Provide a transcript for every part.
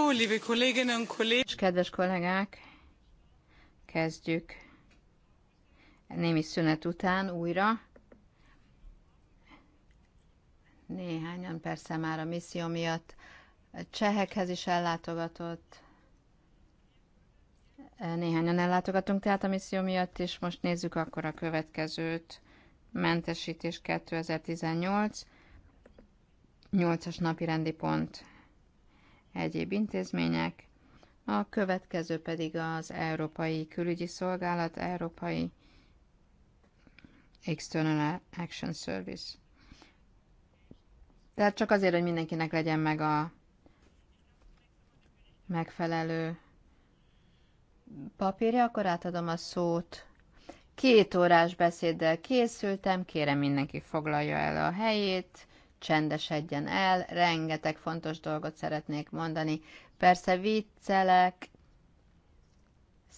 So, Kedves kollégák, kezdjük némi szünet után újra. Néhányan persze már a misszió miatt csehekhez is ellátogatott. Néhányan ellátogatunk tehát a misszió miatt, és most nézzük akkor a következőt. Mentesítés 2018, 8-as napi rendi pont egyéb intézmények, a következő pedig az Európai Külügyi Szolgálat, Európai External Action Service. Tehát csak azért, hogy mindenkinek legyen meg a megfelelő papírja, akkor átadom a szót. Két órás beszéddel készültem, kérem mindenki foglalja el a helyét csendesedjen el, rengeteg fontos dolgot szeretnék mondani. Persze viccelek,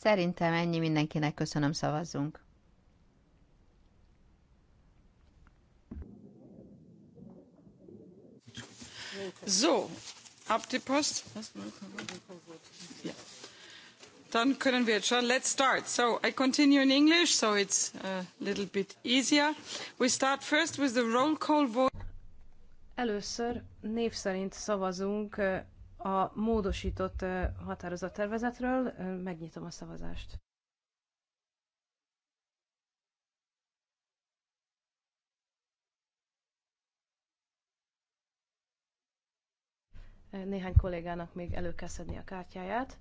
Szerintem ennyi mindenkinek köszönöm, szavazzunk. So, ab die Post. Yeah. Dann können wir schon. Let's start. So I continue in English, so it's a little bit easier. We start first with the roll call vote. Először név szerint szavazunk a módosított határozattervezetről. Megnyitom a szavazást. Néhány kollégának még elő kell szedni a kártyáját.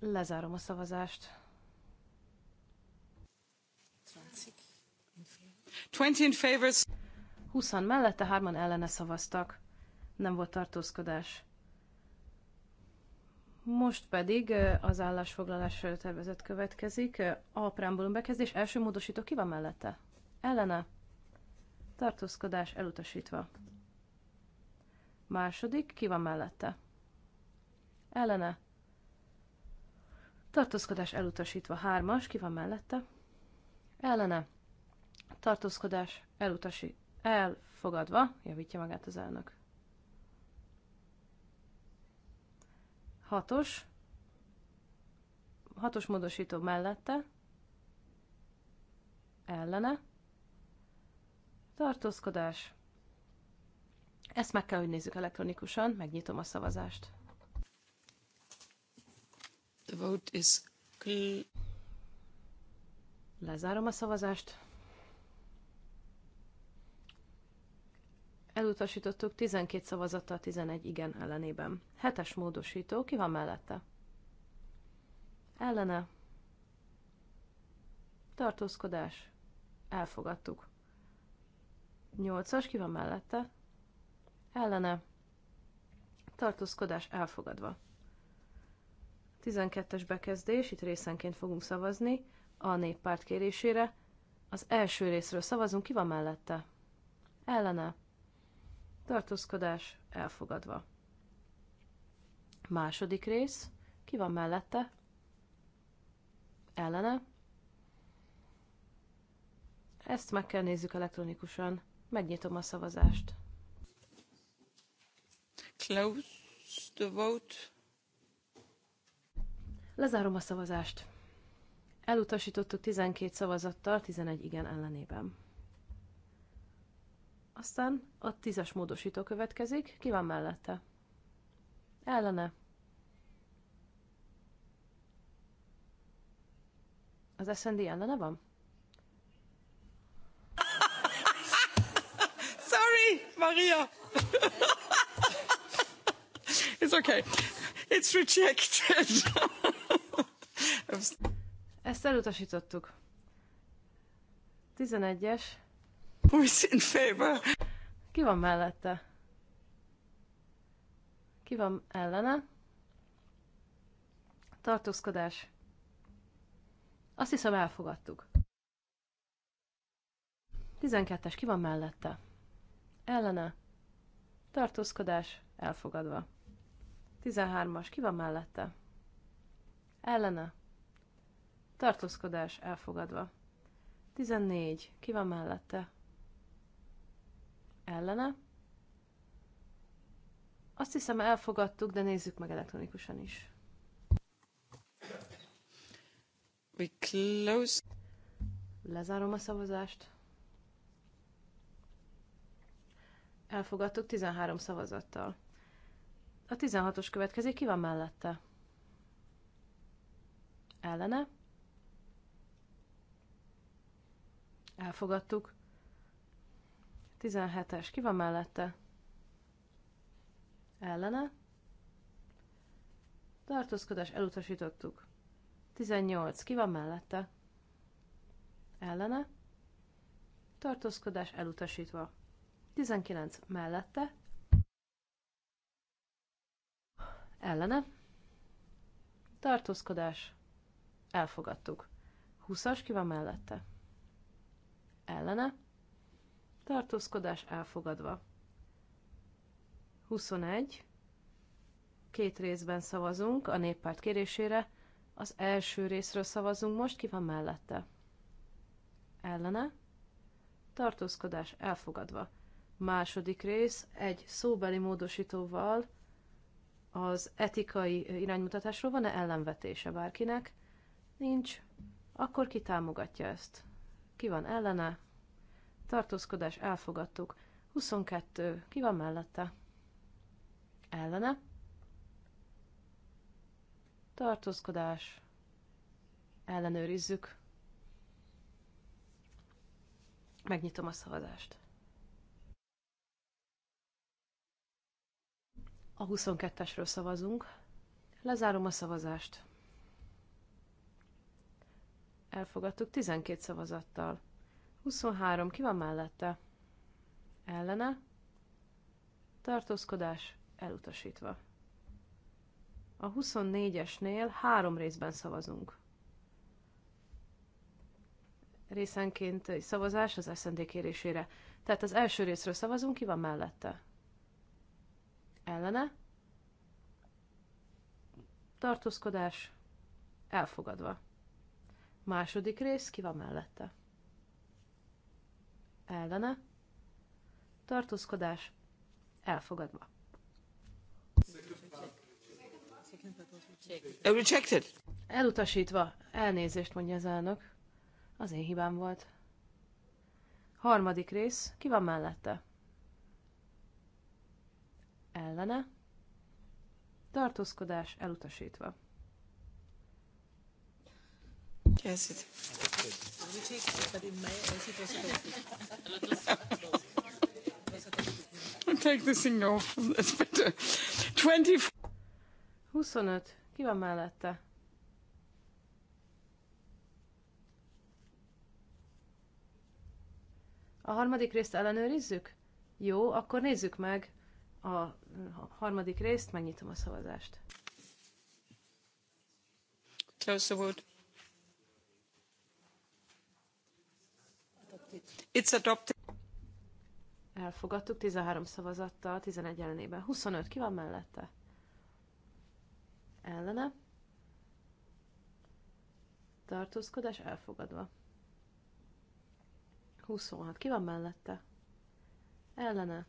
Lezárom a szavazást. 20 in favor. 20 mellette, 3 ellene szavaztak. Nem volt tartózkodás. Most pedig az állásfoglalás tervezet következik. A preambulum bekezdés első módosító ki van mellette? Ellene. Tartózkodás elutasítva. Második ki van mellette? Ellene. Tartózkodás elutasítva. Hármas ki van mellette? Ellene. Tartózkodás elutasítva Elfogadva, javítja magát az elnök. Hatos. Hatos módosító mellette. Ellene. Tartózkodás. Ezt meg kell, hogy nézzük elektronikusan. Megnyitom a szavazást. The vote is Lezárom a szavazást. Elutasítottuk 12 szavazattal 11 igen ellenében. Hetes módosító, ki van mellette? Ellene. Tartózkodás. Elfogadtuk. Nyolcas, ki van mellette? Ellene. Tartózkodás elfogadva. 12-es bekezdés, itt részenként fogunk szavazni, a néppárt kérésére. Az első részről szavazunk, ki van mellette? Ellene tartózkodás elfogadva. Második rész, ki van mellette? Ellene? Ezt meg kell nézzük elektronikusan. Megnyitom a szavazást. Close the vote. Lezárom a szavazást. Elutasítottuk 12 szavazattal, 11 igen ellenében. Aztán a tízes módosító következik. Ki van mellette? Ellene. Az SND ellene van? Sorry, Maria. It's okay. It's rejected. Ezt elutasítottuk. 11-es Who is in favor? Ki van mellette? Ki van ellene? Tartózkodás. Azt hiszem elfogadtuk. 12-es ki van mellette? Ellene. Tartózkodás elfogadva. 13-as ki van mellette? Ellene. Tartózkodás elfogadva. 14 ki van mellette? ellene. Azt hiszem elfogadtuk, de nézzük meg elektronikusan is. We close. Lezárom a szavazást. Elfogadtuk 13 szavazattal. A 16-os következik, ki van mellette? Ellene? Elfogadtuk. 17-es, ki van mellette? Ellene. Tartózkodás elutasítottuk. 18, ki van mellette? Ellene. Tartózkodás elutasítva. 19 mellette. Ellene. Tartózkodás. Elfogadtuk. 20-as ki van mellette? Ellene tartózkodás elfogadva. 21. Két részben szavazunk a néppárt kérésére. Az első részről szavazunk most, ki van mellette? Ellene. Tartózkodás elfogadva. Második rész egy szóbeli módosítóval az etikai iránymutatásról van-e ellenvetése bárkinek? Nincs. Akkor ki támogatja ezt? Ki van ellene? tartózkodás elfogadtuk. 22. Ki van mellette? Ellene. Tartózkodás. Ellenőrizzük. Megnyitom a szavazást. A 22-esről szavazunk. Lezárom a szavazást. Elfogadtuk 12 szavazattal. 23. Ki van mellette? Ellene. Tartózkodás elutasítva. A 24-esnél három részben szavazunk. Részenként szavazás az SZND kérésére. Tehát az első részről szavazunk, ki van mellette? Ellene. Tartózkodás elfogadva. Második rész, ki van mellette? ellene, tartózkodás elfogadva. Rejected. Elutasítva. Elnézést mondja az elnök. Az én hibám volt. Harmadik rész. Ki van mellette? Ellene. Tartózkodás elutasítva. Take this thing off. It's better. 25. Ki van mellette? A harmadik részt ellenőrizzük? Jó, akkor nézzük meg a harmadik részt, megnyitom a szavazást. Close the vote. It's adopted. Elfogadtuk 13 szavazattal, 11 ellenében. 25 ki van mellette? Ellene. Tartózkodás elfogadva. 26 ki van mellette? Ellene.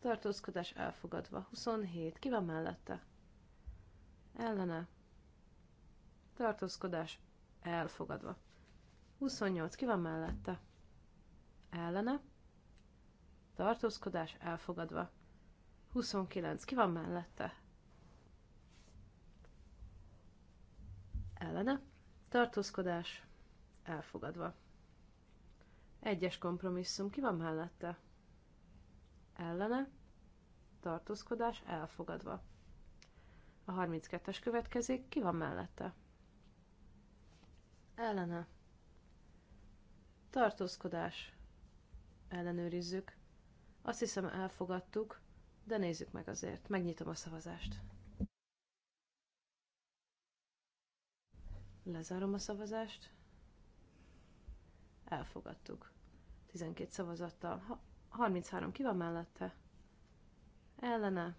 Tartózkodás elfogadva. 27 ki van mellette? Ellene. Tartózkodás elfogadva. 28. Ki van mellette? Ellene. Tartózkodás elfogadva. 29. Ki van mellette? Ellene. Tartózkodás elfogadva. Egyes kompromisszum. Ki van mellette? Ellene. Tartózkodás elfogadva. A 32-es következik. Ki van mellette? Ellene. Tartózkodás. Ellenőrizzük. Azt hiszem elfogadtuk, de nézzük meg azért. Megnyitom a szavazást. Lezárom a szavazást. Elfogadtuk. 12 szavazattal. 33 ki van mellette? Ellene.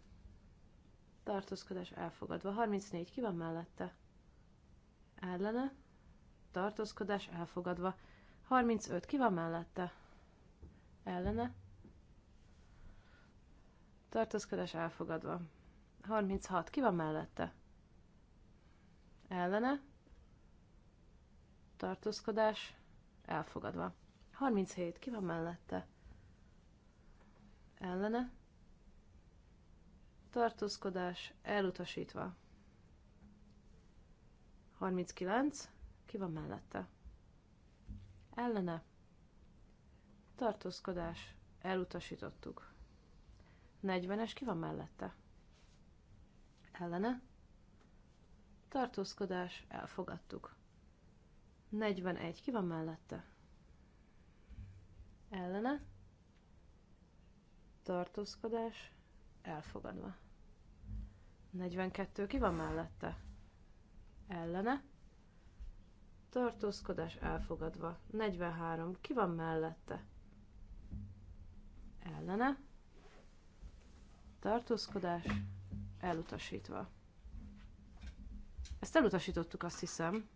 Tartózkodás elfogadva. 34 ki van mellette? Ellene. Tartózkodás elfogadva. 35. Ki van mellette? Ellene. Tartózkodás elfogadva. 36. Ki van mellette? Ellene. Tartózkodás elfogadva. 37. Ki van mellette? Ellene. Tartózkodás elutasítva. 39. Ki van mellette? ellene, tartózkodás, elutasítottuk. 40-es ki van mellette? Ellene, tartózkodás, elfogadtuk. 41 ki van mellette? Ellene, tartózkodás, elfogadva. 42 ki van mellette? Ellene, tartózkodás elfogadva. 43. Ki van mellette? Ellene. Tartózkodás elutasítva. Ezt elutasítottuk, azt hiszem.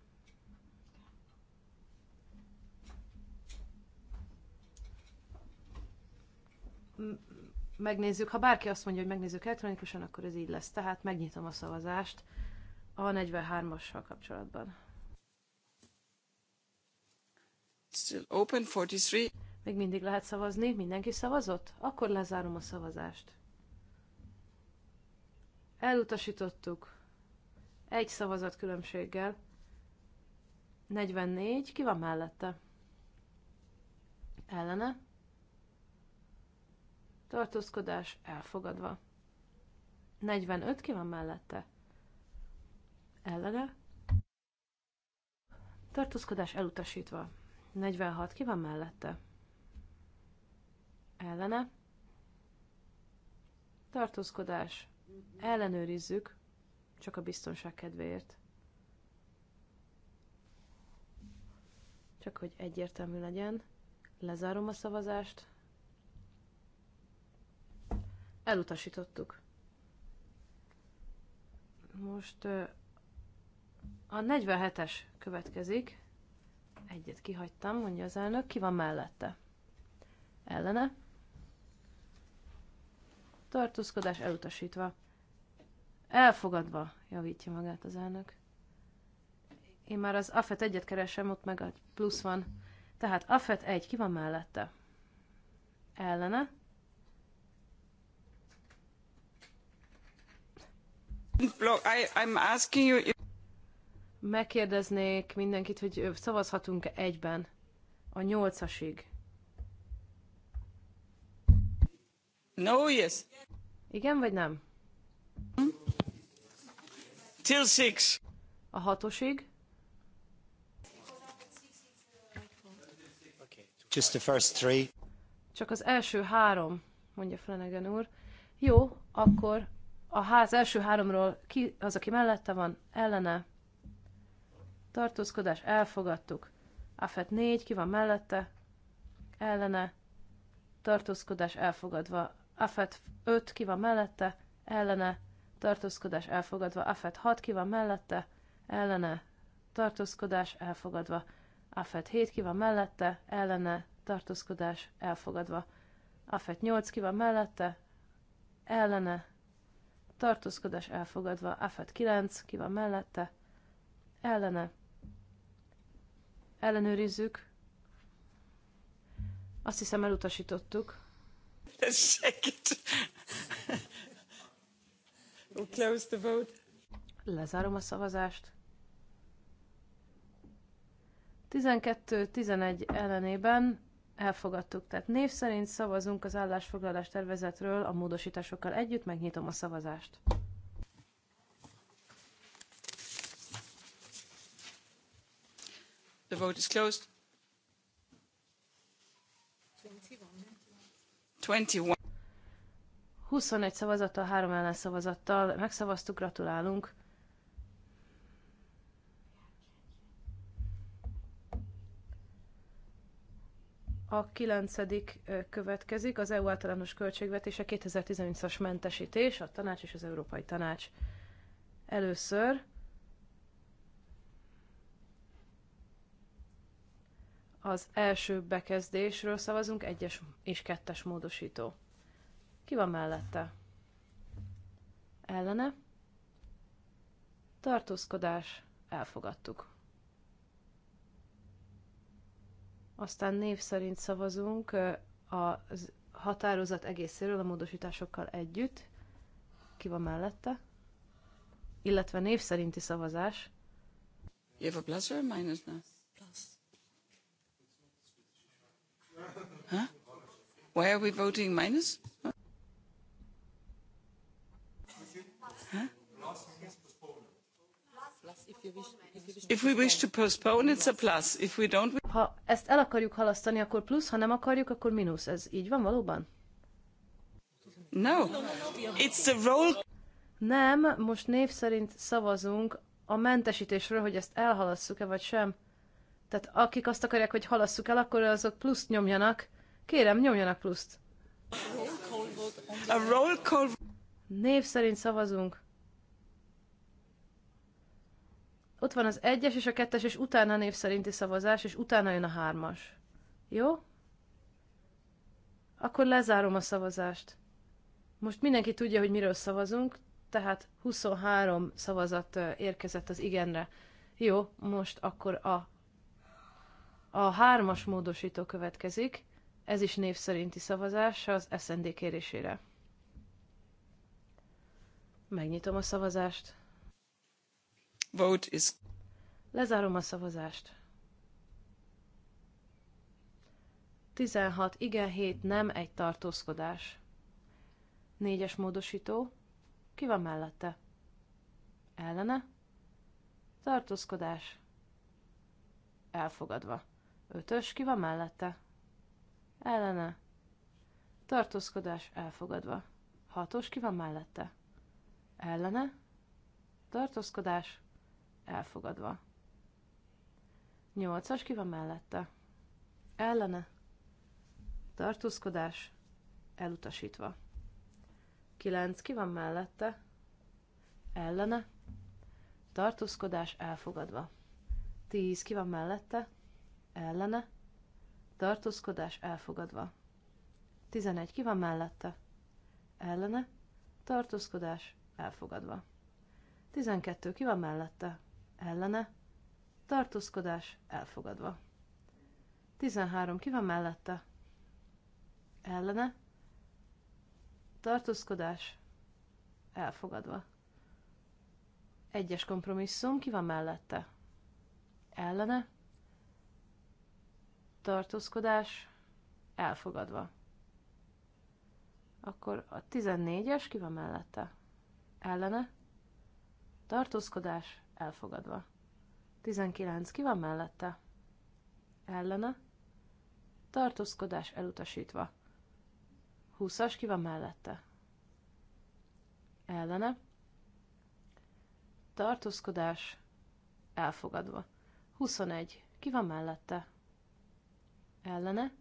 Megnézzük, ha bárki azt mondja, hogy megnézzük elektronikusan, akkor ez így lesz. Tehát megnyitom a szavazást a 43-assal kapcsolatban. still open, 43. Még mindig lehet szavazni? Mindenki szavazott? Akkor lezárom a szavazást. Elutasítottuk. Egy szavazat különbséggel. 44, ki van mellette? Ellene? Tartózkodás elfogadva. 45, ki van mellette? Ellene? Tartózkodás elutasítva. 46. Ki van mellette? Ellene. Tartózkodás. Ellenőrizzük, csak a biztonság kedvéért. Csak hogy egyértelmű legyen. Lezárom a szavazást. Elutasítottuk. Most a 47-es következik. Egyet kihagytam, mondja az elnök. Ki van mellette? Ellene? Tartózkodás elutasítva. Elfogadva, javítja magát az elnök. Én már az AFET egyet keresem, ott meg a plusz van. Tehát AFET egy, ki van mellette? Ellene? I, I'm asking you megkérdeznék mindenkit, hogy szavazhatunk-e egyben a nyolcasig. No, yes. Igen vagy nem? Till six. A hatosig? Just the first three. Csak az első három, mondja Flanagan úr. Jó, akkor a ház első háromról ki az, aki mellette van, ellene, tartózkodás, elfogadtuk. Afet 4, ki van mellette, ellene, tartózkodás elfogadva. Afet 5, ki van mellette, ellene, tartózkodás elfogadva. Afet 6, ki van mellette, ellene, tartózkodás elfogadva. Afet 7, ki van mellette, ellene, tartózkodás elfogadva. Afet 8, ki van mellette, ellene, tartózkodás elfogadva. Afet 9, ki van mellette, ellene, Ellenőrizzük. Azt hiszem elutasítottuk. We'll close the vote. Lezárom a szavazást. 12-11 ellenében elfogadtuk. Tehát név szerint szavazunk az állásfoglalás tervezetről a módosításokkal együtt, megnyitom a szavazást. The vote is closed. 21. szavazattal, 3 ellenszavazattal megszavaztuk, gratulálunk. A kilencedik következik, az EU általános költségvetése 2018-as mentesítés, a tanács és az Európai Tanács. Először Az első bekezdésről szavazunk, egyes és kettes módosító. Ki van mellette? Ellene? Tartózkodás. Elfogadtuk. Aztán név szerint szavazunk a határozat egészéről a módosításokkal együtt. Ki van mellette? Illetve név szerinti szavazás. Éva Blazer, minus Huh? Why are we voting minus? Huh? If we wish to postpone, it's a plus. If we don't... Ha ezt el akarjuk halasztani, akkor plusz, ha nem akarjuk, akkor mínusz. Ez így van valóban? No, it's the role... Nem, most név szerint szavazunk a mentesítésről, hogy ezt elhalasszuk-e vagy sem. Tehát akik azt akarják, hogy halasszuk el, akkor azok plusz nyomjanak, Kérem, nyomjanak pluszt. A roll call... Név szerint szavazunk. Ott van az egyes és a kettes, és utána a név szerinti szavazás, és utána jön a hármas. Jó? Akkor lezárom a szavazást. Most mindenki tudja, hogy miről szavazunk, tehát 23 szavazat érkezett az igenre. Jó, most akkor a, a hármas módosító következik. Ez is név szerinti szavazás az SND kérésére. Megnyitom a szavazást. Vote is... Lezárom a szavazást. 16 igen, 7 nem, egy tartózkodás. Négyes módosító. Ki van mellette? Ellene? Tartózkodás. Elfogadva. Ötös, ki van mellette? ellene, tartózkodás elfogadva. Hatos ki van mellette, ellene, tartózkodás elfogadva. Nyolcas ki van mellette, ellene, tartózkodás elutasítva. Kilenc ki van mellette, ellene, tartózkodás elfogadva. Tíz ki van mellette, ellene, tartózkodás elfogadva. 11 ki van mellette, ellene, tartózkodás elfogadva. 12 ki van mellette, ellene, tartózkodás elfogadva. 13 ki van mellette, ellene, tartózkodás elfogadva. Egyes kompromisszum ki van mellette, ellene, tartózkodás elfogadva. Akkor a 14-es ki van mellette? Ellene? Tartózkodás elfogadva. 19 ki van mellette? Ellene? Tartózkodás elutasítva. 20-as ki van mellette? Ellene? Tartózkodás elfogadva. 21 ki van mellette? ellene,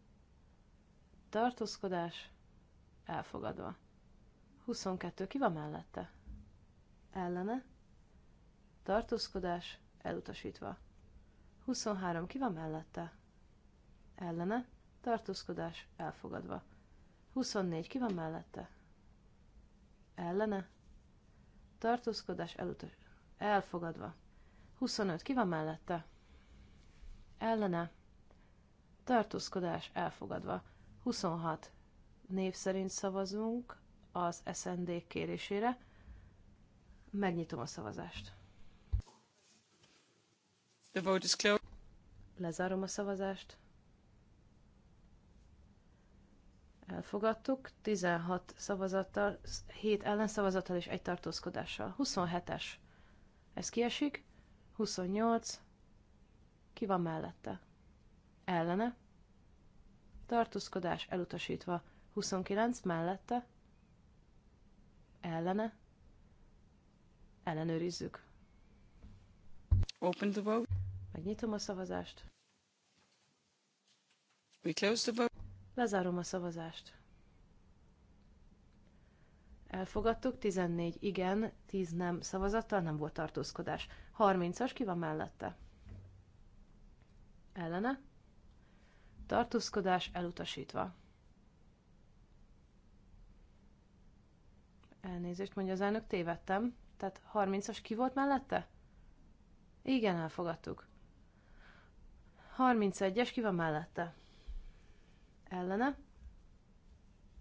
tartózkodás, elfogadva. 22 ki van mellette? Ellene, tartózkodás, elutasítva. 23 ki van mellette? Ellene, tartózkodás, elfogadva. 24 ki van mellette? Ellene, tartózkodás, elutas, elfogadva. 25 ki van mellette? Ellene, tartózkodás elfogadva. 26. Név szerint szavazunk az SND kérésére. Megnyitom a szavazást. The vote is closed. Lezárom a szavazást. Elfogadtuk. 16 szavazattal, 7 ellenszavazattal és egy tartózkodással. 27-es. Ez kiesik. 28. Ki van mellette? ellene, tartózkodás elutasítva, 29 mellette, ellene, ellenőrizzük. Open the vote. Megnyitom a szavazást. We close the vote. Lezárom a szavazást. Elfogadtuk, 14 igen, 10 nem szavazattal, nem volt tartózkodás. 30-as, ki van mellette? Ellene? tartózkodás elutasítva. Elnézést, mondja az elnök, tévedtem. Tehát 30-as ki volt mellette? Igen, elfogadtuk. 31-es ki van mellette? Ellene?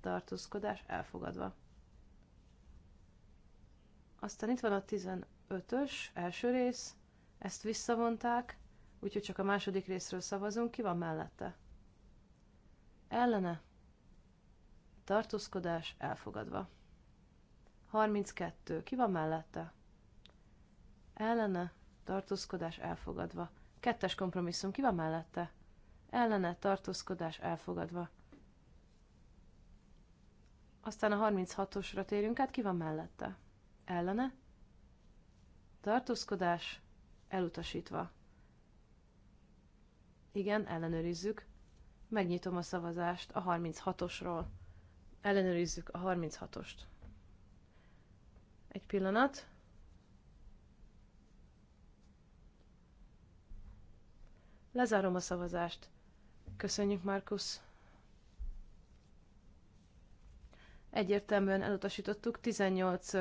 Tartózkodás elfogadva. Aztán itt van a 15-ös, első rész. Ezt visszavonták, úgyhogy csak a második részről szavazunk. Ki van mellette? ellene, tartózkodás elfogadva. 32. Ki van mellette? Ellene, tartózkodás elfogadva. Kettes kompromisszum, ki van mellette? Ellene, tartózkodás elfogadva. Aztán a 36-osra térünk át, ki van mellette? Ellene, tartózkodás elutasítva. Igen, ellenőrizzük. Megnyitom a szavazást a 36-osról. Ellenőrizzük a 36-ost. Egy pillanat. Lezárom a szavazást. Köszönjük, Markus. Egyértelműen elutasítottuk 18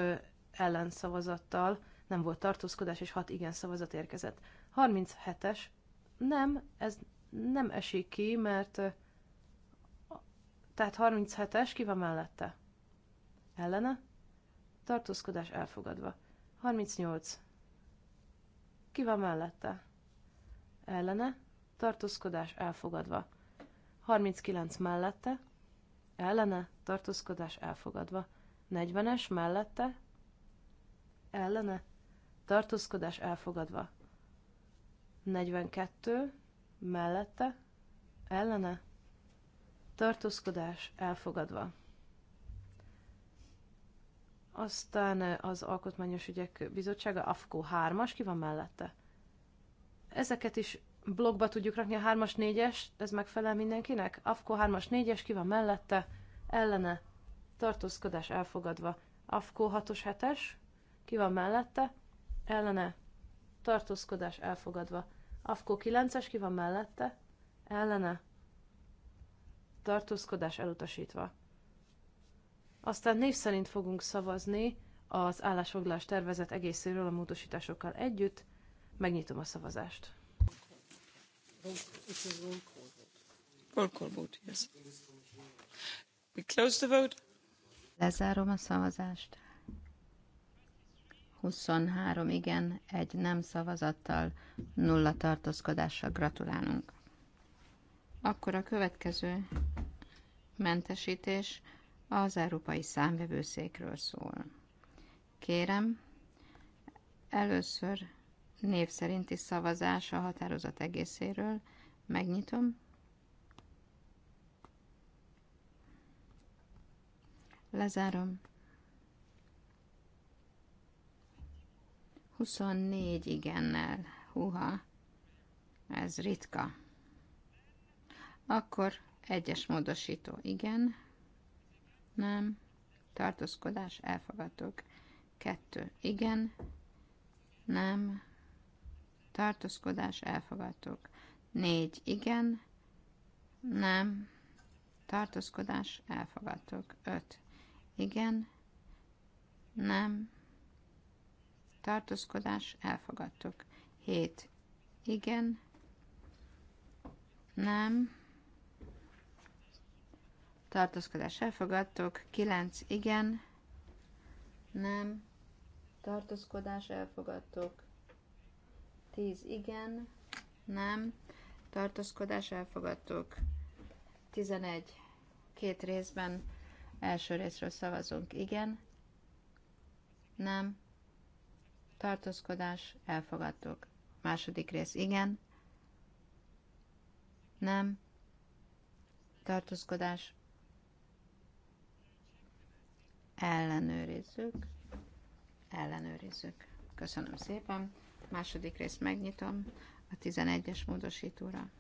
ellen szavazattal. nem volt tartózkodás, és 6 igen szavazat érkezett. 37-es. Nem, ez nem esik ki, mert tehát 37-es, ki van mellette? Ellene? Tartózkodás elfogadva. 38. Ki van mellette? Ellene? Tartózkodás elfogadva. 39 mellette? Ellene? Tartózkodás elfogadva. 40-es mellette? Ellene? Tartózkodás elfogadva. 42 mellette, ellene, tartózkodás elfogadva. Aztán az Alkotmányos Ügyek Bizottsága, AFKO 3-as, ki van mellette? Ezeket is blogba tudjuk rakni, a 3-as, 4-es, ez megfelel mindenkinek? AFKO 3-as, 4-es, ki van mellette? Ellene, tartózkodás elfogadva. AFKO 6-os, 7-es, ki van mellette? Ellene, tartózkodás elfogadva. Afko 9-es, ki van mellette? Ellene. Tartózkodás elutasítva. Aztán név szerint fogunk szavazni az állásfoglalás tervezet egészéről a módosításokkal együtt. Megnyitom a szavazást. Roll call vote, yes. We close the vote. Lezárom a szavazást. 23 igen, egy nem szavazattal, nulla tartózkodással gratulálunk. Akkor a következő mentesítés az Európai Számvevőszékről szól. Kérem, először név szerinti szavazás a határozat egészéről. Megnyitom. Lezárom. 24 igennel. Húha, ez ritka. Akkor egyes módosító. Igen. Nem. Tartózkodás. Elfogadok. Kettő. Igen. Nem. Tartózkodás. Elfogadok. Négy. Igen. Nem. Tartózkodás. Elfogadok. Öt. Igen. Nem tartózkodás, elfogadtuk. 7. Igen, nem, tartózkodás, elfogadtuk. 9. Igen, nem, tartózkodás, elfogadtuk. 10. Igen, nem, tartózkodás, elfogadtuk. 11. Két részben első részről szavazunk. Igen, nem, tartózkodás, elfogadtuk. Második rész, igen. Nem. Tartózkodás. Ellenőrizzük. Ellenőrizzük. Köszönöm szépen. Második részt megnyitom a 11-es módosítóra.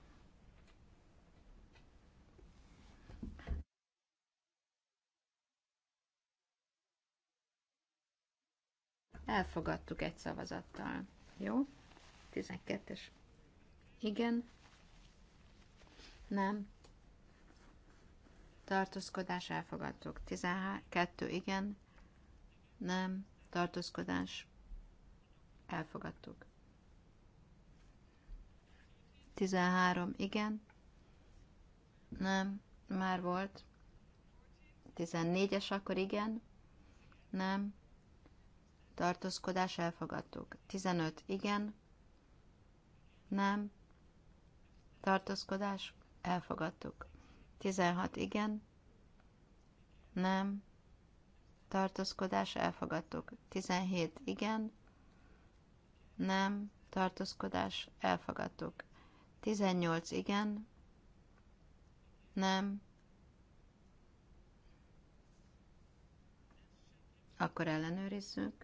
Elfogadtuk egy szavazattal. Jó? 12-es. Igen. Nem. Tartózkodás elfogadtuk. 12. Igen. Nem. Tartózkodás elfogadtuk. 13. Igen. Nem. Már volt. 14-es akkor igen. Nem tartózkodás elfogadtuk. 15 igen, nem, tartózkodás elfogadtuk. 16 igen, nem, tartózkodás elfogadtuk. 17 igen, nem, tartózkodás elfogadtuk. 18 igen, nem, akkor ellenőrizzük.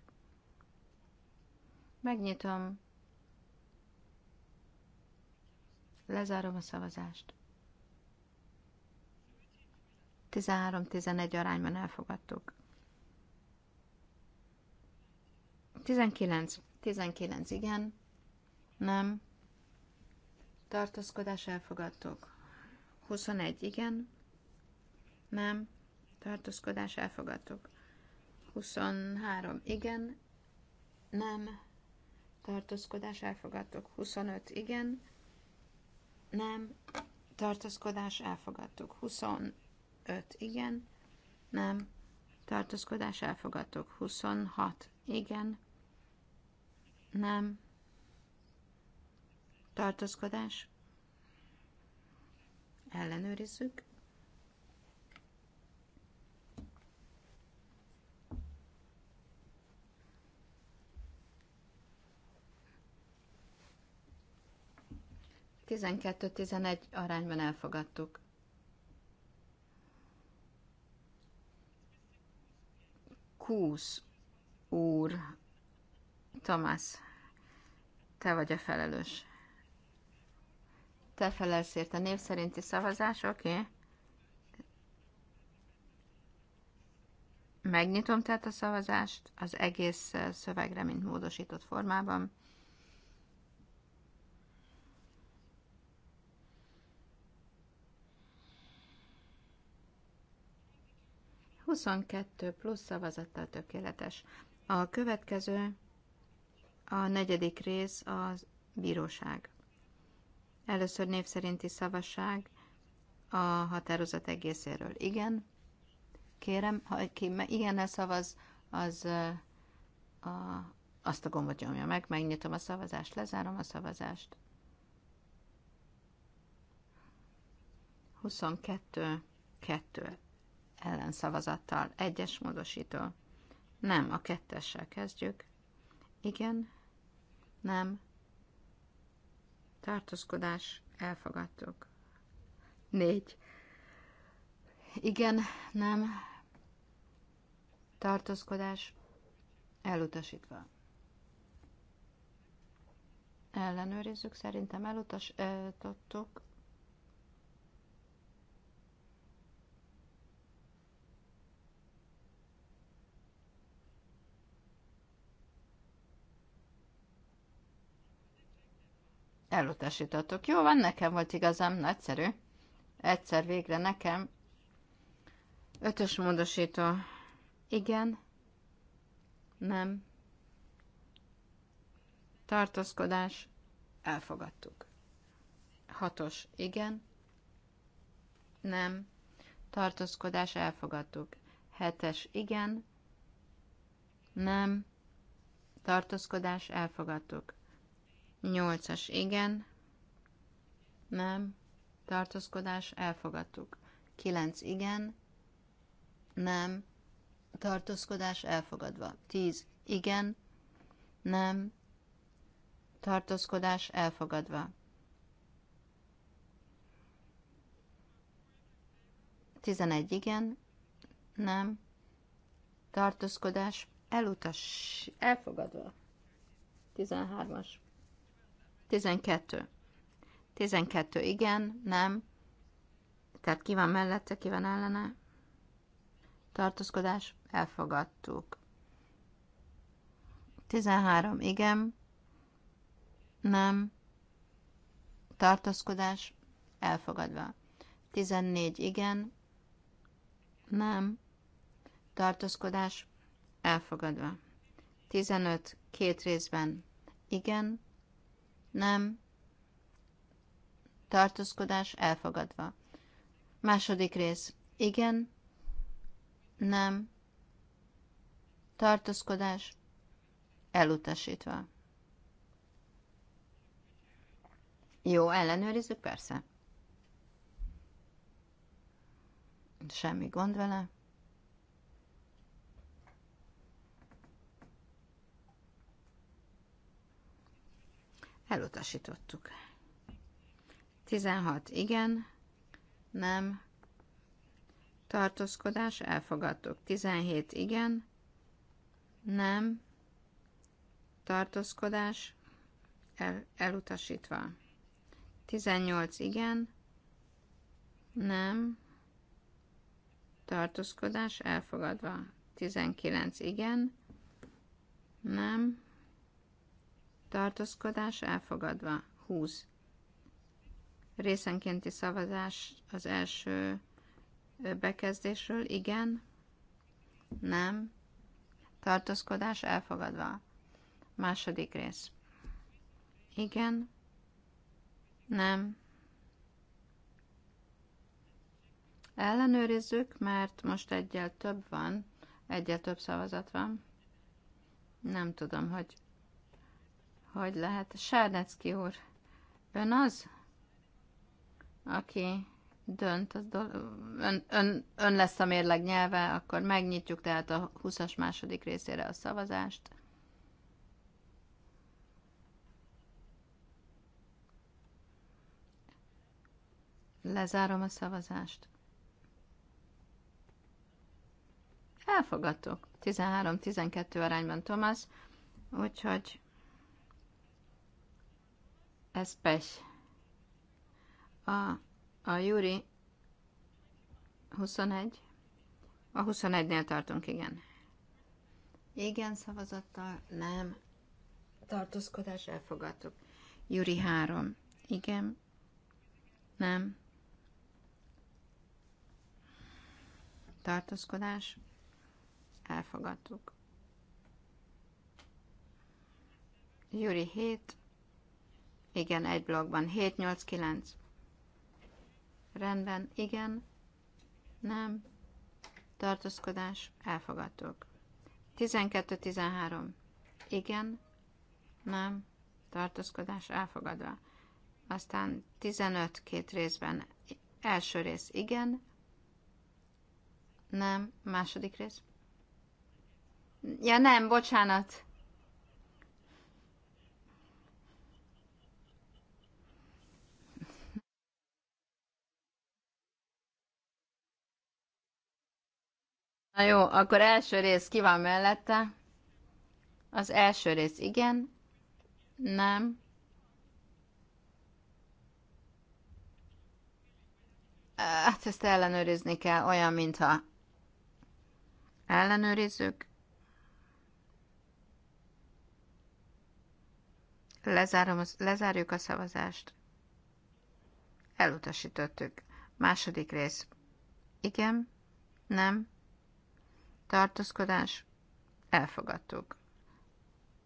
Megnyitom. Lezárom a szavazást. 13-11 arányban elfogadtuk. 19. 19, igen. Nem. Tartózkodás elfogadtuk. 21, igen. Nem. Tartózkodás elfogadtuk. 23, igen. Nem tartózkodás elfogadtuk. 25 igen, nem, tartózkodás elfogadtuk. 25 igen, nem, tartózkodás elfogadtuk. 26 igen, nem, tartózkodás ellenőrizzük. 12-11 arányban elfogadtuk. Kúsz úr, Tamás, te vagy a felelős. Te felelsz a név szerinti szavazás, oké? Okay. Megnyitom tehát a szavazást az egész szövegre, mint módosított formában. 22 plusz szavazattal tökéletes. A következő, a negyedik rész a bíróság. Először név szerinti szavasság a határozat egészéről. Igen, kérem, ha ki igennel szavaz, az a, azt a gombot nyomja meg, megnyitom a szavazást, lezárom a szavazást. 22 2 ellenszavazattal. Egyes módosító. Nem, a kettessel kezdjük. Igen. Nem. Tartózkodás. Elfogadtuk. Négy. Igen. Nem. Tartózkodás. Elutasítva. Ellenőrizzük, szerintem elutasítottuk. elutasítottuk. Jó, van nekem volt igazam, nagyszerű. Egyszer végre nekem. Ötös módosító. Igen. Nem. Tartózkodás. Elfogadtuk. Hatos. Igen. Nem. Tartózkodás. Elfogadtuk. Hetes. Igen. Nem. Tartózkodás. Elfogadtuk. Nyolcas, igen. Nem. Tartózkodás, elfogadtuk. Kilenc, igen. Nem. Tartózkodás, elfogadva. Tíz, igen. Nem. Tartózkodás, elfogadva. Tizenegy igen, nem, tartózkodás, elutas, elfogadva. 13-as. 12. 12 igen, nem. Tehát ki van mellette, ki van ellene. Tartózkodás, elfogadtuk. 13 igen, nem. Tartózkodás, elfogadva. 14 igen, nem. Tartózkodás, elfogadva. 15 két részben, igen, nem. Tartózkodás elfogadva. Második rész. Igen. Nem. Tartózkodás elutasítva. Jó, ellenőrizzük, persze. Semmi gond vele. Elutasítottuk. 16. Igen. Nem. Tartózkodás. Elfogadtuk. 17. Igen. Nem. Tartózkodás. El, elutasítva. 18. Igen. Nem. Tartózkodás elfogadva. 19. Igen. Nem tartózkodás elfogadva. 20. Részenkénti szavazás az első bekezdésről, igen, nem, tartózkodás elfogadva. Második rész. Igen, nem. Ellenőrizzük, mert most egyel több van, egyel több szavazat van. Nem tudom, hogy hogy lehet. Sárnecki úr, ön az, aki dönt, az do... ön, ön, ön lesz a mérleg nyelve, akkor megnyitjuk tehát a 20-as második részére a szavazást. Lezárom a szavazást. Elfogadtuk. 13-12 arányban Thomas, úgyhogy ez pech. A, a Júri 21. A 21-nél tartunk, igen. Igen szavazattal, nem. Tartózkodás elfogadtuk. Júri 3. Igen. Nem. Tartózkodás. Elfogadtuk. Júri 7. Igen, egy blogban. 7, 8, 9. Rendben, igen. Nem. Tartózkodás, elfogadtuk. 12, 13. Igen. Nem. Tartózkodás, elfogadva. Aztán 15 két részben. Első rész, igen. Nem. Második rész. Ja nem, bocsánat. Na jó, akkor első rész ki van mellette? Az első rész igen, nem. Hát ezt ellenőrizni kell, olyan, mintha ellenőrizzük. Lezárom, az, lezárjuk a szavazást. Elutasítottuk. Második rész. Igen, nem tartózkodás, elfogadtuk.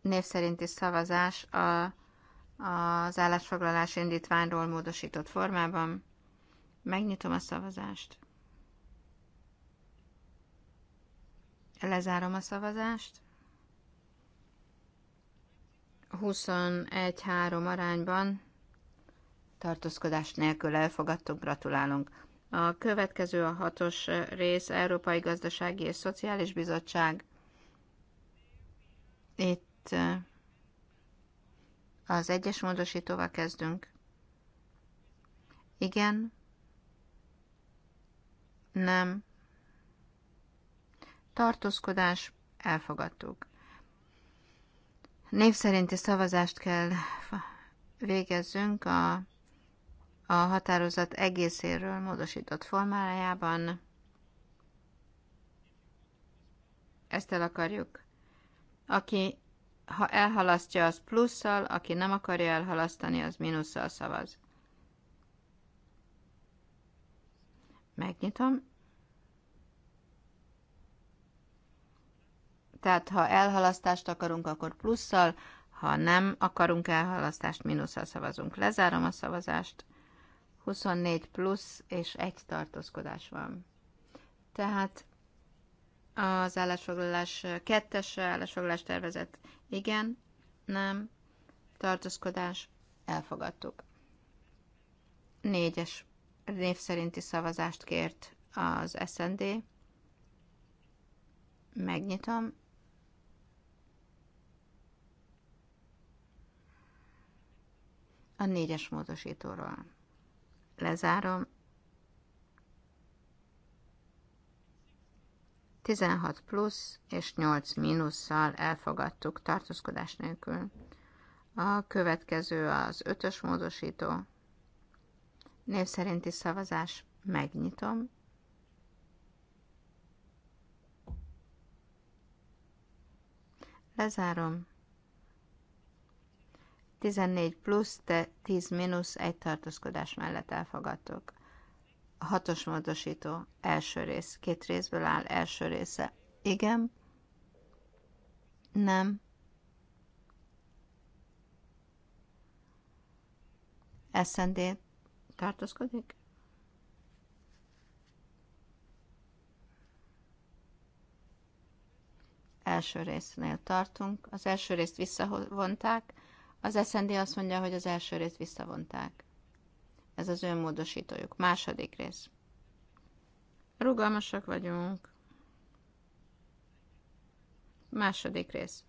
Név szerinti szavazás a, az állásfoglalás indítványról módosított formában. Megnyitom a szavazást. Lezárom a szavazást. 21-3 arányban tartózkodás nélkül elfogadtuk, gratulálunk. A következő a hatos rész, Európai Gazdasági és Szociális Bizottság. Itt az egyes módosítóval kezdünk. Igen. Nem. Tartózkodás. Elfogadtuk. Név szerinti szavazást kell végezzünk a a határozat egészéről módosított formájában. Ezt el akarjuk. Aki ha elhalasztja, az plusszal, aki nem akarja elhalasztani, az mínusszal szavaz. Megnyitom. Tehát, ha elhalasztást akarunk, akkor plusszal, ha nem akarunk elhalasztást, mínusszal szavazunk. Lezárom a szavazást. 24 plusz és egy tartózkodás van. Tehát az állásfoglalás kettes állásfoglalás tervezet igen, nem, tartózkodás, elfogadtuk. Négyes név szerinti szavazást kért az SND. Megnyitom. A négyes módosítóról. Lezárom. 16 plusz és 8 mínusszal elfogadtuk tartózkodás nélkül. A következő az ötös módosító. Név szerinti szavazás. Megnyitom. Lezárom. 14 plusz, te 10 mínusz, egy tartózkodás mellett elfogadtok. A hatos módosító, első rész, két részből áll, első része. Igen? Nem? SND tartózkodik? Első résznél tartunk. Az első részt visszavonták, az SND azt mondja, hogy az első részt visszavonták. Ez az önmódosítójuk. Második rész. Rugalmasak vagyunk. Második rész.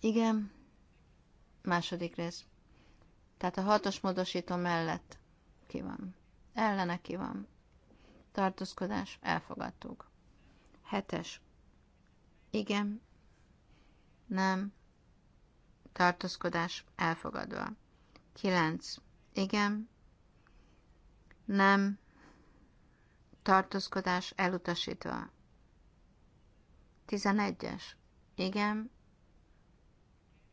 Igen. Második rész. Tehát a hatos módosító mellett ki van. Ellene ki van. Tartózkodás. Elfogadtuk. Hetes. Igen. Nem tartózkodás elfogadva. 9. Igen, nem, tartózkodás elutasítva. 11-es. Igen,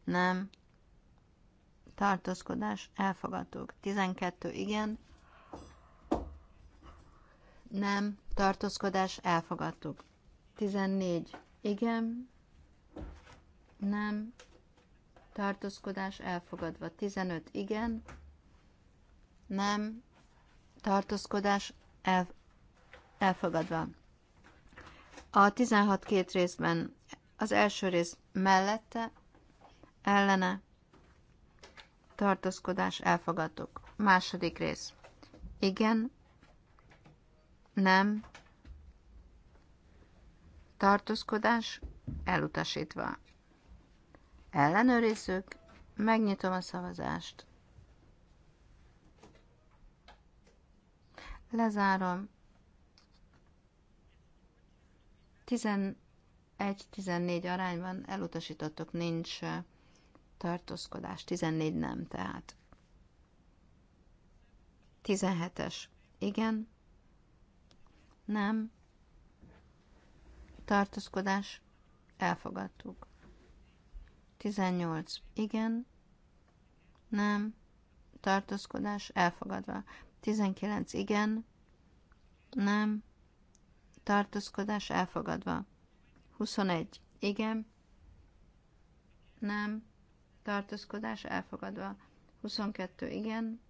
nem, tartózkodás elfogadtuk. 12. Igen, nem, tartózkodás elfogadtuk. 14. Igen, nem, tartózkodás elfogadva. 15 igen, nem, tartózkodás el, elfogadva. A 16 két részben az első rész mellette, ellene, tartózkodás elfogadtuk. Második rész. Igen, nem, tartózkodás elutasítva. Ellenőrizzük, megnyitom a szavazást. Lezárom. 11-14 arányban elutasítottok, nincs tartózkodás. 14 nem, tehát. 17-es. Igen. Nem. Tartózkodás. Elfogadtuk. 18. Igen. Nem. Tartózkodás elfogadva. 19. Igen. Nem. Tartózkodás elfogadva. 21. Igen. Nem. Tartózkodás elfogadva. 22. Igen.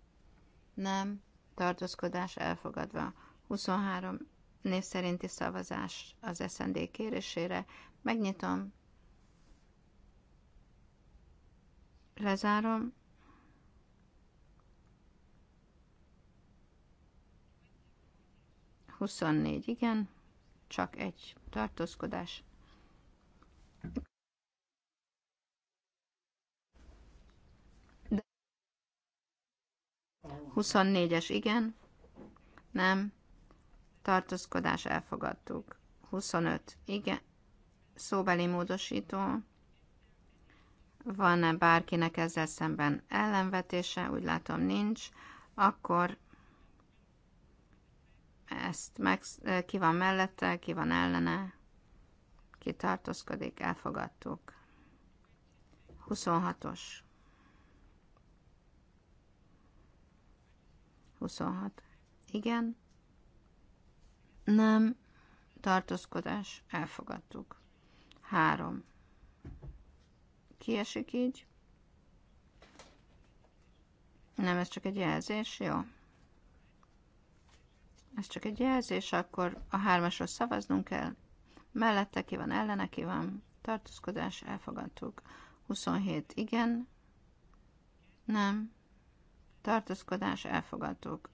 Nem. Tartózkodás elfogadva. 23. Név szerinti szavazás az SND kérésére. Megnyitom. Lezárom. Huszonnégy, igen. Csak egy tartózkodás. Huszonnégyes, 24-es, igen. Nem. Tartózkodás elfogadtuk. 25, igen. Szóbeli módosító. Van-e bárkinek ezzel szemben ellenvetése? Úgy látom nincs. Akkor ezt meg, ki van mellette, ki van ellene, ki tartózkodik, elfogadtuk. 26-os. 26. Igen. Nem. Tartózkodás. Elfogadtuk. 3 kiesik így. Nem, ez csak egy jelzés, jó. Ez csak egy jelzés, akkor a hármasról szavaznunk kell. Mellette ki van, ellene ki van, tartózkodás, elfogadtuk. 27, igen, nem, tartózkodás, elfogadtuk.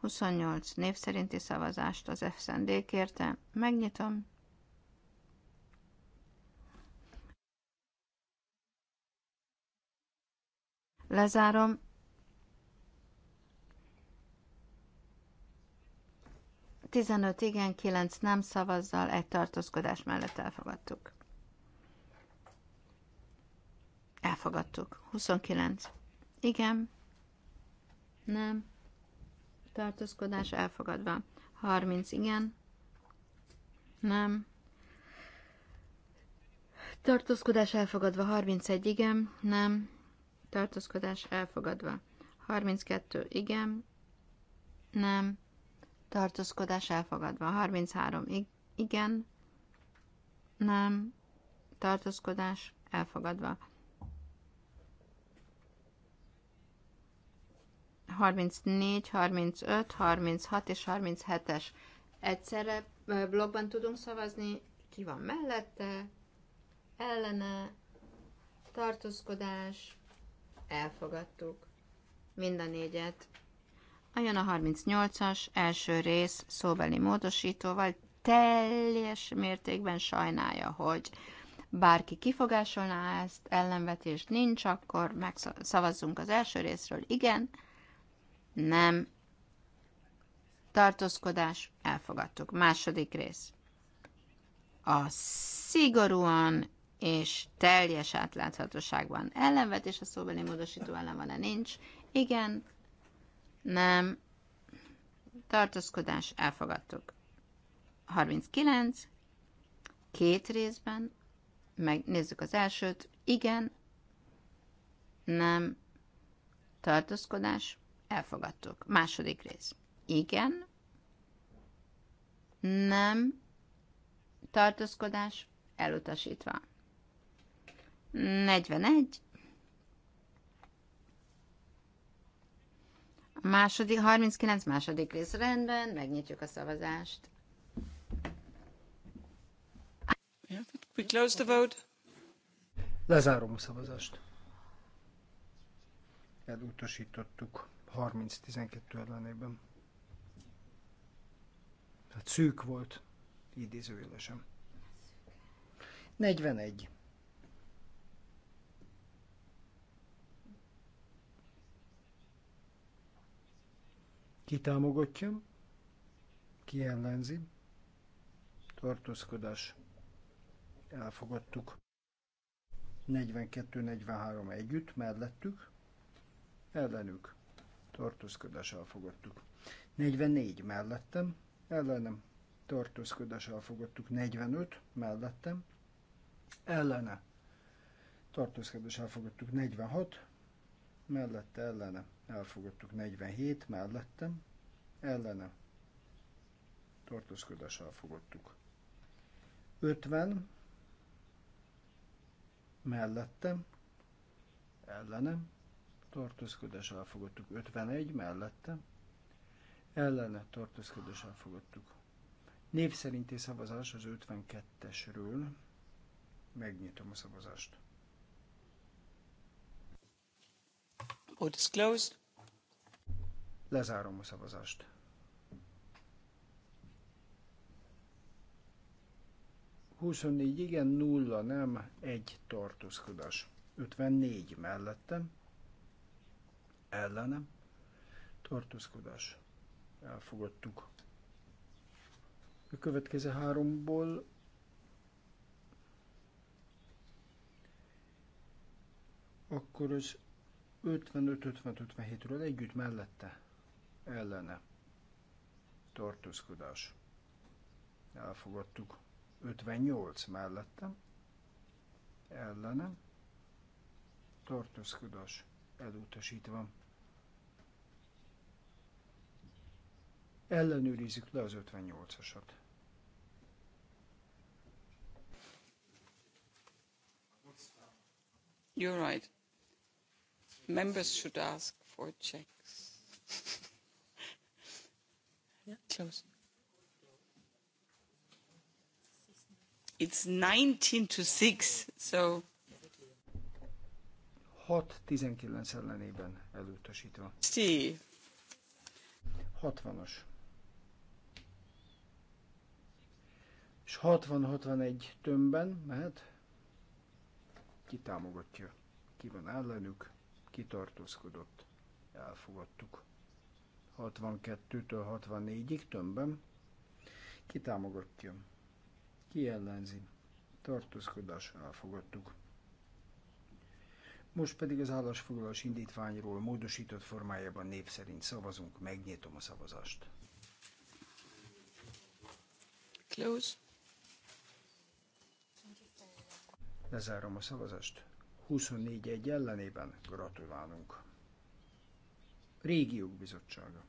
28, név szerinti szavazást az FSZND kérte, megnyitom. Lezárom. Tizenöt igen, kilenc nem szavazzal, egy tartózkodás mellett elfogadtuk. Elfogadtuk. 29. Igen. Nem. Tartózkodás elfogadva. 30. Igen. Nem. Tartózkodás elfogadva. 31. Igen. Nem tartózkodás elfogadva. 32. Igen, nem, tartózkodás elfogadva. 33. Igen, nem, tartózkodás elfogadva. 34, 35, 36 és 37-es. Egyszerre blogban tudunk szavazni, ki van mellette, ellene, tartózkodás, Elfogadtuk. Mind a négyet. Ajön a 38-as, első rész szóbeli módosítóval teljes mértékben sajnálja, hogy bárki kifogásolná ezt, ellenvetés nincs, akkor megszavazzunk az első részről. Igen, nem, tartózkodás, elfogadtuk. Második rész. A szigorúan és teljes átláthatóságban. Ellenvetés a szóbeli módosító ellen van-e? Nincs. Igen. Nem. Tartózkodás. Elfogadtuk. 39. Két részben. Megnézzük az elsőt. Igen. Nem. Tartózkodás. Elfogadtuk. Második rész. Igen. Nem. Tartózkodás. Elutasítva. 41. A második, 39 második rész rendben, megnyitjuk a szavazást. We close the vote. Lezárom a szavazást. Elutasítottuk 30-12 ellenében. Hát szűk volt, idézőjelesen. 41. Ki támogatja? Ki ellenzi? Tartózkodás. Elfogadtuk. 42-43 együtt, mellettük, ellenük. Tartózkodás elfogadtuk. 44 mellettem, ellenem. Tartózkodás elfogadtuk. 45 mellettem, ellene. Tartózkodás elfogadtuk. 46 mellette ellene elfogadtuk 47, mellettem ellene tartózkodás elfogadtuk. 50 mellettem ellenem tartózkodás elfogadtuk. 51 mellettem ellene tartózkodás elfogadtuk. Név szerinti szavazás az 52-esről. Megnyitom a szavazást. Vote is Lezárom a szavazást. Huszonnégy igen, nulla nem, egy tartózkodás. 54 mellettem, ellenem, tartózkodás. Elfogadtuk. A következő háromból akkor az 55-55-57-ről együtt mellette ellene tartózkodás. Elfogadtuk 58 mellette ellene tartózkodás elutasítva. Ellenőrizzük le az 58-asat. You're right. Members should ask for checks. yeah, close. It's 19 to 6, so... 6-19 ellenében elutasítva. Steve. 60-as. És 60-61 tömbben mehet. Ki támogatja? Ki van ellenük? 6-61 kitartózkodott. Elfogadtuk. 62-től 64-ig tömbben. Ki támogatja? Ki ellenzi? Tartózkodás elfogadtuk. Most pedig az állásfoglalás indítványról módosított formájában név szerint szavazunk. Megnyitom a szavazást. Close. Lezárom a szavazást. 24 egy ellenében gratulálunk. Régiók Bizottsága.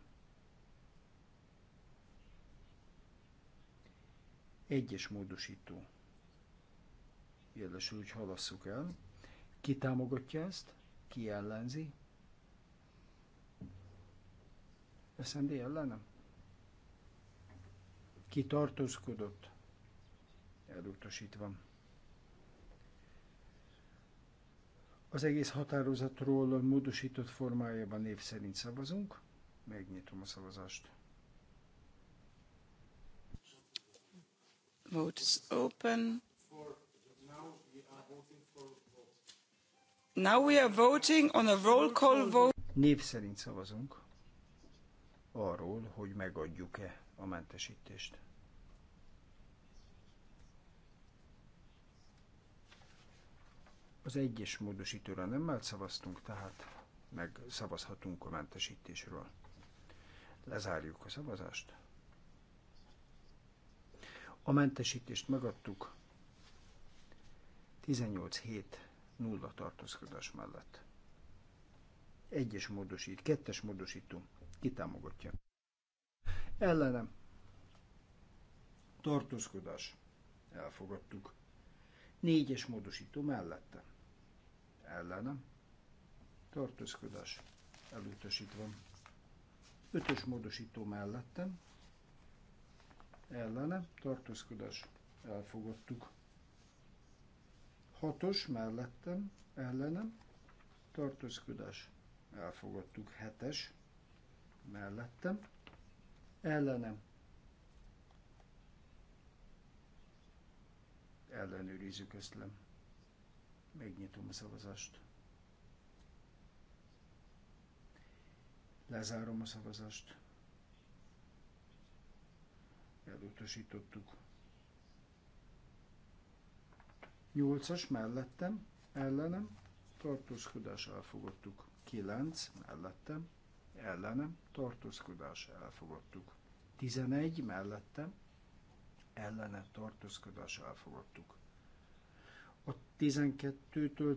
Egyes módosító. Jelesül, hogy halasszuk el. Ki támogatja ezt? Ki ellenzi? SZND ellene? Ki tartózkodott? Elutasítva. Az egész határozatról módosított formájában név szerint szavazunk. Megnyitom a szavazást. Vote is open. Now we are voting on a roll call vote. Név szerint szavazunk arról, hogy megadjuk-e a mentesítést. Az egyes módosítóra nem szavaztunk, tehát meg szavazhatunk a mentesítésről. Lezárjuk a szavazást. A mentesítést megadtuk 18 hét nulla tartózkodás mellett. Egyes módosít, kettes módosító kitámogatja. Ellenem tartózkodás elfogadtuk. Négyes módosító mellette ellenem, tartózkodás elutasítva. Ötös módosító mellettem, ellenem, tartózkodás elfogadtuk. Hatos mellettem, ellenem, tartózkodás elfogadtuk. Hetes mellettem, ellenem, ellenőrizzük ezt le megnyitom a szavazást. Lezárom a szavazást. Elutasítottuk. Nyolcas mellettem, ellenem, tartózkodás elfogadtuk. Kilenc mellettem, ellenem, tartózkodás elfogadtuk. Tizenegy mellettem, ellene tartózkodás elfogadtuk. 12-től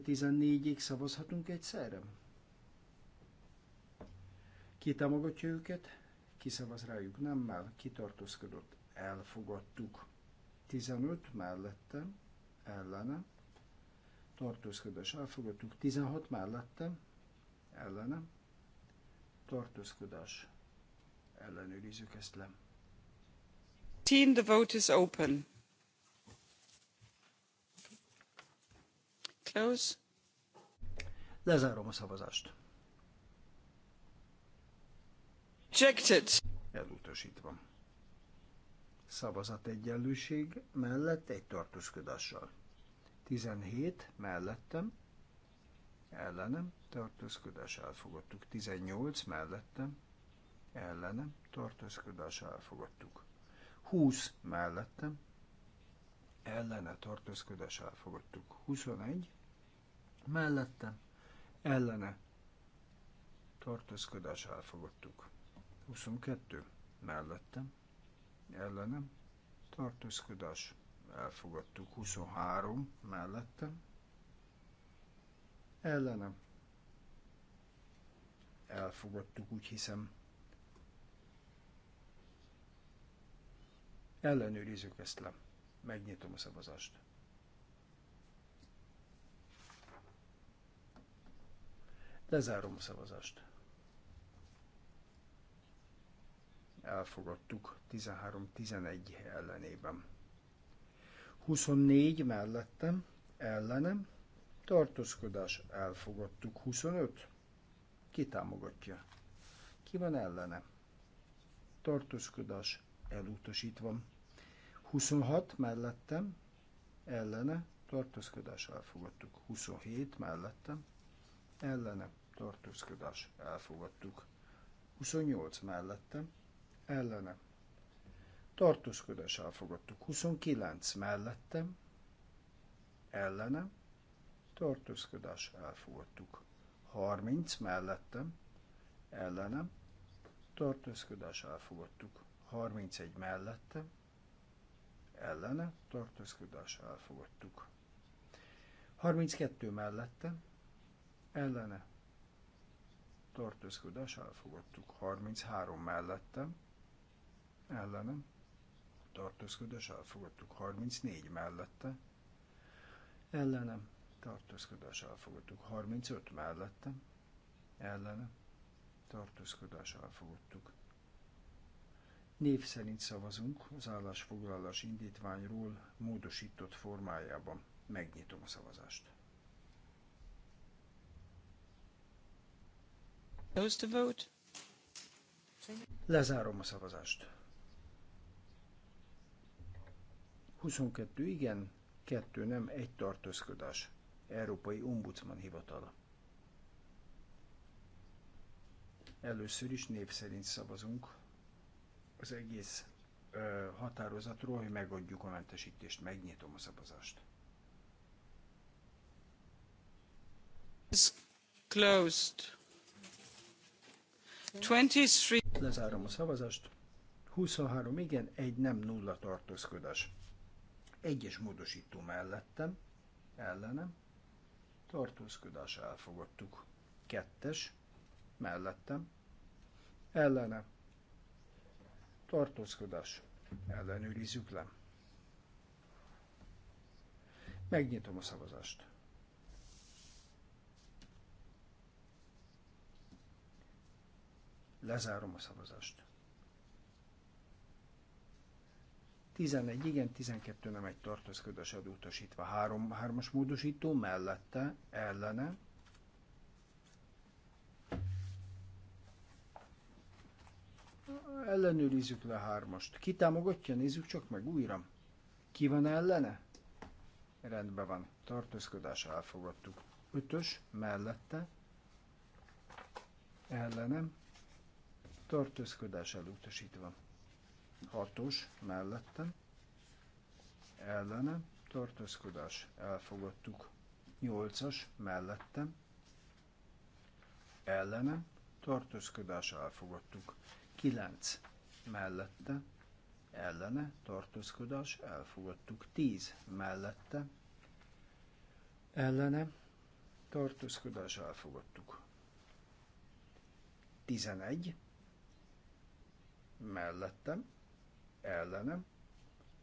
14-ig szavazhatunk egyszerre? Ki támogatja őket? Ki szavaz rájuk? már. kitartózkodott, elfogadtuk. 15 mellettem, ellenem, tartózkodás elfogadtuk. 16 mellettem, ellenem, tartózkodás ellenőrizzük ezt le. Team, the vote is open. Close. Lezárom a szavazást. Rejected. Elutasítva. Szavazat egyenlőség mellett egy tartózkodással. 17 mellettem, ellenem, tartózkodás elfogadtuk. 18 mellettem, ellenem, tartózkodás elfogadtuk. 20 mellettem, ellene tartózkodás elfogadtuk. 21 mellette, ellene, tartózkodás elfogadtuk. 22 mellettem, ellenem, tartózkodás elfogadtuk. 23 mellettem, ellenem, elfogadtuk, úgy hiszem. Ellenőrizzük ezt le. Megnyitom a szavazást. Lezárom a szavazást. Elfogadtuk 13-11 ellenében. 24 mellettem, ellenem, tartózkodás elfogadtuk 25. Ki támogatja? Ki van ellene? Tartózkodás elutasítva. 26 mellettem, ellene, tartózkodás elfogadtuk. 27 mellettem, ellene, tartózkodás elfogadtuk. 28 mellette, ellene, tartózkodás elfogadtuk. 29 mellettem, ellene, tartózkodás elfogadtuk. 30 mellettem, ellene. tartózkodás elfogadtuk. 31 mellettem, ellene, tartózkodás elfogadtuk. 32 mellettem, ellene, tartózkodás elfogadtuk. 33 mellettem, ellenem, tartózkodás elfogadtuk. 34 mellette, ellenem, tartózkodás elfogadtuk. 35 mellettem, ellenem, tartózkodás elfogadtuk. Név szerint szavazunk az állásfoglalás indítványról módosított formájában. Megnyitom a szavazást. Close the vote. Lezárom a szavazást. 22 igen, 2 nem, egy tartózkodás. Európai Ombudsman Hivatala. Először is név szerint szavazunk az egész ö, határozatról, hogy megadjuk a mentesítést, megnyitom a szavazást. It's closed. 23. Lezárom a szavazást. 23 igen, egy nem, nulla tartózkodás. Egyes módosító mellettem, ellenem, tartózkodás elfogadtuk. Kettes, mellettem, ellenem, tartózkodás, ellenőrizzük le. Megnyitom a szavazást. Lezárom a szavazást. 11 igen, 12 nem egy tartózkodás ad utasítva. 3, 3-as módosító mellette, ellene. Ellenőrizzük le 3 hármast. Ki támogatja? Nézzük csak meg újra. Ki van ellene? Rendben van. Tartózkodás elfogadtuk. 5-ös mellette. Ellenem tartózkodás elutasítva. Hatos mellettem, ellenem, tartózkodás elfogadtuk. Nyolcas mellettem, ellenem, tartózkodás elfogadtuk. Kilenc mellette, ellene, tartózkodás elfogadtuk. Tíz mellette, ellene, tartózkodás elfogadtuk. 11 mellettem, ellenem,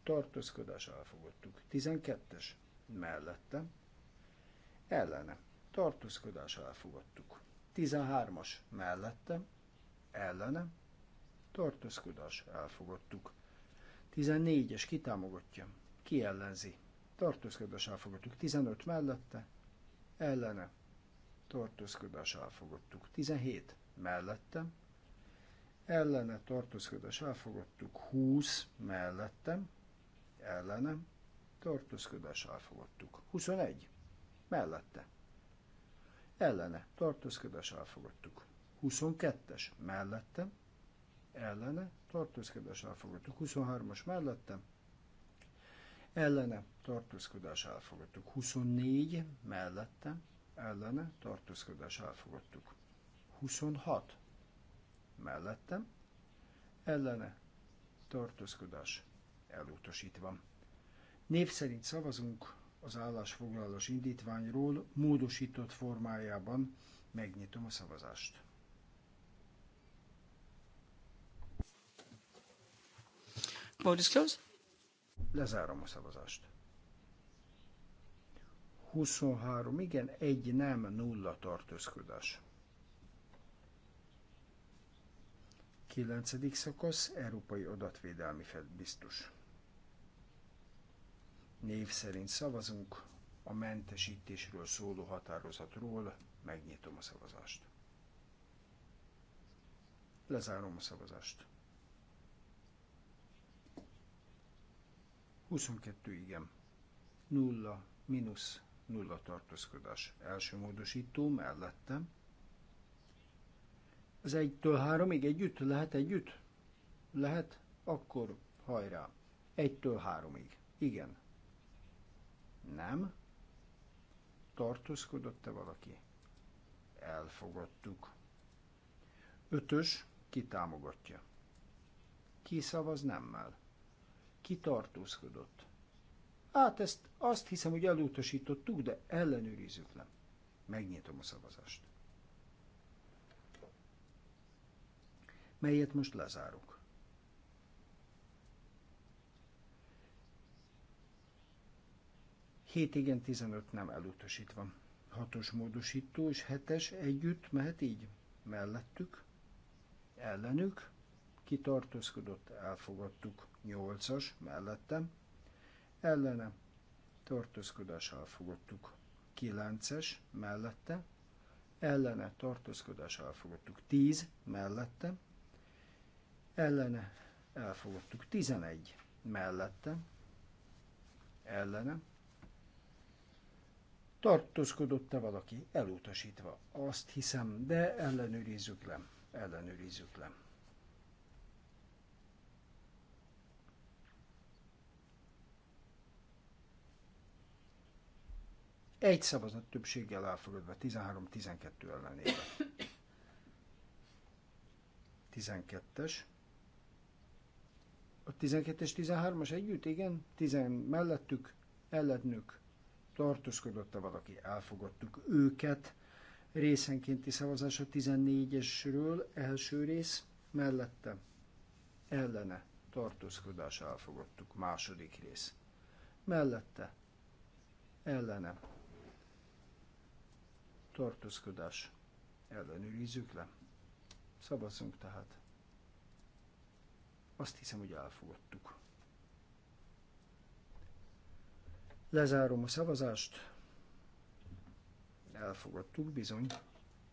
tartózkodás elfogadtuk. 12-es mellettem, ellenem, tartózkodás elfogadtuk. 13-as mellettem, ellenem, tartózkodás elfogadtuk. 14-es kitámogatja, ki ellenzi, tartózkodás elfogadtuk. 15 mellette, ellene, tartózkodás elfogadtuk. 17 mellettem, ellene tartózkodás elfogadtuk 20 mellettem, ellenem tartózkodás elfogadtuk 21 mellette, ellene tartózkodás elfogadtuk 22-es mellettem, ellene tartózkodás elfogadtuk 23-as mellettem, ellene tartózkodás elfogadtuk 24 mellette, ellene tartózkodás elfogadtuk 26 mellettem, ellene tartózkodás elutasítva. Név szerint szavazunk az állásfoglalás indítványról módosított formájában. Megnyitom a szavazást. Lezárom a szavazást. 23 igen, egy nem, nulla tartózkodás. Kilencedik szakasz, Európai Adatvédelmi Biztos. Név szerint szavazunk a mentesítésről szóló határozatról, megnyitom a szavazást. Lezárom a szavazást. 22 igen. 0, mínusz, 0 tartózkodás. Első módosító mellettem az egytől től együtt? Lehet együtt? Lehet? Akkor hajrá. Egytől től Igen. Nem? Tartózkodott-e valaki? Elfogadtuk. Ötös, ki támogatja? Ki szavaz nemmel? Ki tartózkodott? Hát ezt azt hiszem, hogy elutasítottuk, de ellenőrizzük le. Megnyitom a szavazást. melyet most lezárok. Hét igen, 15 nem elutasítva. Hatos módosító és hetes együtt mehet így. Mellettük, ellenük, kitartózkodott, elfogadtuk. Nyolcas, mellettem, ellene, tartózkodás elfogadtuk. Kilences, mellette, ellene, tartózkodás elfogadtuk. Tíz, mellette, ellene elfogadtuk. 11 mellette ellene tartózkodott-e valaki elutasítva? Azt hiszem, de ellenőrizzük le. Ellenőrizzük le. Egy szavazat többséggel elfogadva, 13-12 ellenére. 12-es. A 12-es, 13-as együtt, igen, 10 mellettük, ellenük tartózkodott-e valaki, elfogadtuk őket. Részenkénti szavazás a 14-esről, első rész, mellette, ellene, tartózkodás elfogadtuk, második rész. Mellette, ellene, tartózkodás ellenőrizzük le. Szavazzunk tehát. Azt hiszem, hogy elfogadtuk. Lezárom a szavazást. Elfogadtuk bizony.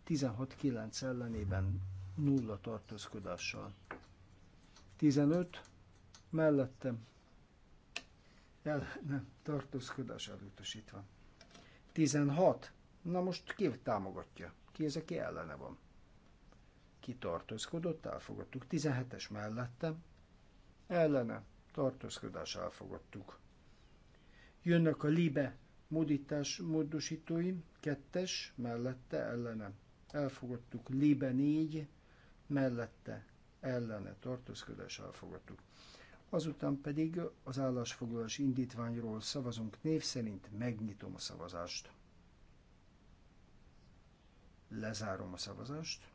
16-9 ellenében nulla tartózkodással. 15 mellettem el, nem, tartózkodás elutasítva. 16. Na most ki támogatja? Ki ez, aki ellene van? Ki tartózkodott? Elfogadtuk. 17-es mellettem ellene tartózkodás elfogadtuk. Jönnek a libe modítás módosítói, kettes, mellette, ellene. Elfogadtuk libe négy, mellette, ellene tartózkodás elfogadtuk. Azután pedig az állásfoglalás indítványról szavazunk név szerint, megnyitom a szavazást. Lezárom a szavazást.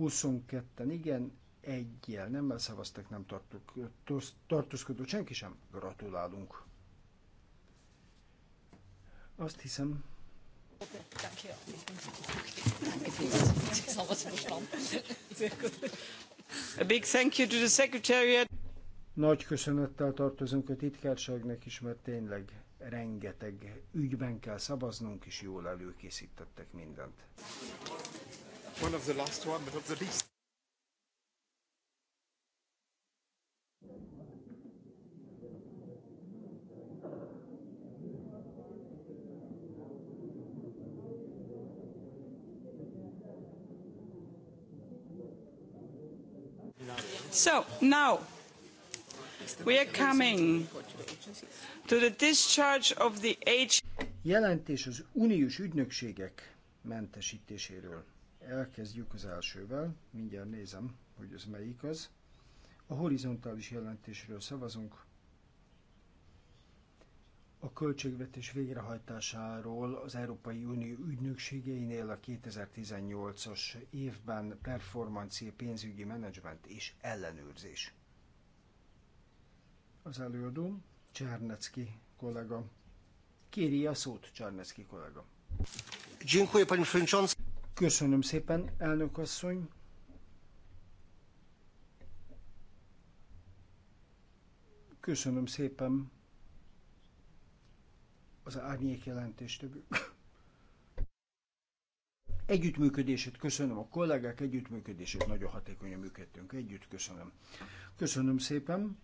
22-en igen, egyel nem elszavaztak nem tartuk, tartózkodó senki sem. Gratulálunk. Azt hiszem, a big thank you to the secretariat. Nagy köszönettel tartozunk a titkárságnak is, mert tényleg rengeteg ügyben kell szavaznunk, és jól előkészítettek mindent one of the last one but of the least. So now we are coming to the discharge of the H. Jelentés az uniós ügynökségek mentesítéséről. Elkezdjük az elsővel, mindjárt nézem, hogy ez melyik az. A horizontális jelentésről szavazunk. A költségvetés végrehajtásáról az Európai Unió ügynökségeinél a 2018-as évben performancia, pénzügyi menedzsment és ellenőrzés. Az előadó Csernecki kollega. Kéri a szót Csernecki kollega. Dziękuję, panie przewodniczący. Köszönöm szépen, elnök asszony. Köszönöm szépen az árnyék jelentéstevők. Együttműködését köszönöm, a kollégák együttműködését nagyon hatékonyan működtünk együtt, köszönöm. Köszönöm szépen.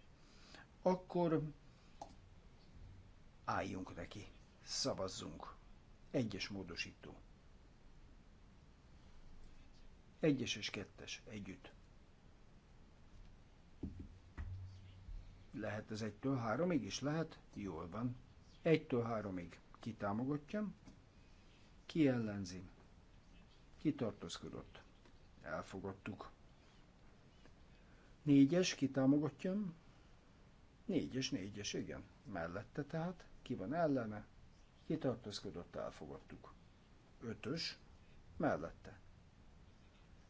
Akkor álljunk neki, szavazzunk. Egyes módosító egyes és kettes együtt. Lehet ez egytől háromig is lehet, jól van. Egytől háromig kitámogatjam, ki ellenzi, ki Elfogadtuk. Négyes, kitámogatjam. Négyes, négyes, igen. Mellette tehát, ki van ellene, ki elfogadtuk. Ötös, mellette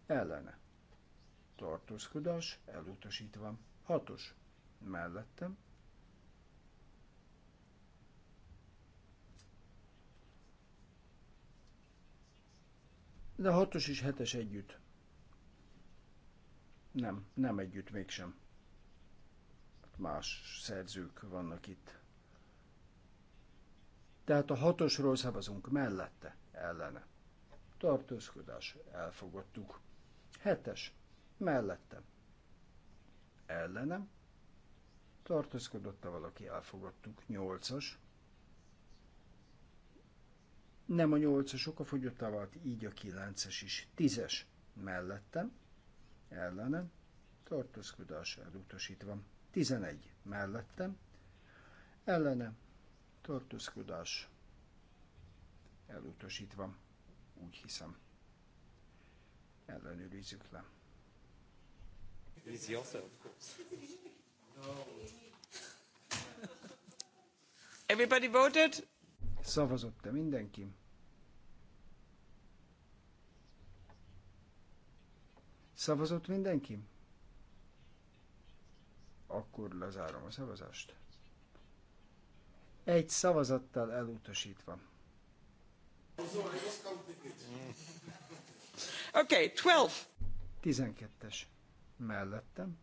ellene. Tartózkodás elutasítva. Hatos mellettem. De hatos és hetes együtt. Nem, nem együtt mégsem. Más szerzők vannak itt. Tehát a hatosról szavazunk mellette, ellene. Tartózkodás, elfogadtuk. Hetes. Mellettem. Ellenem. Tartózkodott-e valaki? Elfogadtuk. Nyolcas. Nem a nyolcasok, a fogyottá vált, így a kilences is. Tízes. Mellettem. Ellenem. Tartózkodás elutasítva. Tizenegy. Mellettem. Ellenem. Tartózkodás elutasítva. Úgy hiszem. Ellenőrizzük le. Is of course. Everybody voted? Szavazott-e mindenki? Szavazott mindenki? Akkor lezárom a szavazást. Egy szavazattal elutasítva. Okay, 12. 12-es. Mellettem.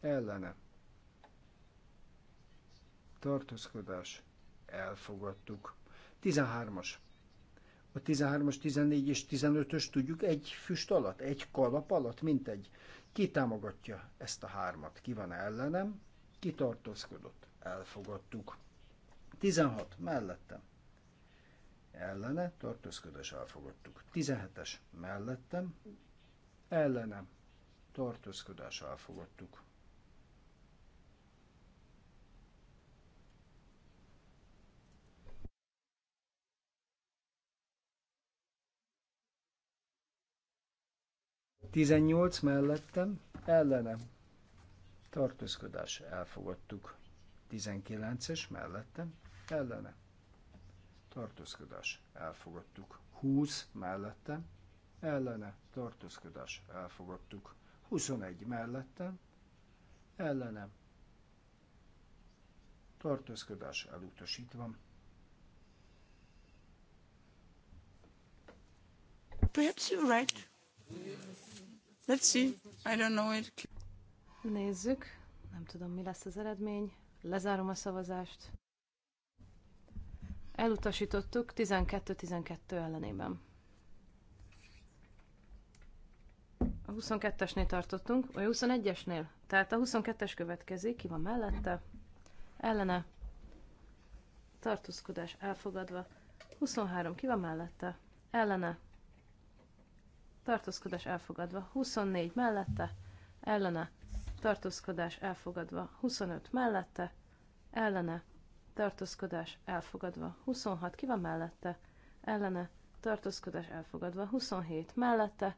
Ellene. Tartózkodás. Elfogadtuk. 13-as. A 13-as, 14 és 15-ös tudjuk egy füst alatt, egy kalap alatt, mint egy. Ki támogatja ezt a hármat? Ki van ellenem? Ki tartózkodott? Elfogadtuk. 16. Mellettem ellene, tartózkodás elfogadtuk. 17-es mellettem, ellenem, tartózkodás elfogadtuk. Tizennyolc mellettem, ellenem, tartózkodás elfogadtuk. Tizenkilences mellettem, ellenem tartózkodás, elfogadtuk. 20 mellette, ellene, tartózkodás, elfogadtuk. 21 mellette, ellene, tartózkodás elutasítva. Perhaps you're right. Let's see. I don't know it. Nézzük. Nem tudom, mi lesz az eredmény. Lezárom a szavazást. Elutasítottuk 12-12 ellenében. A 22-esnél tartottunk, vagy 21-esnél. Tehát a 22-es következik, ki van mellette. Ellene. Tartózkodás elfogadva. 23, ki van mellette. Ellene. Tartózkodás elfogadva. 24 mellette. Ellene. Tartózkodás elfogadva. 25 mellette. Ellene tartózkodás elfogadva. 26 ki van mellette, ellene, tartózkodás elfogadva. 27 mellette,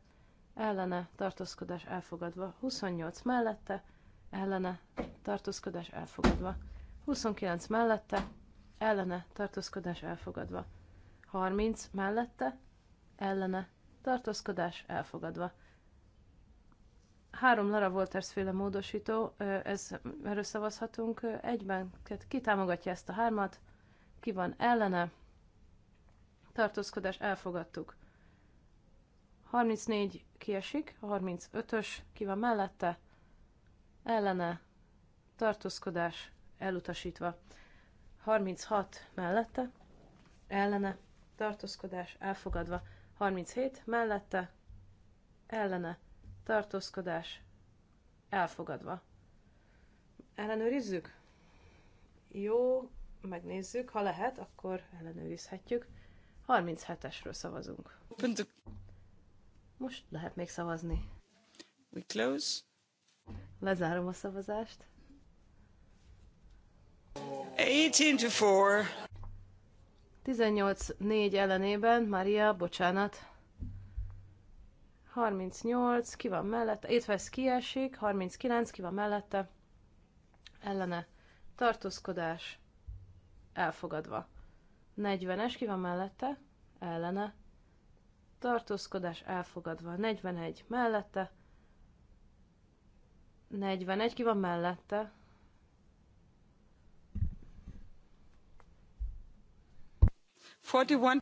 ellene, tartózkodás elfogadva. 28 mellette, ellene, tartózkodás elfogadva. 29 mellette, ellene, tartózkodás elfogadva. 30 mellette, ellene, tartózkodás elfogadva. Három Lara Wolters féle módosító, ez, erről szavazhatunk egyben. Ki támogatja ezt a hármat? Ki van ellene? Tartózkodás elfogadtuk. 34 kiesik, 35-ös, ki van mellette? Ellene. Tartózkodás elutasítva. 36 mellette. Ellene. Tartózkodás elfogadva. 37 mellette. Ellene tartózkodás elfogadva. Ellenőrizzük? Jó, megnézzük, ha lehet, akkor ellenőrizhetjük. 37-esről szavazunk. Most lehet még szavazni. We close. Lezárom a szavazást. 18-4 ellenében, Maria, bocsánat, 38, ki van mellette, étvesz kiesik, 39, ki van mellette, ellene, tartózkodás, elfogadva. 40-es, ki van mellette, ellene, tartózkodás, elfogadva. 41, mellette, 41, ki van mellette, Forty-one.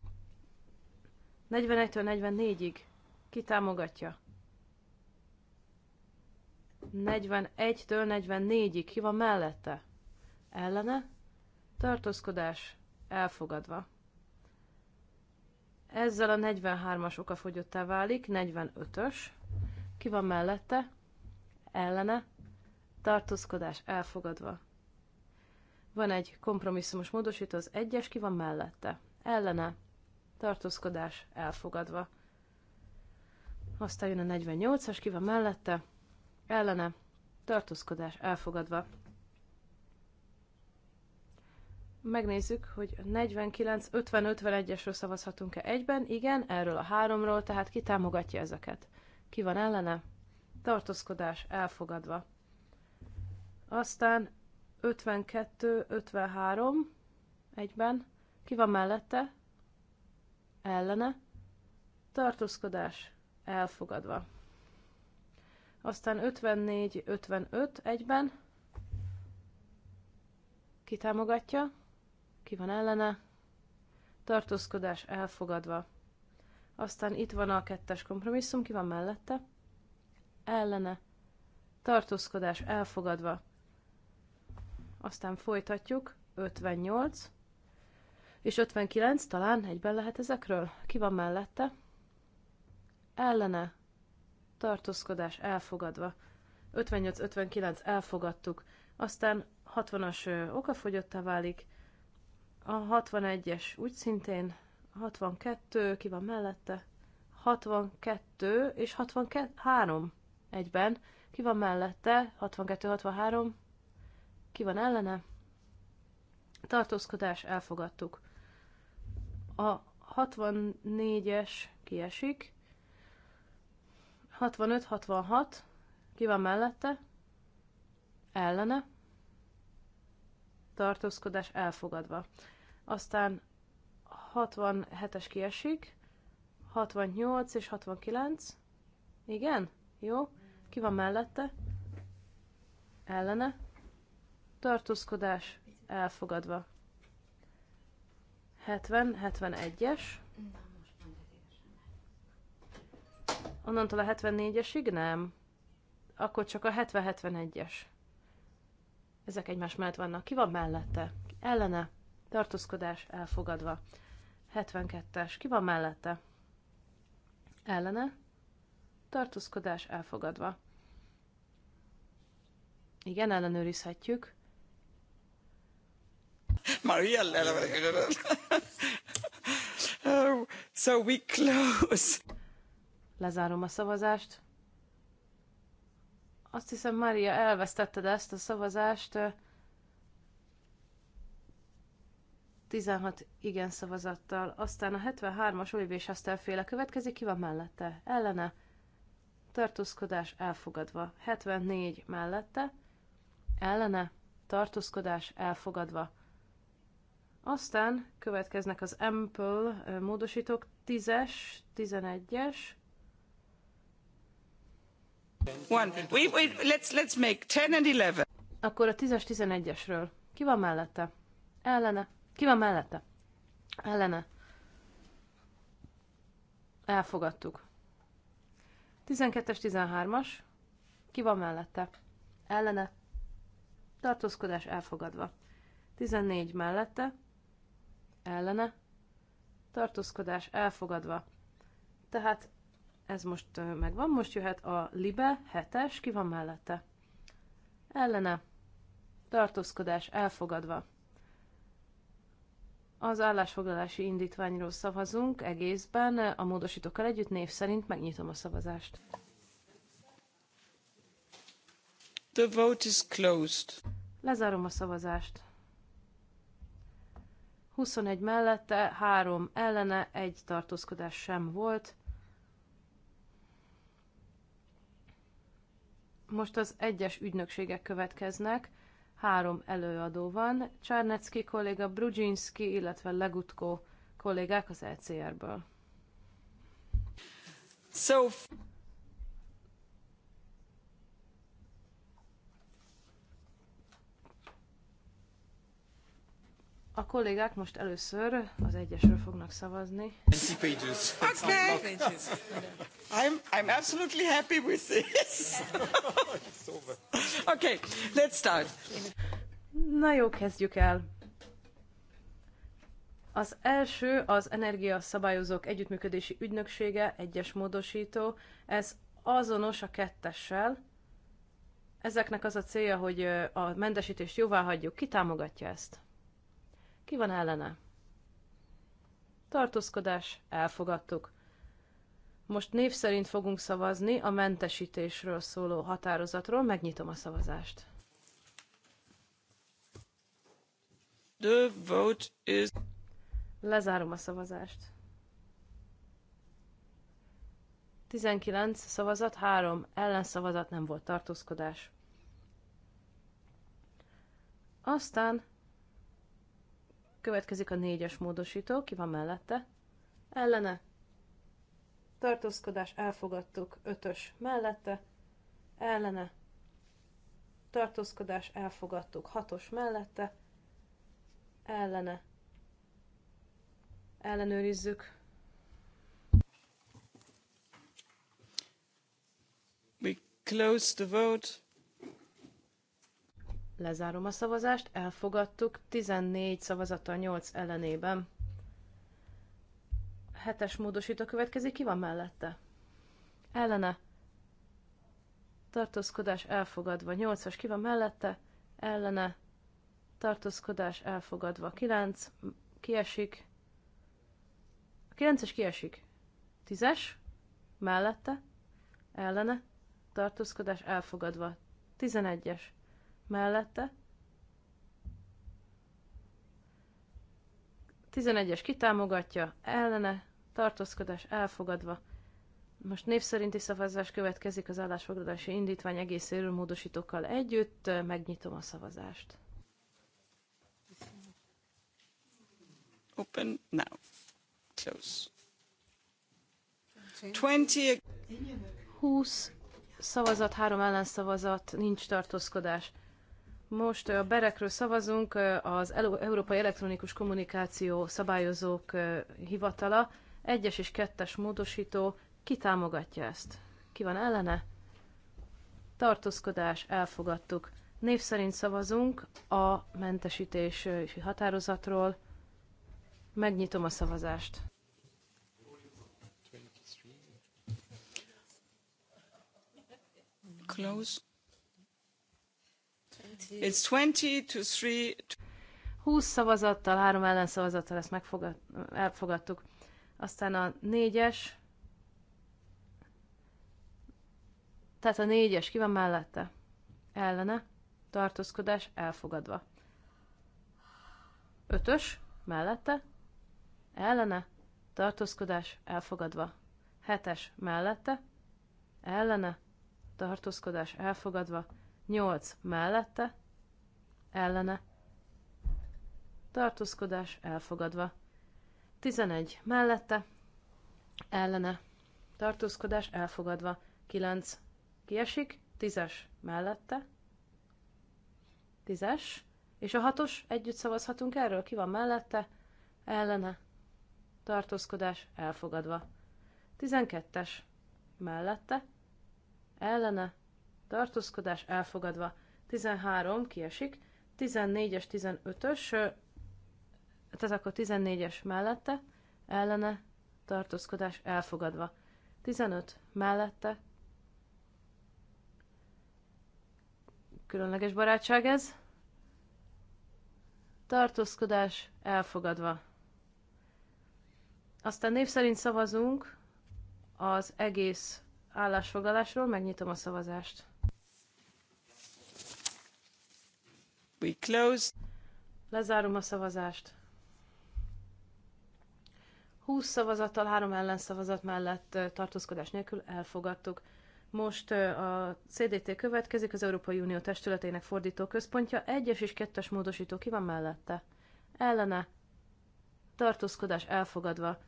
41-től 44-ig ki támogatja? 41-től 44-ig. Ki van mellette? Ellene? Tartózkodás elfogadva. Ezzel a 43-as okafogyottá válik, 45-ös. Ki van mellette? Ellene? Tartózkodás elfogadva. Van egy kompromisszumos módosító, az egyes ki van mellette. Ellene? Tartózkodás elfogadva. Aztán jön a 48-as, ki van mellette, ellene, tartózkodás elfogadva. Megnézzük, hogy 49, 50, 51-esről szavazhatunk-e egyben. Igen, erről a háromról, tehát ki támogatja ezeket. Ki van ellene? Tartózkodás elfogadva. Aztán 52, 53 egyben. Ki van mellette? Ellene. Tartózkodás elfogadva. Aztán 54-55 egyben. Ki támogatja? Ki van ellene? Tartózkodás elfogadva. Aztán itt van a kettes kompromisszum, ki van mellette? Ellene. Tartózkodás elfogadva. Aztán folytatjuk. 58. És 59 talán egyben lehet ezekről? Ki van mellette? ellene, tartózkodás elfogadva. 58-59 elfogadtuk, aztán 60-as okafogyottá válik, a 61-es úgy szintén, 62, ki van mellette, 62 és 63 egyben, ki van mellette, 62-63, ki van ellene, tartózkodás elfogadtuk. A 64-es kiesik, 65-66, ki van mellette? Ellene. Tartózkodás elfogadva. Aztán 67-es kiesik, 68 és 69. Igen? Jó. Ki van mellette? Ellene. Tartózkodás elfogadva. 70, 71-es. Onnantól a 74-esig nem. Akkor csak a 70-71-es. Ezek egymás mellett vannak. Ki van mellette? Ellene. Tartózkodás elfogadva. 72-es. Ki van mellette? Ellene. Tartózkodás elfogadva. Igen, ellenőrizhetjük. Maria, oh, so we close. Lezárom a szavazást. Azt hiszem, Mária, elvesztetted ezt a szavazást. 16 igen szavazattal. Aztán a 73-as Olivier Chastel féle következik, ki van mellette? Ellene. Tartózkodás elfogadva. 74 mellette. Ellene. Tartózkodás elfogadva. Aztán következnek az Ample módosítók 10-es, 11-es, akkor a 10-es 11-esről. Ki van mellette? Ellene. Ki van mellette? Ellene. Elfogadtuk. 12-es, 13-as. Ki van mellette? Ellene. Tartózkodás elfogadva. 14 mellette. Ellene. Tartózkodás elfogadva. Tehát ez most megvan, most jöhet a Libe hetes, ki van mellette? Ellene. Tartózkodás elfogadva. Az állásfoglalási indítványról szavazunk egészben, a módosítókkal együtt név szerint megnyitom a szavazást. The vote is closed. Lezárom a szavazást. 21 mellette, 3 ellene, egy tartózkodás sem volt. Most az egyes ügynökségek következnek. Három előadó van. Csárnecki kolléga, Brudzinski, illetve Legutko kollégák az ECR-ből. So... A kollégák most először az egyesről fognak szavazni. Pages. Okay. I'm, I'm absolutely happy with this. okay, let's start. Na jó, kezdjük el. Az első az energia szabályozók együttműködési ügynöksége, egyes módosító. Ez azonos a kettessel. Ezeknek az a célja, hogy a mentesítést jóvá hagyjuk. Ki támogatja ezt? Ki van ellene? Tartózkodás, elfogadtuk. Most név szerint fogunk szavazni a mentesítésről szóló határozatról. Megnyitom a szavazást. The vote is... Lezárom a szavazást. 19 szavazat, 3 ellenszavazat nem volt tartózkodás. Aztán Következik a négyes módosító, ki van mellette? Ellene. Tartózkodás elfogadtuk, ötös mellette. Ellene. Tartózkodás elfogadtuk, hatos mellette. Ellene. Ellenőrizzük. We close the vote. Lezárom a szavazást, elfogadtuk 14 szavazata 8 ellenében. Hetes módosító következik, ki van mellette? Ellene. Tartózkodás elfogadva 8-as, ki van mellette? Ellene. Tartózkodás elfogadva 9, kiesik. A 9-es kiesik. 10-es, mellette, ellene, tartózkodás elfogadva. 11-es, mellette. 11-es kitámogatja, ellene, tartózkodás elfogadva. Most név szerinti szavazás következik az állásfoglalási indítvány egészéről módosítókkal együtt. Megnyitom a szavazást. Open now. Close. 20. 20 szavazat, 3 ellenszavazat, nincs tartózkodás. Most a berekről szavazunk, az Európai Elektronikus Kommunikáció Szabályozók Hivatala, egyes és kettes módosító, ki támogatja ezt? Ki van ellene? Tartózkodás, elfogadtuk. Név szerint szavazunk a mentesítési határozatról. Megnyitom a szavazást. Close. It's 20 to 3 20 szavazattal, 3 ezt megfogad, elfogadtuk. Aztán a négyes, tehát a négyes ki van mellette? Ellene, tartózkodás elfogadva. Ötös, mellette, ellene, tartózkodás elfogadva. Hetes, mellette, ellene, tartózkodás elfogadva. 8 mellette, ellene, tartózkodás elfogadva. 11 mellette, ellene, tartózkodás elfogadva. 9 kiesik, 10-es mellette, 10-es, és a 6-os együtt szavazhatunk erről, ki van mellette, ellene, tartózkodás elfogadva. 12-es mellette, ellene, tartózkodás elfogadva. 13 kiesik, 14-es, 15-ös, tehát akkor 14-es mellette, ellene, tartózkodás elfogadva. 15 mellette, különleges barátság ez, tartózkodás elfogadva. Aztán név szerint szavazunk az egész állásfoglalásról, megnyitom a szavazást. We close. Lezárom a szavazást. 20 szavazattal, 3 ellenszavazat mellett tartózkodás nélkül elfogadtuk. Most a CDT következik, az Európai Unió testületének fordító központja. Egyes és kettes módosító ki van mellette? Ellene. Tartózkodás elfogadva.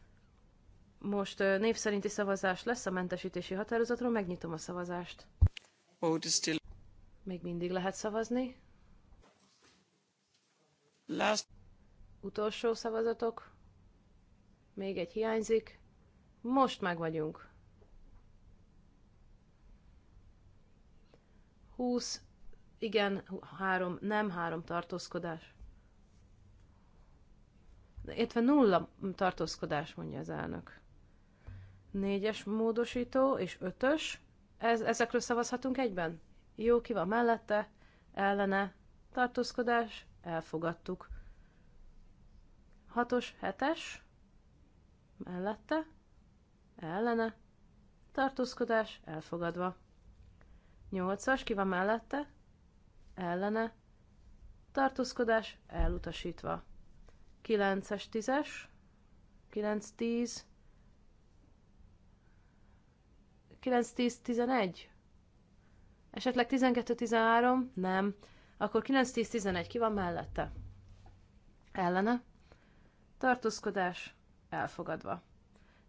Most név szerinti szavazás lesz a mentesítési határozatról, megnyitom a szavazást. Még mindig lehet szavazni. Last... Utolsó szavazatok. Még egy hiányzik. Most meg vagyunk. 20, igen, 3, nem 3 tartózkodás. Értve nulla tartózkodás, mondja az elnök. Négyes módosító és ötös. Ez, ezekről szavazhatunk egyben? Jó, ki van mellette? Ellene? Tartózkodás? elfogadtuk. 6-os, 7-es, mellette, ellene, tartózkodás, elfogadva. 8-as, ki van mellette, ellene, tartózkodás, elutasítva. 9-es, 10-es, 9-10, 9-10-11? Esetleg 12-13? Nem. Akkor 9-10-11 ki van mellette? Ellene. Tartózkodás elfogadva.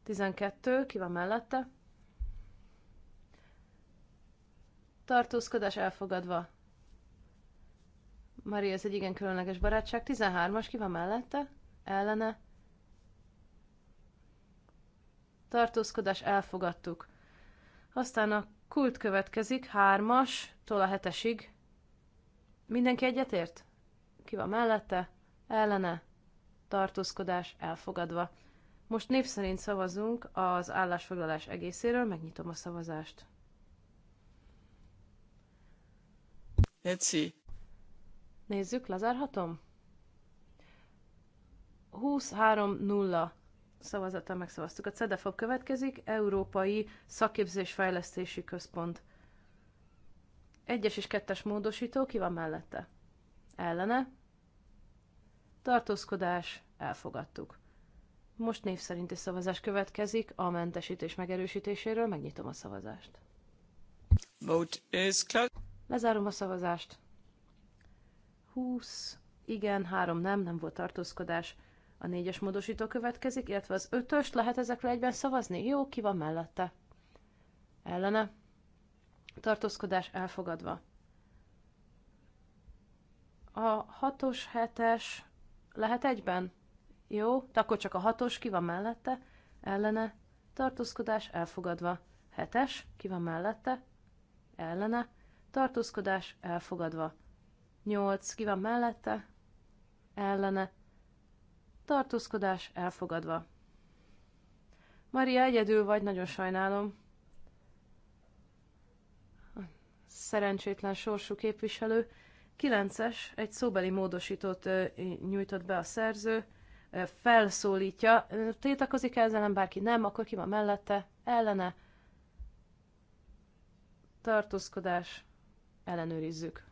12 ki van mellette? Tartózkodás elfogadva. Mari, ez egy igen különleges barátság. 13-as ki van mellette? Ellene. Tartózkodás elfogadtuk. Aztán a kult következik, 3-as, tól a 7-esig Mindenki egyetért? Ki van mellette? Ellene? Tartózkodás elfogadva. Most név szerint szavazunk az állásfoglalás egészéről, megnyitom a szavazást. Let's see. Nézzük, lezárhatom? 23-0 szavazattal megszavaztuk. A CEDEFOB következik, Európai Szakképzésfejlesztési Központ. Egyes és kettes módosító, ki van mellette? Ellene. Tartózkodás, elfogadtuk. Most név szerinti szavazás következik a mentesítés megerősítéséről, megnyitom a szavazást. Vote is closed. Lezárom a szavazást. 20, igen, 3 nem, nem volt tartózkodás. A négyes módosító következik, illetve az ötöst lehet ezekre egyben szavazni? Jó, ki van mellette? Ellene? tartózkodás elfogadva. A hatos hetes lehet egyben? Jó, akkor csak a hatos ki van mellette? Ellene, tartózkodás elfogadva. Hetes ki van mellette? Ellene, tartózkodás elfogadva. 8, ki van mellette? Ellene, tartózkodás elfogadva. Maria, egyedül vagy, nagyon sajnálom. szerencsétlen sorsú képviselő. 9-es, egy szóbeli módosítót nyújtott be a szerző, felszólítja, tiltakozik ezzel nem bárki nem, akkor ki van mellette, ellene, tartózkodás, ellenőrizzük.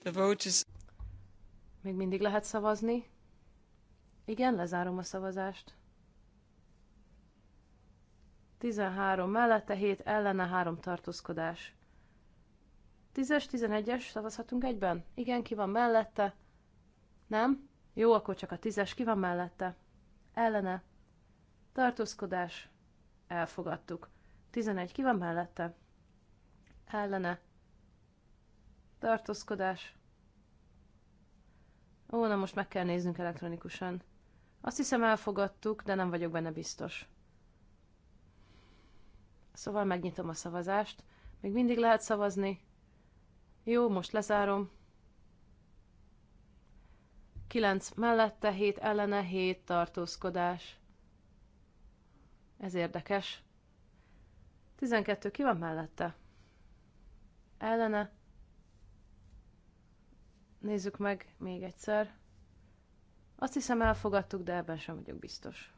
The vote is... Még mindig lehet szavazni. Igen, lezárom a szavazást. 13 mellette, 7 ellene, 3 tartózkodás. 10-es, 11-es, szavazhatunk egyben? Igen, ki van mellette? Nem? Jó, akkor csak a 10-es, ki van mellette? Ellene. Tartózkodás. Elfogadtuk. 11, ki van mellette? Ellene. Tartózkodás. Ó, na most meg kell néznünk elektronikusan. Azt hiszem elfogadtuk, de nem vagyok benne biztos. Szóval megnyitom a szavazást. Még mindig lehet szavazni. Jó, most lezárom. 9 mellette, 7 ellene, 7 tartózkodás. Ez érdekes. 12 ki van mellette? Ellene. Nézzük meg még egyszer. Azt hiszem elfogadtuk, de ebben sem vagyok biztos.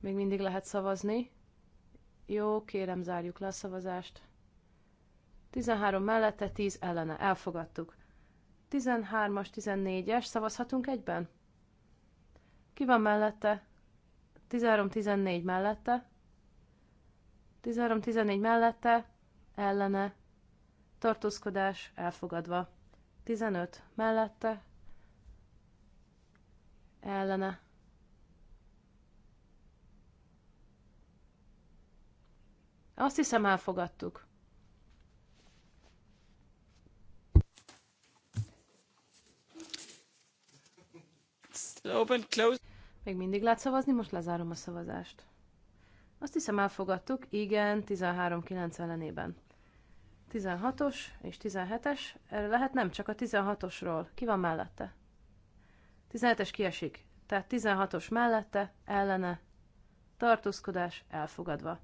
Még mindig lehet szavazni. Jó, kérem, zárjuk le a szavazást. 13 mellette, 10 ellene. Elfogadtuk. 13-as, 14-es, szavazhatunk egyben? Ki van mellette? 13-14 mellette. 13-14 mellette, ellene. Tartózkodás elfogadva. 15 mellette, ellene Azt hiszem elfogadtuk. Open, close. Még mindig lehet szavazni, most lezárom a szavazást. Azt hiszem elfogadtuk, igen, 13-9 ellenében. 16-os és 17-es, erre lehet nem csak a 16-osról. Ki van mellette? 17-es kiesik, tehát 16-os mellette, ellene, tartózkodás elfogadva.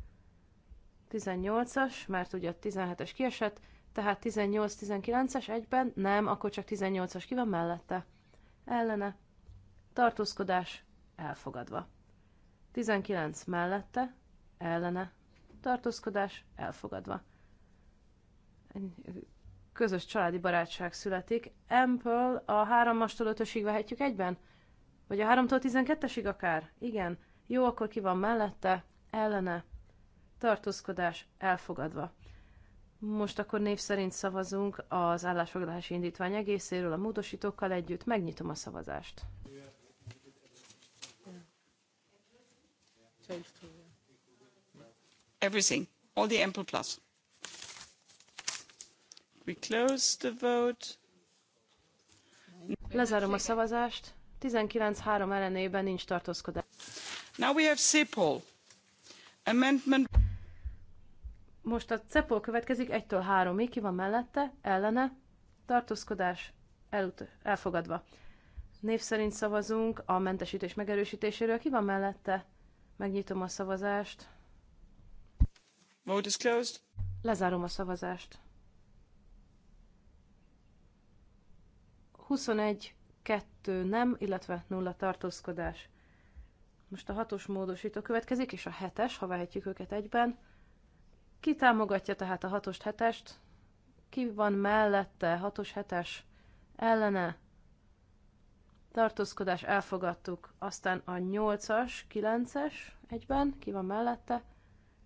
18-as, mert ugye a 17-es kiesett, tehát 18-19-es egyben, nem, akkor csak 18-as ki van mellette. Ellene. Tartózkodás elfogadva. 19 mellette, ellene. Tartózkodás elfogadva. Közös családi barátság születik. Ample a 3-astól 5-ösig vehetjük egyben? Vagy a 3-tól 12-esig akár? Igen. Jó, akkor ki van mellette, ellene tartózkodás elfogadva. Most akkor név szerint szavazunk az állásfoglalási indítvány egészéről a módosítókkal együtt. Megnyitom a szavazást. Everything. All the ample plus. We close the vote. Lezárom a szavazást. 19-3 ellenében nincs tartózkodás. Now we have Amendment most a cepol következik egytől től ki van mellette, ellene, tartózkodás elut- elfogadva. Név szerint szavazunk a mentesítés megerősítéséről. Ki van mellette? Megnyitom a szavazást. Vote is closed. Lezárom a szavazást. 21, 2 nem, illetve 0 tartózkodás. Most a hatos módosító következik, és a hetes, ha vehetjük őket egyben. Ki támogatja tehát a hatost hetest? Ki van mellette hatos hetes ellene? Tartózkodás elfogadtuk, aztán a 8-as, 9-es egyben, ki van mellette,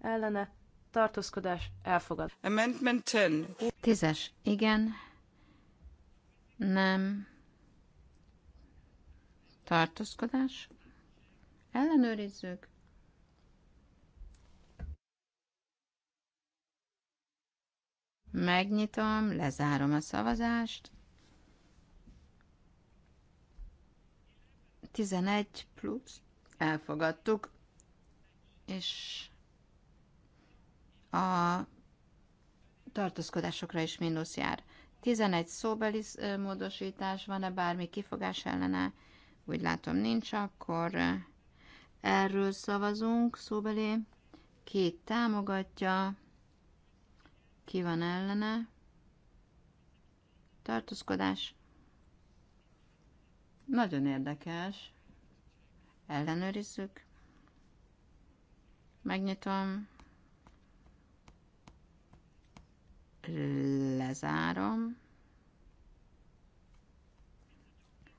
ellene, tartózkodás elfogad. Amendment 10. 10-es, igen, nem, tartózkodás, ellenőrizzük, Megnyitom, lezárom a szavazást. 11 plusz elfogadtuk, és a tartózkodásokra is mínusz jár. 11 szóbeli módosítás, van-e bármi kifogás ellene? Úgy látom nincs, akkor erről szavazunk szóbeli. Két támogatja, ki van ellene? Tartózkodás. Nagyon érdekes. Ellenőrizzük. Megnyitom. Lezárom.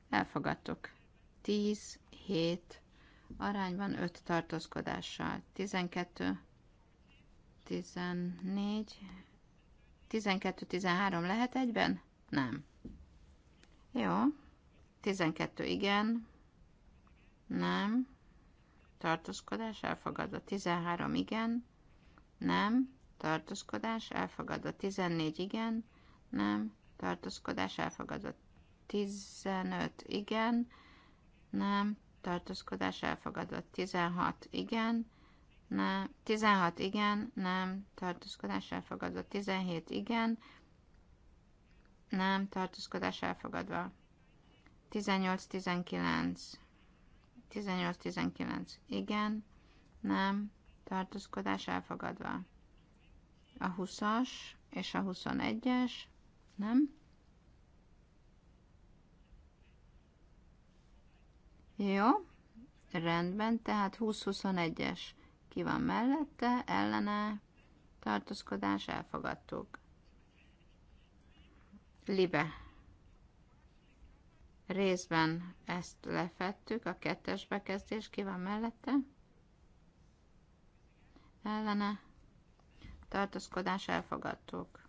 Elfogadtuk. 10, 7, arányban 5 tartózkodással. 12, 14, 12-13 lehet egyben? Nem. Jó. 12 igen. Nem. Tartózkodás elfogadva. 13 igen. Nem. Tartózkodás elfogadva. 14 igen. Nem. Tartózkodás elfogadva. 15 igen. Nem. Tartózkodás elfogadva. 16 igen nem, 16 igen, nem, tartózkodás elfogadva. 17 igen, nem, tartózkodás elfogadva. 18-19, 18-19, igen, nem, tartózkodás elfogadva. A 20-as és a 21-es, nem? Jó, rendben, tehát 20-21-es ki van mellette, ellene, tartózkodás, elfogadtuk. Libe. Részben ezt lefettük, a kettes bekezdés ki van mellette, ellene, tartózkodás, elfogadtuk.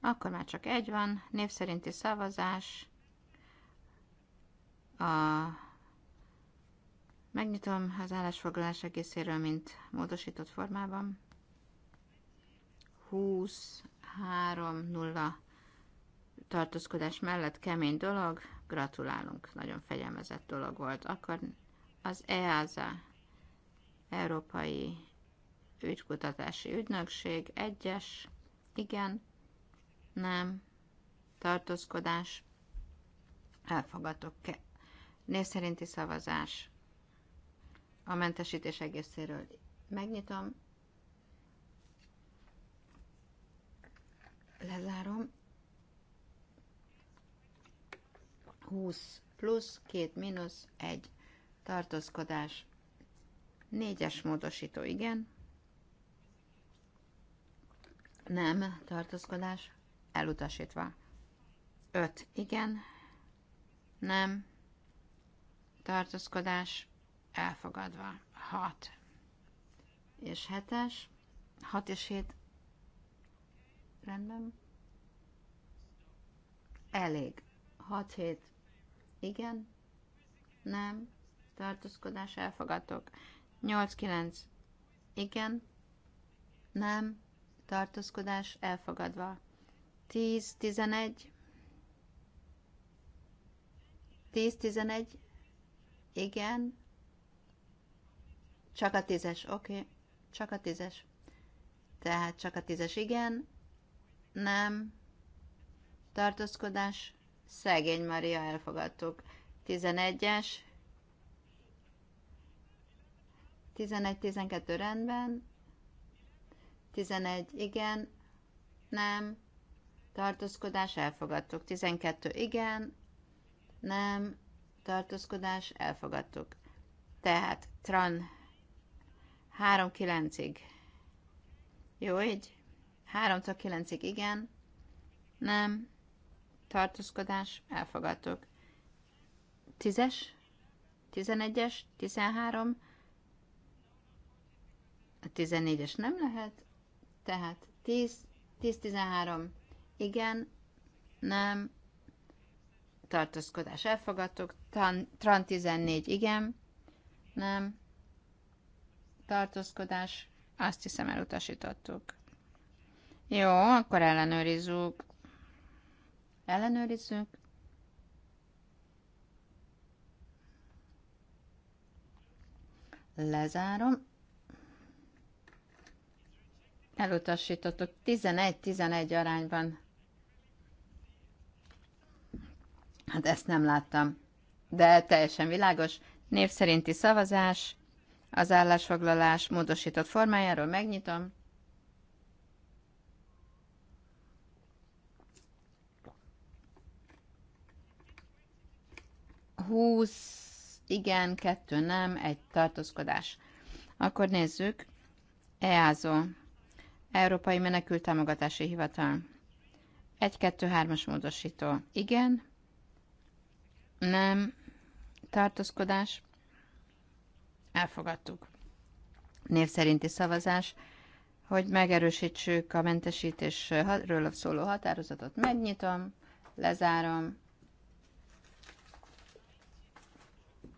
Akkor már csak egy van, név szerinti szavazás, a Megnyitom az állásfoglalás egészéről, mint módosított formában. 20-3-0 tartózkodás mellett kemény dolog, gratulálunk, nagyon fegyelmezett dolog volt. Akkor az EASA, Európai Ügykutatási Ügynökség, egyes, igen, nem, tartózkodás, elfogadok, név szerinti szavazás, a mentesítés egészéről. Megnyitom, lezárom. 20 plusz, 2 mínusz, 1 tartózkodás. Négyes módosító, igen. Nem, tartózkodás, elutasítva. 5, igen. Nem, tartózkodás, elfogadva. 6 és 7-es, 6 és 7 rendben. Elég. 6-7. Igen. Nem. Tartózkodás elfogadok. 8-9. Igen. Nem. Tartózkodás elfogadva. 10-11. 10-11. Igen. Csak a tízes, oké. Okay. Csak a tízes. Tehát csak a tízes, igen. Nem. Tartózkodás. Szegény Maria, elfogadtuk. tizenegyes, tizenegy 11-12 rendben. 11, igen. Nem. Tartózkodás, elfogadtuk. 12, igen. Nem. Tartózkodás, elfogadtuk. Tehát, tran 3-9-ig. Jó, így? 3 9-ig igen. Nem. Tartózkodás. Elfogadtuk. 10-es. 11-es. 13. A 14-es nem lehet. Tehát 10. 10-13. Igen. Nem. Tartózkodás. Elfogadtuk. Tran 14. Igen. Nem tartózkodás, azt hiszem elutasítottuk. Jó, akkor ellenőrizzük. Ellenőrizzük. Lezárom. Elutasítottuk 11-11 arányban. Hát ezt nem láttam. De teljesen világos. Név szerinti szavazás az állásfoglalás módosított formájáról. Megnyitom. Húsz, igen, kettő nem, egy tartózkodás. Akkor nézzük. EASO, Európai Menekült Támogatási Hivatal. 1-2-3-as módosító. Igen. Nem. Tartózkodás. Elfogadtuk. Név szerinti szavazás, hogy megerősítsük a mentesítésről szóló határozatot. Megnyitom, lezárom.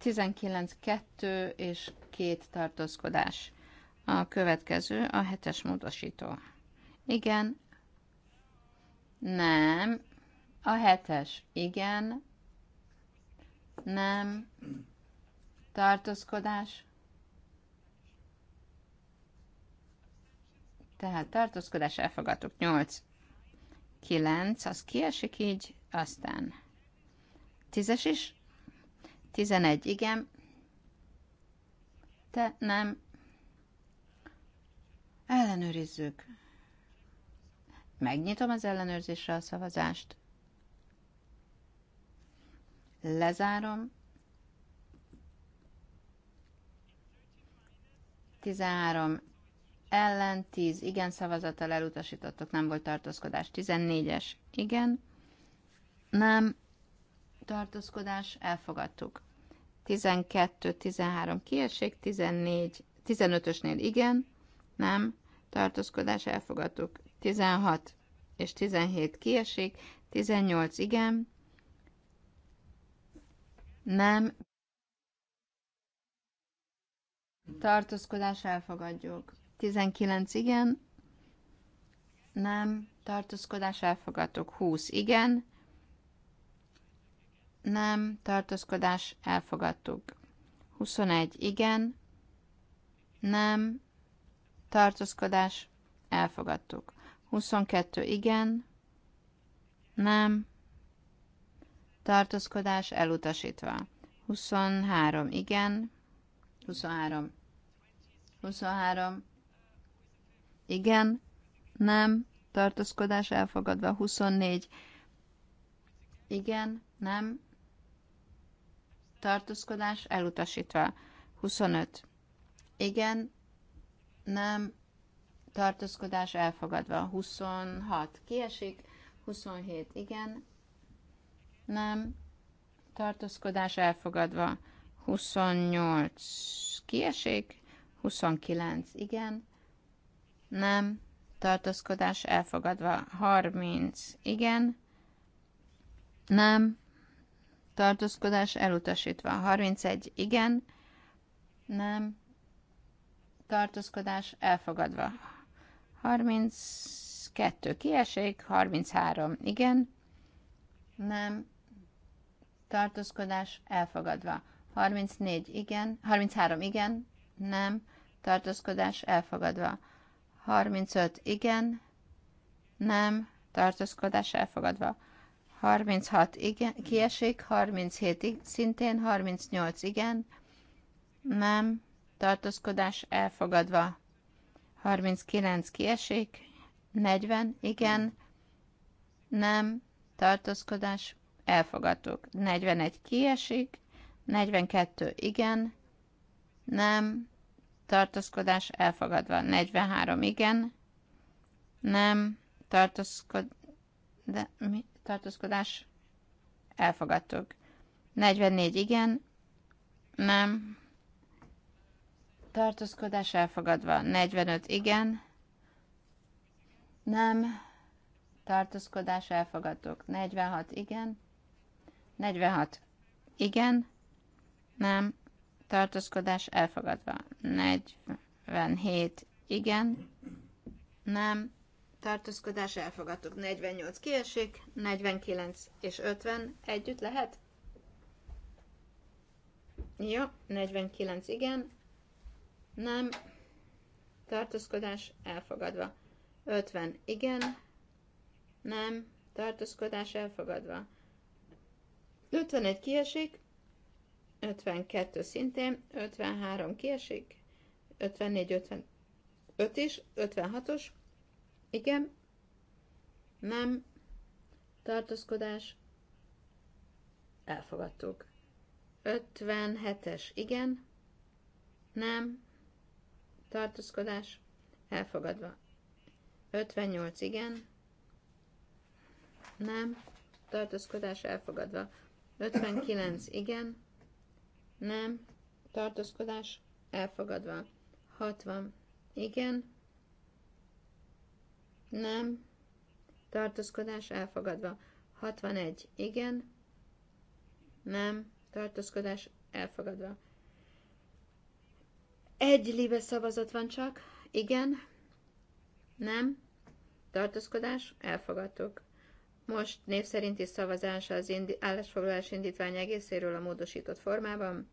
19.2 és két tartózkodás. A következő a hetes módosító. Igen. Nem. A hetes. Igen. Nem tartózkodás, tehát tartózkodás elfogadtuk 8, 9, az kiesik így, aztán 10-es is, 11, igen, te nem, ellenőrizzük. Megnyitom az ellenőrzésre a szavazást. Lezárom. 13 ellen, 10 igen szavazattal elutasítottok, nem volt tartózkodás. 14-es igen, nem tartózkodás, elfogadtuk. 12-13 kiesik, 14, 15-ösnél igen, nem, tartózkodás, elfogadtuk. 16 és 17 kiesik, 18 igen, nem, Tartózkodás elfogadjuk. 19 igen. Nem. Tartózkodás elfogadtuk. 20 igen. Nem. Tartózkodás elfogadtuk. 21 igen. Nem. Tartózkodás elfogadtuk. 22 igen. Nem. Tartózkodás elutasítva. 23 igen. 23. 23. Igen, nem, tartózkodás elfogadva. 24. Igen, nem, tartózkodás elutasítva. 25. Igen, nem, tartózkodás elfogadva. 26. Kiesik. 27. Igen, nem, tartózkodás elfogadva. 28 kiesik, 29 igen, nem, tartózkodás elfogadva, 30 igen, nem, tartózkodás elutasítva, 31 igen, nem, tartózkodás elfogadva, 32 kiesik, 33 igen, nem, tartózkodás elfogadva. 34 igen, 33 igen, nem, tartózkodás elfogadva. 35 igen, nem, tartózkodás elfogadva. 36 igen, kiesik, 37 szintén, 38 igen, nem, tartózkodás elfogadva. 39 kiesik, 40 igen, nem, tartózkodás elfogadtuk. 41 kiesik, 42. Igen. Nem. Tartózkodás elfogadva. 43. Igen. Nem. Tartózkod... De mi? Tartózkodás elfogadtuk. 44. Igen. Nem. Tartózkodás elfogadva. 45. Igen. Nem. Tartózkodás elfogadtuk. 46. Igen. 46. Igen nem, tartózkodás elfogadva. 47, igen, nem, tartózkodás elfogadtuk. 48 kiesik, 49 és 50 együtt lehet? Jó, 49 igen, nem, tartózkodás elfogadva. 50 igen, nem, tartózkodás elfogadva. 51 kiesik, 52 szintén, 53 kiesik, 54, 55 is, 56-os, igen, nem, tartózkodás, elfogadtuk. 57-es, igen, nem, tartózkodás, elfogadva. 58, igen, nem, tartózkodás, elfogadva. 59, igen, nem, tartózkodás elfogadva. 60. Igen, nem, tartózkodás elfogadva. 61. Igen, nem, tartózkodás elfogadva. Egy libe szavazat van csak. Igen, nem, tartózkodás elfogadtuk. Most név szerinti szavazás az indi- állásfoglalás indítvány egészéről a módosított formában.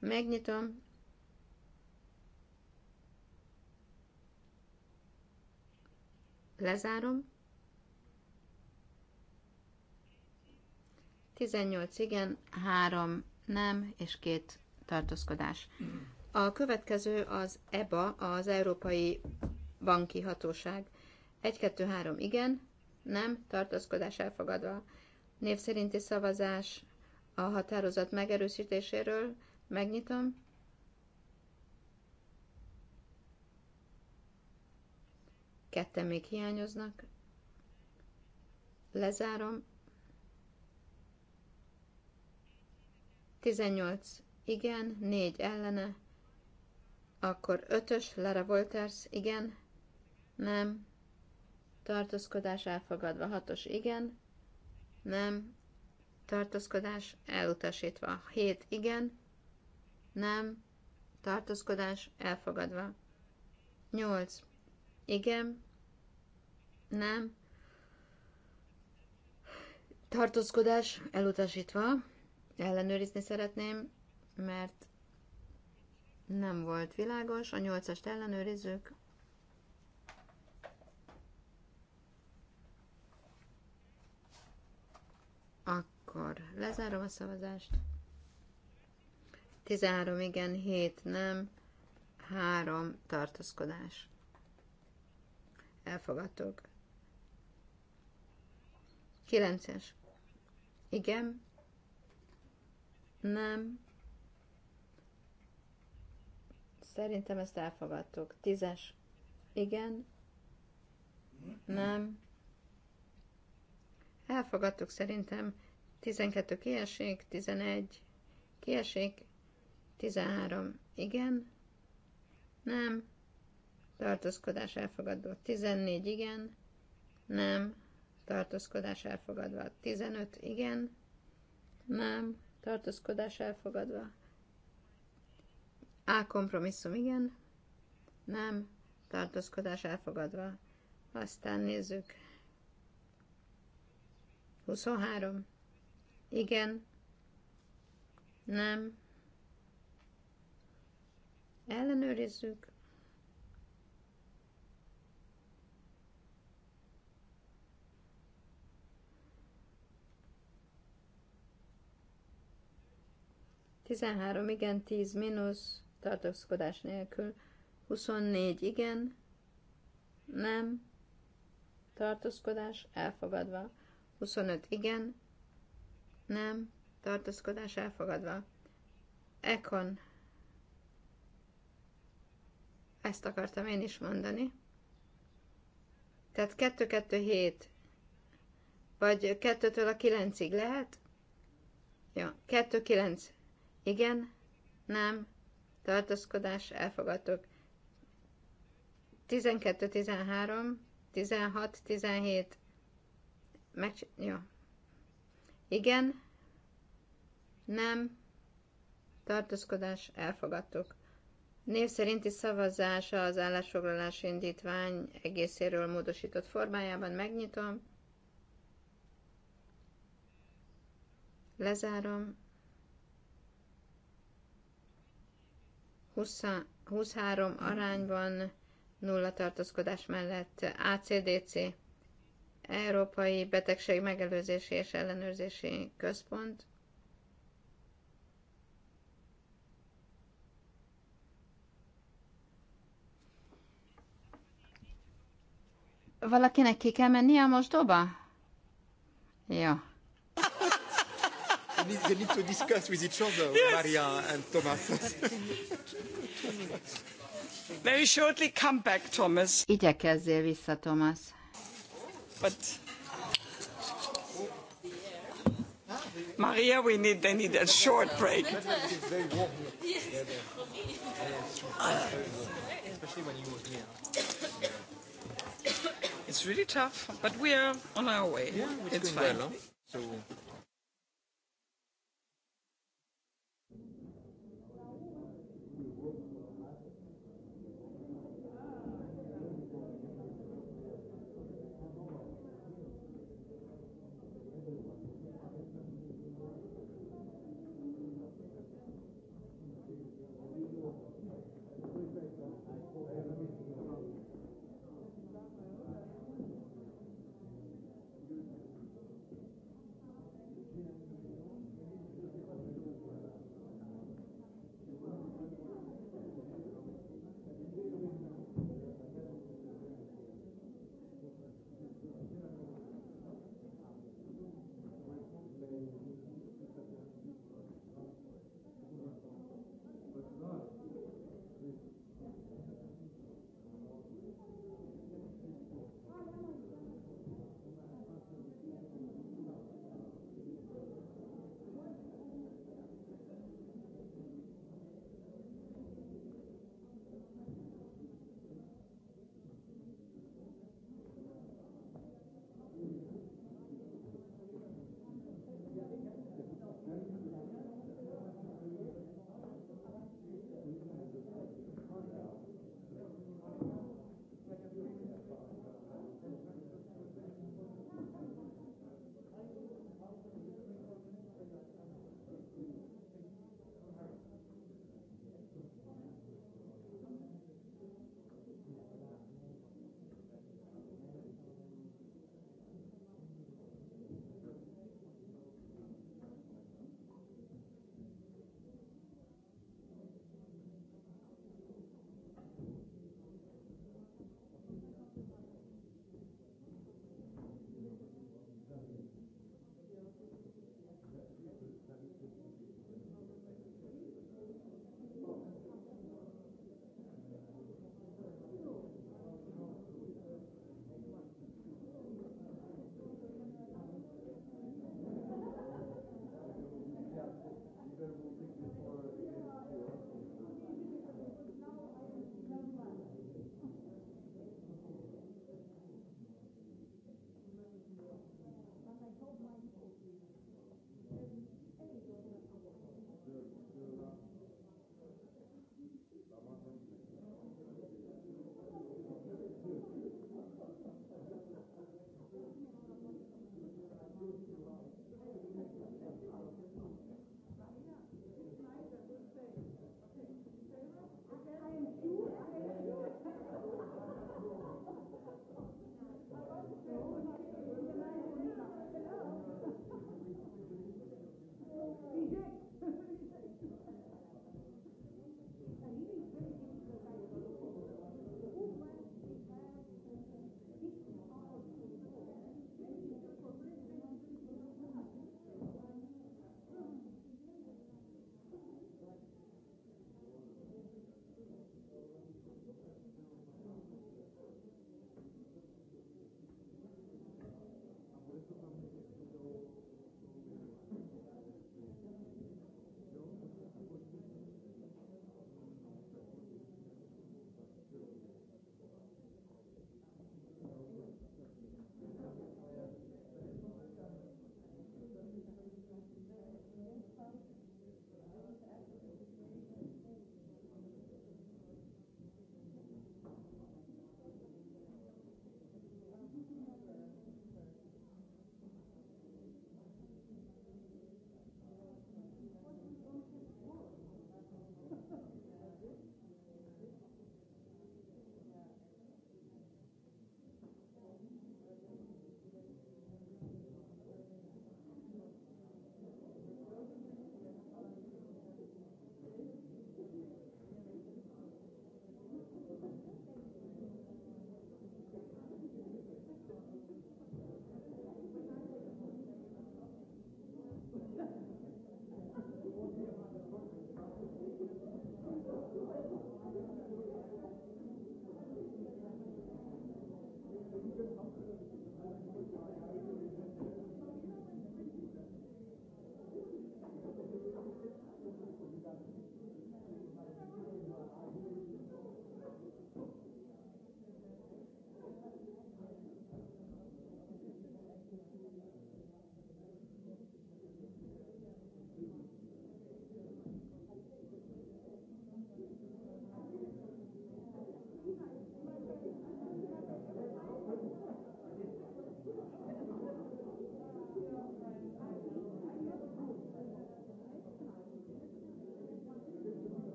Megnyitom. Lezárom. 18 igen, 3 nem, és 2 tartózkodás. A következő az EBA, az Európai Banki Hatóság. 1-2-3 igen, nem, tartózkodás elfogadva. Név szerinti szavazás a határozat megerősítéséről Megnyitom. Ketten még hiányoznak. Lezárom. 18 igen, 4 ellene, akkor 5-ös, Lara Wolters, igen, nem, tartózkodás elfogadva, 6-os, igen, nem, tartózkodás elutasítva, 7, igen, nem, tartózkodás, elfogadva. 8. Igen, nem, tartózkodás, elutasítva. Ellenőrizni szeretném, mert nem volt világos. A 8-ast ellenőrizzük. Akkor lezárom a szavazást. 13 igen, 7 nem, 3 tartózkodás. Elfogadtuk. 9-es. Igen. Nem. Szerintem ezt elfogadtuk. 10-es. Igen. Nem. Elfogadtuk szerintem. 12 kieség, 11 kieség, 13. Igen. Nem. Tartózkodás elfogadva. 14. Igen. Nem. Tartózkodás elfogadva. 15. Igen. Nem. Tartózkodás elfogadva. A kompromisszum. Igen. Nem. Tartózkodás elfogadva. Aztán nézzük. 23. Igen. Nem ellenőrizzük. Tizenhárom igen, tíz mínusz, tartózkodás nélkül. Huszonnégy igen, nem, tartózkodás elfogadva. Huszonöt igen, nem, tartózkodás elfogadva. Ekon ezt akartam én is mondani. Tehát 2-2-7, vagy 2-től a 9-ig lehet? Ja, 2-9. Igen, nem, tartózkodás, elfogadok. 12-13, 16-17, meg... Ja. Igen, nem, tartózkodás, elfogadtok. Név szerinti szavazása az állásfoglalás indítvány egészéről módosított formájában megnyitom. Lezárom. 20, 23 arányban nulla tartózkodás mellett ACDC, Európai Betegség Megelőzési és Ellenőrzési Központ. Valakinek ki kell menni a mosdóba? Jó. Ja. they need to discuss with each other, yes. Maria and Thomas. Very shortly come back, Thomas. Igyekezzél vissza, Thomas. But Maria, we need they need a short break. Especially when you were here it's really tough, but we are on our way. Yeah, it's, it's fine. Well, huh? so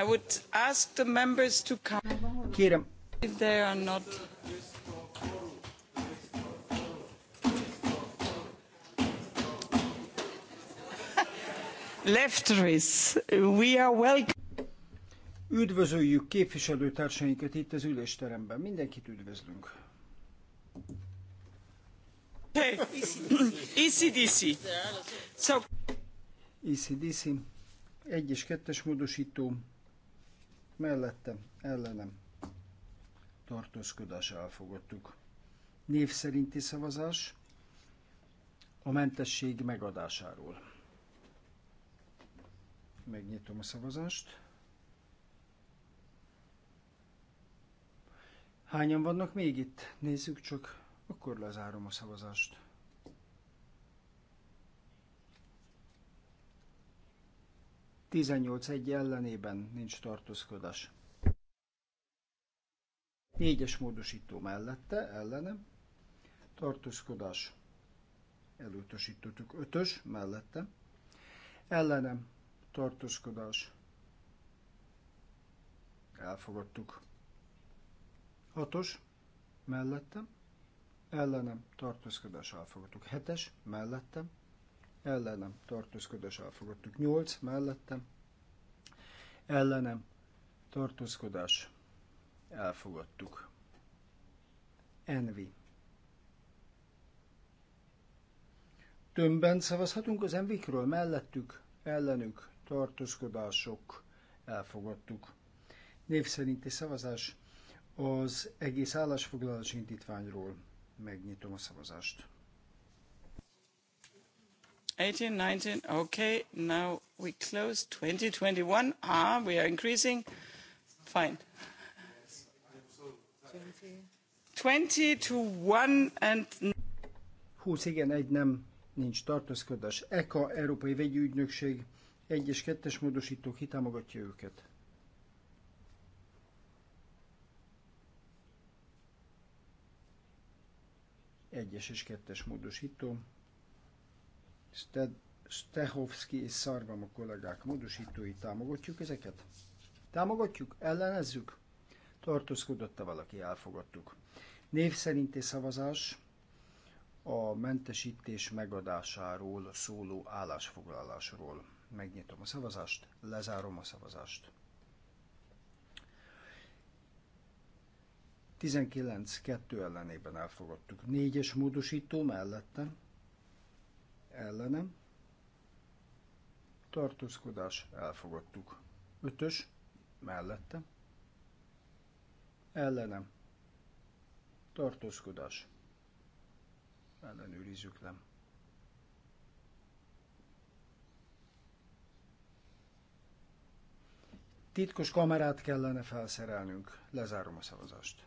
I would ask the members to come. Kérem. If they are not. Lefteris, we are welcome. Üdvözöljük képviselőtársainkat itt az ülésteremben. Mindenkit üdvözlünk. Hey. ECDC. So... ECDC. Egy és kettes módosító mellettem, ellenem, tartózkodás elfogadtuk. Név szerinti szavazás a mentesség megadásáról. Megnyitom a szavazást. Hányan vannak még itt? Nézzük csak, akkor lezárom a szavazást. 18-1 ellenében nincs tartózkodás. Négyes módosító mellette, ellenem, tartózkodás elutasítottuk. Ötös mellette, ellenem, tartózkodás elfogadtuk. Hatos mellettem, ellenem, tartózkodás elfogadtuk. Hetes mellettem, ellenem tartózkodás elfogadtuk. 8 mellettem ellenem tartózkodás elfogadtuk. Envi. Tömbben szavazhatunk az envikről, mellettük, ellenük, tartózkodások, elfogadtuk. Név szerinti szavazás az egész állásfoglalás indítványról. Megnyitom a szavazást. 18, 19, okay. Now we close 2021. Ah, we are increasing. Fine. 20 to 1 and... 20 igen, egy nem, nincs tartózkodás. ECA, Európai Vegyi Ügynökség, 1 és 2-es módosító támogatja őket. Egyes és kettes módosító Stehovski és Szarvam a kollégák módosítói támogatjuk ezeket? Támogatjuk? Ellenezzük? Tartózkodott-e valaki? Elfogadtuk. Név szerinti szavazás a mentesítés megadásáról szóló állásfoglalásról. Megnyitom a szavazást, lezárom a szavazást. 19-2 ellenében elfogadtuk. Négyes módosító mellette ellenem, tartózkodás, elfogadtuk. Ötös, mellette, ellenem, tartózkodás, ellenőrizzük le. Titkos kamerát kellene felszerelnünk, lezárom a szavazást.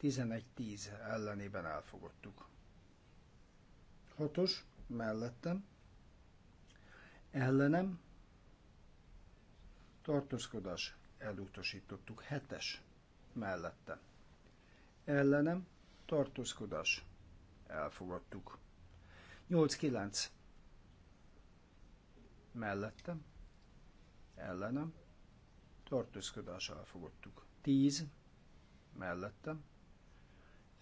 11-10 ellenében elfogadtuk. 6-os, mellettem, ellenem, tartózkodás, elutasítottuk, hetes, mellettem, ellenem, tartózkodás, elfogadtuk. 8-9, mellettem, ellenem, tartózkodás, elfogadtuk. 10, mellettem,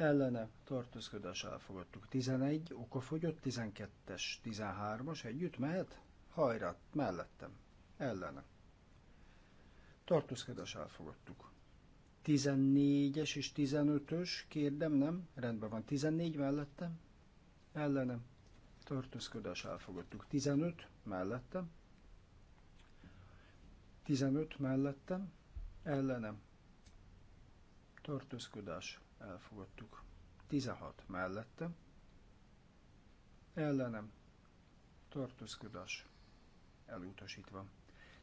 ellene tartózkodás elfogadtuk. 11, okafogyott, 12-es, 13-as, együtt mehet? Hajrá, mellettem, ellene. Tartózkodás elfogadtuk. 14-es és 15-ös, kérdem, nem? Rendben van, 14 mellettem, ellene. Tartózkodás elfogadtuk. 15 mellettem, 15 mellettem, ellenem. Tartózkodás elfogadtuk. 16 mellette, ellenem, tartózkodás, elutasítva.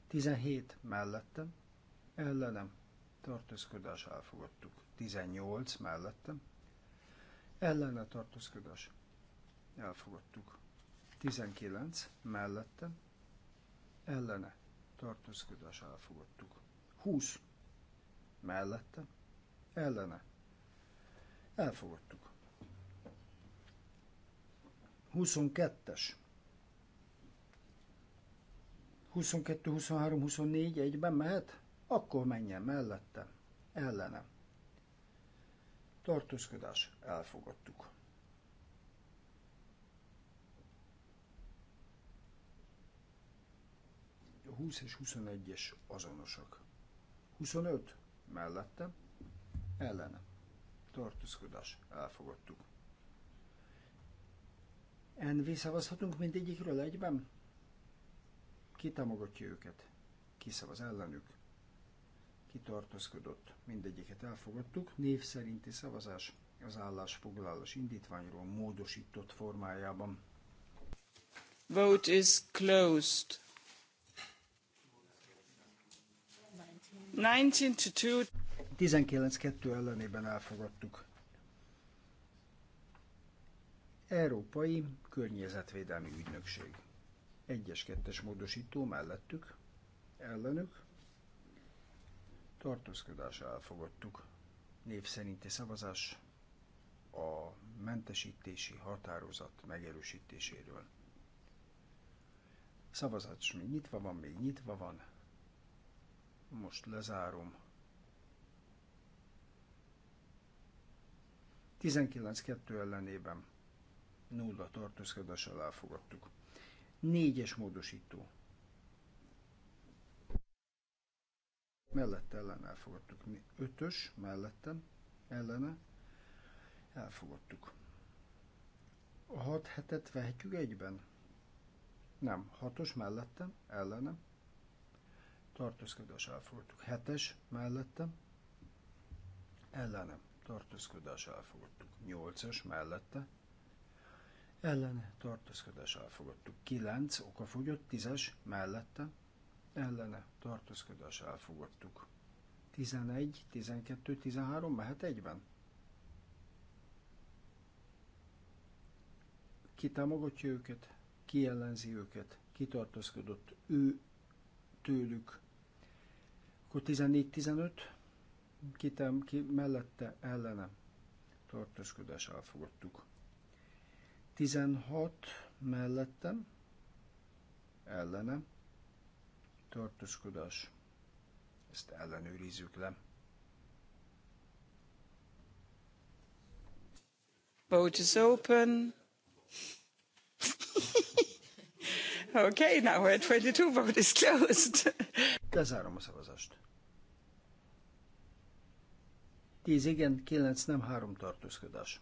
17 mellette. ellenem, tartózkodás, elfogadtuk. 18 mellette. ellene tartózkodás, elfogadtuk. 19 mellette. ellene tartózkodás, elfogadtuk. 20 mellette, ellene Elfogadtuk. 22-es. 22, 23, 24 egyben mehet? Akkor menjen mellette, ellene. Tartózkodás, elfogadtuk. A 20 és 21-es azonosak. 25 mellette, ellene tartózkodás, elfogadtuk. NV szavazhatunk mindegyikről egyben? Ki támogatja őket? Ki szavaz ellenük? Ki tartózkodott? Mindegyiket elfogadtuk. Név szerinti szavazás az állásfoglalás indítványról módosított formájában. Vote is closed. 19 to 2. 19-2 ellenében elfogadtuk. Európai Környezetvédelmi Ügynökség. 1-2-es módosító mellettük, ellenük, tartózkodás elfogadtuk. Név szerinti szavazás a mentesítési határozat megerősítéséről. Szavazás még nyitva van, még nyitva van. Most lezárom. 19-2 ellenében nulla tartózkodással elfogadtuk. Négyes módosító. Mellette ellen elfogadtuk. Ötös mellette ellene elfogadtuk. A 6 hetet vehetjük egyben? Nem. Hatos mellettem ellene tartózkodás elfogadtuk. Hetes mellettem ellene tartózkodás elfogadtuk. 8-as mellette ellen tartózkodás elfogadtuk. 9 okafogyott, 10-es mellette ellene tartózkodás elfogadtuk. 11, 12, 13 mehet egyben? Ki támogatja őket, ki ellenzi őket, ki tartózkodott ő tőlük. Akkor 14, 15, kitem, ki mellette ellene tartózkodás elfogadtuk. 16 mellettem ellene tartózkodás. Ezt ellenőrizzük le. Vote is open. okay, now we're at 22, vote is closed. Lezárom a szavazást. 10 igen, 9 nem, 3 tartózkodás.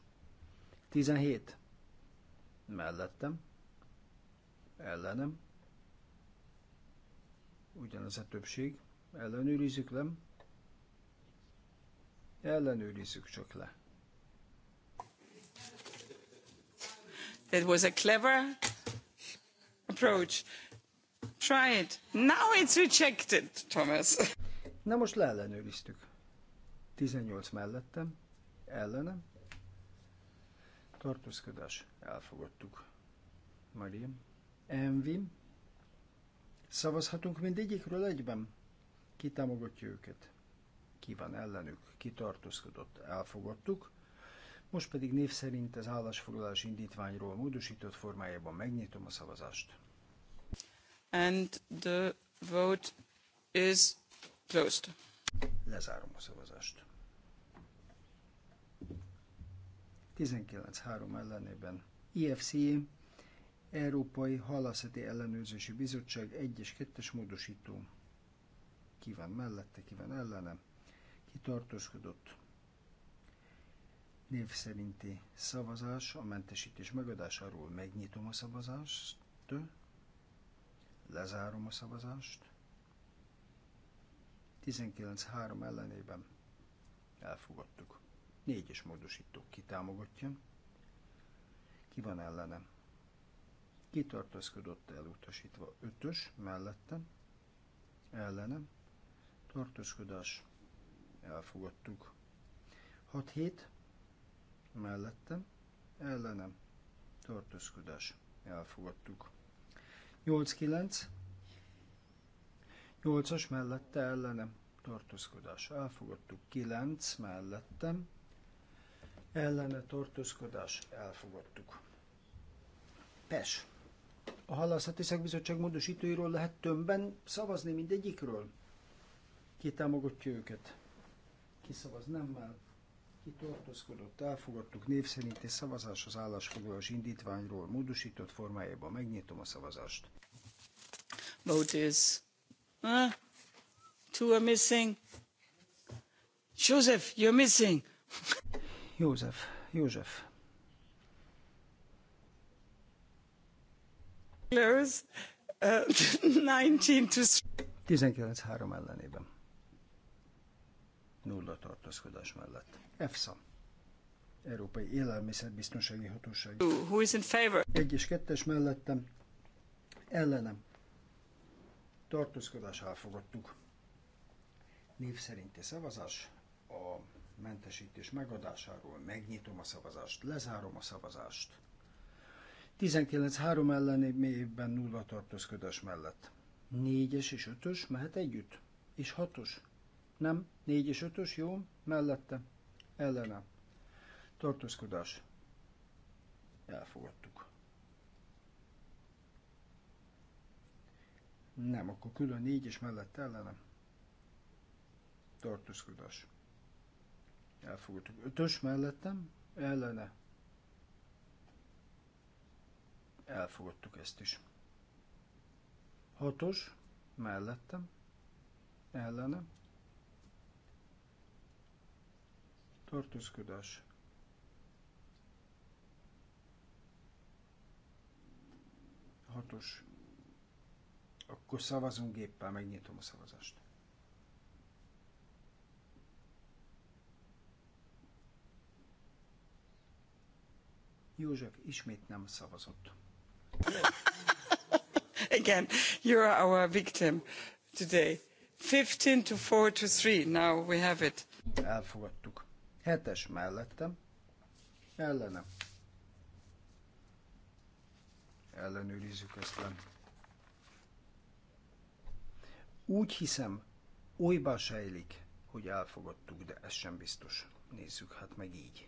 17 mellettem, ellenem, ugyanez a többség, ellenőrizzük le, ellenőrizzük csak le. That was a clever approach. Try it. Now it's rejected, Thomas. Na most leellenőriztük. 18 mellettem, ellenem, tartózkodás, elfogadtuk. Mariam, Envim, szavazhatunk mindegyikről egyben? Ki támogatja őket? Ki van ellenük? Ki tartózkodott? Elfogadtuk. Most pedig név szerint az állásfoglalás indítványról módosított formájában megnyitom a szavazást. And the vote is closed. Lezárom a szavazást. 19.3 ellenében IFC, Európai Halászati Ellenőrzési Bizottság 1 és 2-es módosító. Ki van mellette, ki van ellene, ki tartózkodott. Név szerinti szavazás a mentesítés megadásáról megnyitom a szavazást, lezárom a szavazást. 19-3 ellenében elfogadtuk. 4-es módosító támogatja. Ki van ellene? Kitartózkodott elutasítva ötös mellette ellene. ellenem, tartózkodás, elfogadtuk. 6-7 mellettem, ellenem, tartózkodás, elfogadtuk. 8-9 8-as mellette ellenem tartózkodás elfogadtuk, 9 mellettem ellene tartózkodás elfogadtuk. PES. A Halászati Szakbizottság módosítóiról lehet tömbben szavazni mindegyikről. Ki támogatja őket? Ki szavaz nemmel? Ki tartózkodott? Elfogadtuk név szerinti szavazás az állásfoglalás indítványról módosított formájában. Megnyitom a szavazást. Vote is Huh? Two are missing. Joseph, you're missing. Joseph, Joseph. Close. Uh, 19 to 19-3 ellenében. Nulla tartózkodás mellett. EFSA. Európai Élelmiszerbiztonsági Hatóság. Who is in favor? Egy és kettes mellettem. Ellenem tartózkodás elfogadtuk. Név szerinti szavazás a mentesítés megadásáról. Megnyitom a szavazást, lezárom a szavazást. 19-3 ellenében nulla tartózkodás mellett. 4-es és 5-ös mehet együtt? És 6-os? Nem, 4 és 5-ös, jó, mellette, ellene. Tartózkodás. Elfogadtuk. Nem, akkor külön négy és mellett ellenem. Tartózkodás. Elfogadtuk. Ötös mellettem, ellene. Elfogadtuk ezt is. Hatos, mellettem, ellene. Tartózkodás. Hatos akkor szavazunk géppel, megnyitom a szavazást. József ismét nem szavazott. Again, you are our victim today. 15 to 4 to 3, now we have it. Elfogadtuk. Hetes mellettem. Ellenem. Ellenőrizzük ezt lenni. Úgy hiszem, olyban sejlik, hogy elfogadtuk, de ez sem biztos. Nézzük hát meg így.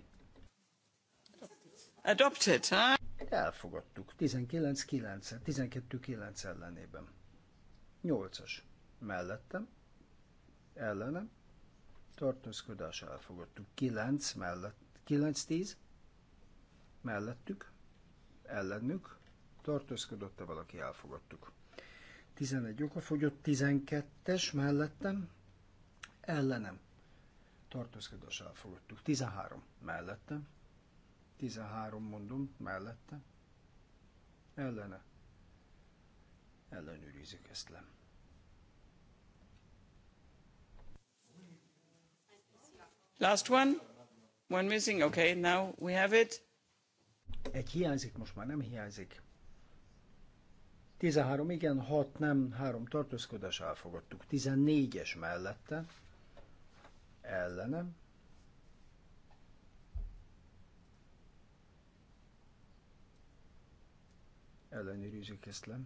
Adopted, huh? Elfogadtuk. 19-9, 12-9 ellenében. 8-as. Mellettem. Ellenem. Tartózkodás elfogadtuk. 9 mellett. 9-10. Mellettük. Ellenük. Tartózkodott-e valaki? Elfogadtuk. 11 okafogyott, 12-es mellettem, ellenem, tartózkodás elfogadtuk, 13 mellettem, 13 mondom, mellettem, ellene, ellenőrizzük ezt le. Last one? One missing? Okay, now we have it. Egy hiányzik, most már nem hiányzik. 13 igen, 6 nem, 3 tartózkodás elfogadtuk. 14-es mellette, ellenem. Ellenőrizzük ezt le.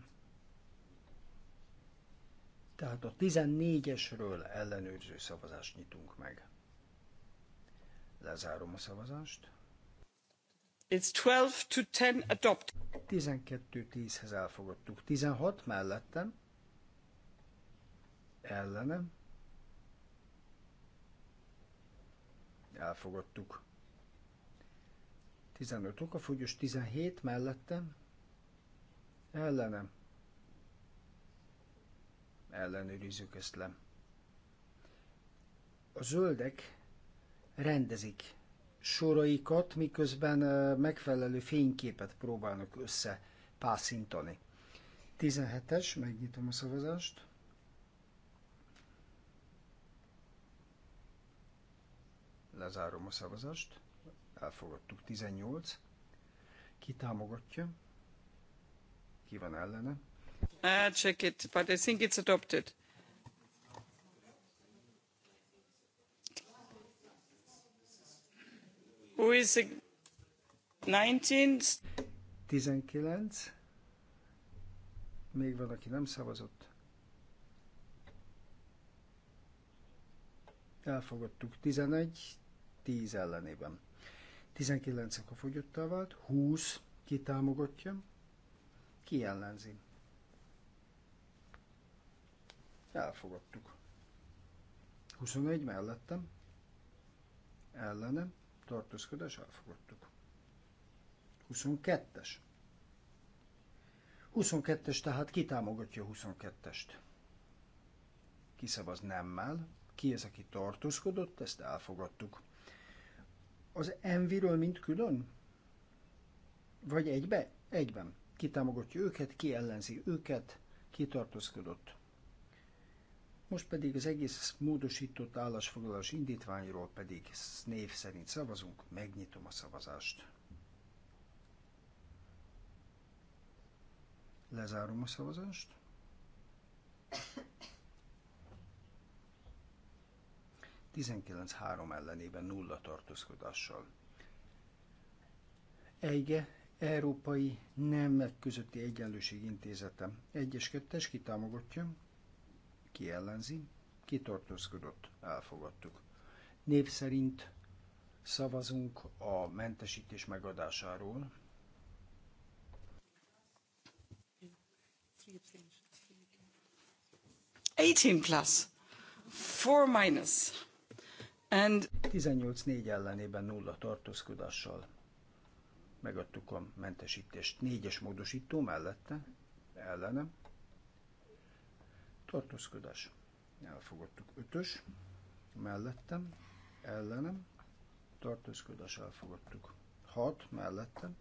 Tehát a 14-esről ellenőrző szavazást nyitunk meg. Lezárom a szavazást. 12 10 adopt. 12-10-hez elfogadtuk. 16 mellettem. Ellenem. Elfogadtuk. 15 okafogyos, 17 mellettem. Ellenem. Ellenőrizzük ezt le. A zöldek rendezik soraikat, miközben megfelelő fényképet próbálnak összepászintani. 17-es, megnyitom a szavazást. Lezárom a szavazást. Elfogadtuk 18. Ki támogatja? Ki van ellene? Uh, check it, but I think it's adopted. Who is a... 19? 19. Még van, aki nem szavazott. Elfogadtuk 11, 10 ellenében. 19 a fogyottá vált, 20 ki támogatja, ki ellenzi. Elfogadtuk. 21 mellettem, ellenem, tartózkodás elfogadtuk. 22-es. 22-es, tehát ki támogatja 22-est? szavaz nemmel, ki ez, aki tartózkodott, ezt elfogadtuk. Az enviről mind külön? Vagy egybe? Egyben. Ki támogatja őket, ki ellenzi őket, ki tartózkodott. Most pedig az egész módosított állásfoglalás indítványról pedig név szerint szavazunk, megnyitom a szavazást. Lezárom a szavazást. Tizenkilenc három ellenében nulla tartózkodással. Eige, Európai Nemek Közötti Egyenlőség Intézete. Egyes kettes támogatja? ki ellenzi, ki elfogadtuk. Név szerint szavazunk a mentesítés megadásáról. Eighteen plus, four minus, and 18 négy ellenében nulla tartózkodással megadtuk a mentesítést. Négyes módosító mellette, ellenem, tartózkodás. Elfogadtuk. Ötös, mellettem, ellenem, tartózkodás elfogadtuk. Hat, mellettem,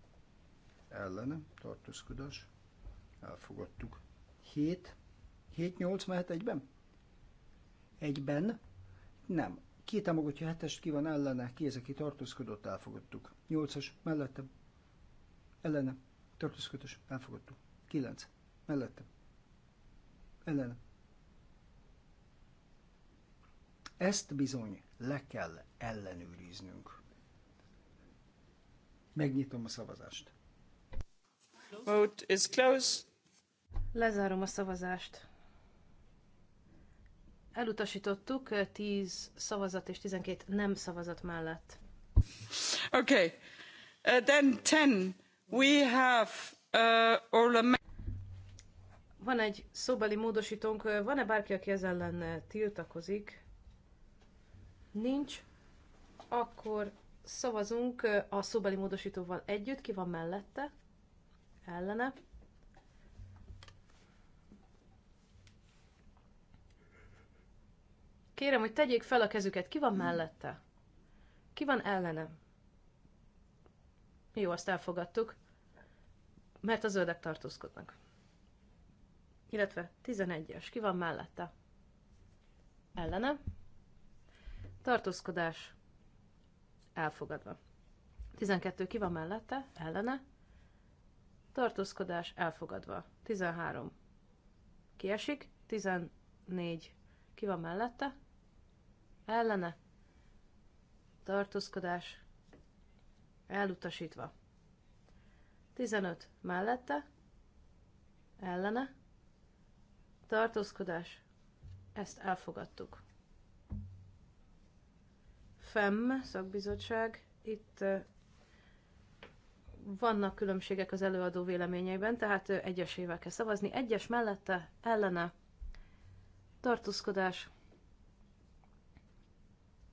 ellenem, tartózkodás, elfogadtuk. Hét, Hét nyolc, mehet egyben? Egyben? Nem. Ki támogatja hetest, ki van ellene, ki ez, aki tartózkodott, elfogadtuk. Nyolcas, mellettem. Ellene. Tartózkodás, elfogadtuk. Kilenc, Mellettem. Ellene. Ezt bizony le kell ellenőriznünk. Megnyitom a szavazást. Vote is close. Lezárom a szavazást. Elutasítottuk 10 szavazat és 12 nem szavazat mellett. Okay. Uh, then 10. We have uh, the. van egy szóbeli módosítónk, van-e bárki, aki ezzel ellen tiltakozik? Nincs. Akkor szavazunk a szóbeli módosítóval együtt. Ki van mellette? Ellene. Kérem, hogy tegyék fel a kezüket. Ki van mellette? Ki van ellene? Jó, azt elfogadtuk, mert a zöldek tartózkodnak. Illetve 11-es. Ki van mellette? Ellene? tartózkodás elfogadva. 12 ki van mellette, ellene, tartózkodás elfogadva. 13 kiesik, 14 ki van mellette, ellene, tartózkodás elutasítva. 15 mellette, ellene, tartózkodás, ezt elfogadtuk. FEM szakbizottság, itt vannak különbségek az előadó véleményeiben, tehát egyesével kell szavazni. Egyes mellette, ellene, tartózkodás.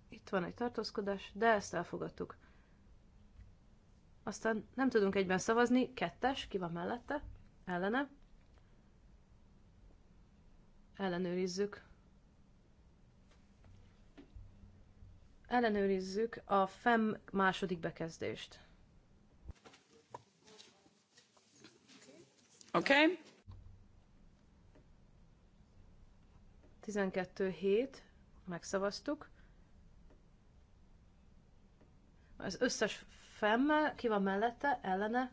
Itt van egy tartózkodás, de ezt elfogadtuk. Aztán nem tudunk egyben szavazni, kettes, ki van mellette, ellene. Ellenőrizzük. ellenőrizzük a FEM második bekezdést. Oké. Okay. 12-7, megszavaztuk. Az összes femmel, ki van mellette, ellene,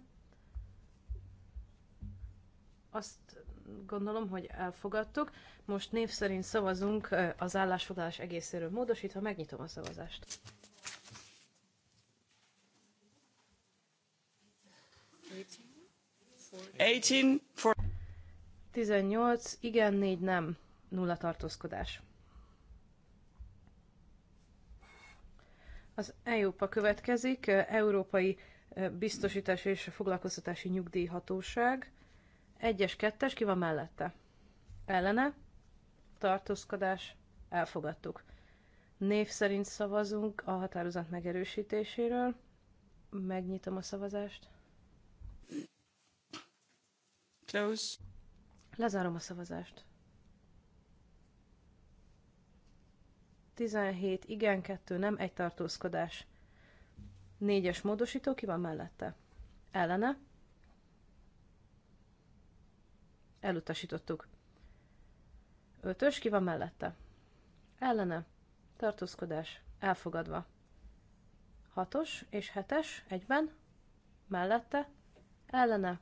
azt gondolom, hogy elfogadtuk. Most név szerint szavazunk az állásfoglalás egészéről módosítva, megnyitom a szavazást. For... 18, igen, 4 nem, nulla tartózkodás. Az EUPA következik, Európai Biztosítás és Foglalkoztatási Nyugdíjhatóság. Egyes, kettes, ki van mellette? Ellene? tartózkodás, elfogadtuk. Név szerint szavazunk a határozat megerősítéséről. Megnyitom a szavazást. Close. Lezárom a szavazást. 17, igen, 2, nem, egy tartózkodás. Négyes módosító, ki van mellette? Ellene? Elutasítottuk. Ötös, ki van mellette? Ellene. Tartózkodás. Elfogadva. Hatos és hetes egyben. Mellette. Ellene.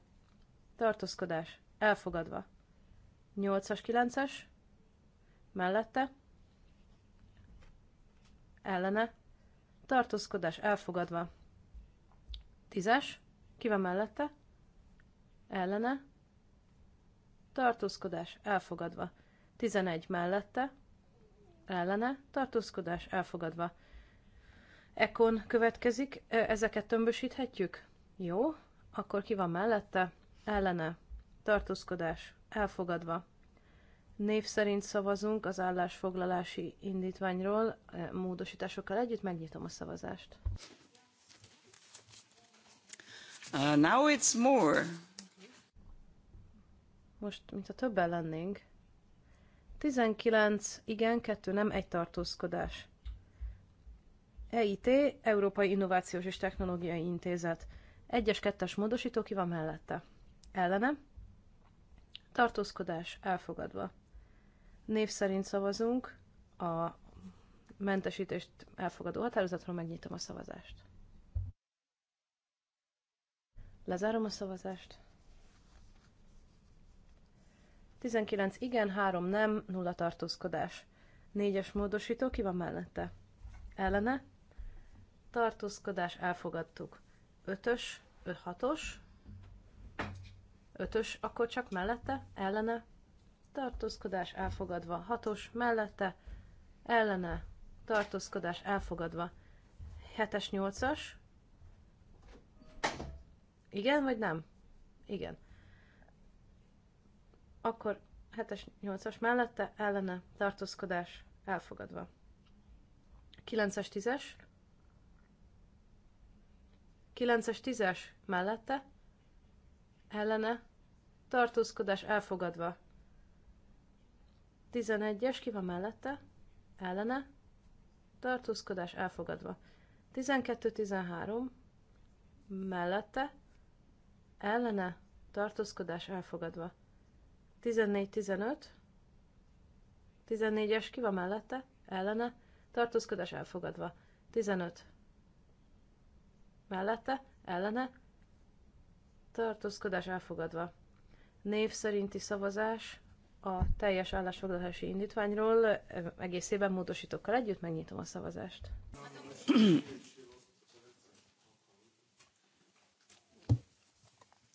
Tartózkodás. Elfogadva. Nyolcas, kilences. Mellette. Ellene. Tartózkodás. Elfogadva. Tízes. Ki van mellette? Ellene. Tartózkodás. Elfogadva. 11 mellette, ellene, tartózkodás elfogadva. Ekon következik, ezeket tömbösíthetjük? Jó, akkor ki van mellette? Ellene, tartózkodás elfogadva. Név szerint szavazunk az állásfoglalási indítványról, módosításokkal együtt megnyitom a szavazást. Uh, now it's more. Most, mint a többen lennénk. 19 igen, 2 nem, egy tartózkodás. EIT, Európai Innovációs és Technológiai Intézet. Egyes, kettes módosító ki van mellette. Ellene. Tartózkodás elfogadva. Név szerint szavazunk a mentesítést elfogadó határozatról, megnyitom a szavazást. Lezárom a szavazást. 19 igen, 3 nem, 0 tartózkodás. 4-es módosító, ki van mellette? Ellene? Tartózkodás, elfogadtuk. 5-ös, 6-os, 5-ös, akkor csak mellette, ellene, tartózkodás elfogadva, 6-os, mellette, ellene, tartózkodás elfogadva, 7-es, 8-as, igen vagy nem? Igen. Akkor 7-es, 8-as mellette ellene tartózkodás elfogadva. 9-es, 10-es. 9-es, 10-es mellette ellene tartózkodás elfogadva. 11-es ki van mellette ellene tartózkodás elfogadva. 12-13 mellette ellene tartózkodás elfogadva. 14-15. 14-es ki van mellette? Ellene. Tartózkodás elfogadva. 15. Mellette? Ellene. Tartózkodás elfogadva. Név szerinti szavazás a teljes állásfoglalási indítványról eh, egészében módosítókkal együtt megnyitom a szavazást.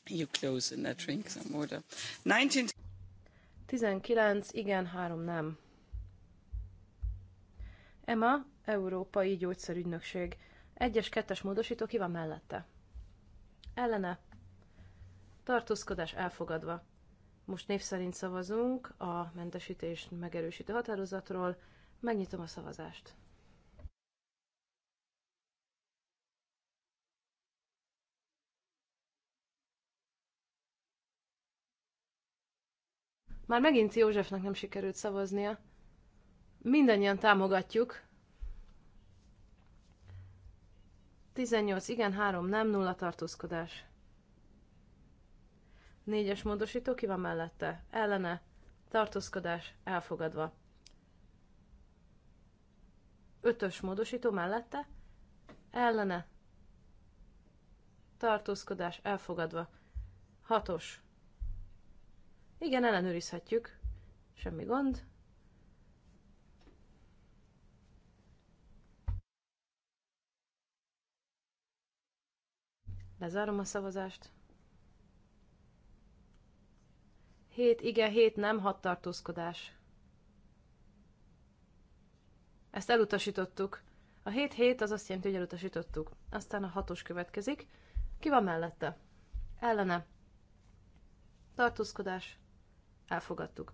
You close in that drink some water. 19... 19, igen, 3 nem. EMA, Európai Gyógyszerügynökség. Egyes, kettes módosító, ki van mellette? Ellene. Tartózkodás elfogadva. Most név szerint szavazunk a mentesítés megerősítő határozatról. Megnyitom a szavazást. Már megint Józsefnek nem sikerült szavaznia. Mindannyian támogatjuk. 18 igen, 3 nem, 0 tartózkodás. Négyes módosító ki van mellette? Ellene. Tartózkodás elfogadva. Ötös módosító mellette? Ellene. Tartózkodás elfogadva. Hatos. Igen, ellenőrizhetjük. Semmi gond. Lezárom a szavazást. 7 igen, 7 nem, 6 tartózkodás. Ezt elutasítottuk. A 7-7 az azt jelenti, hogy elutasítottuk. Aztán a 6-os következik. Ki van mellette? Ellene. Tartózkodás. Elfogadtuk.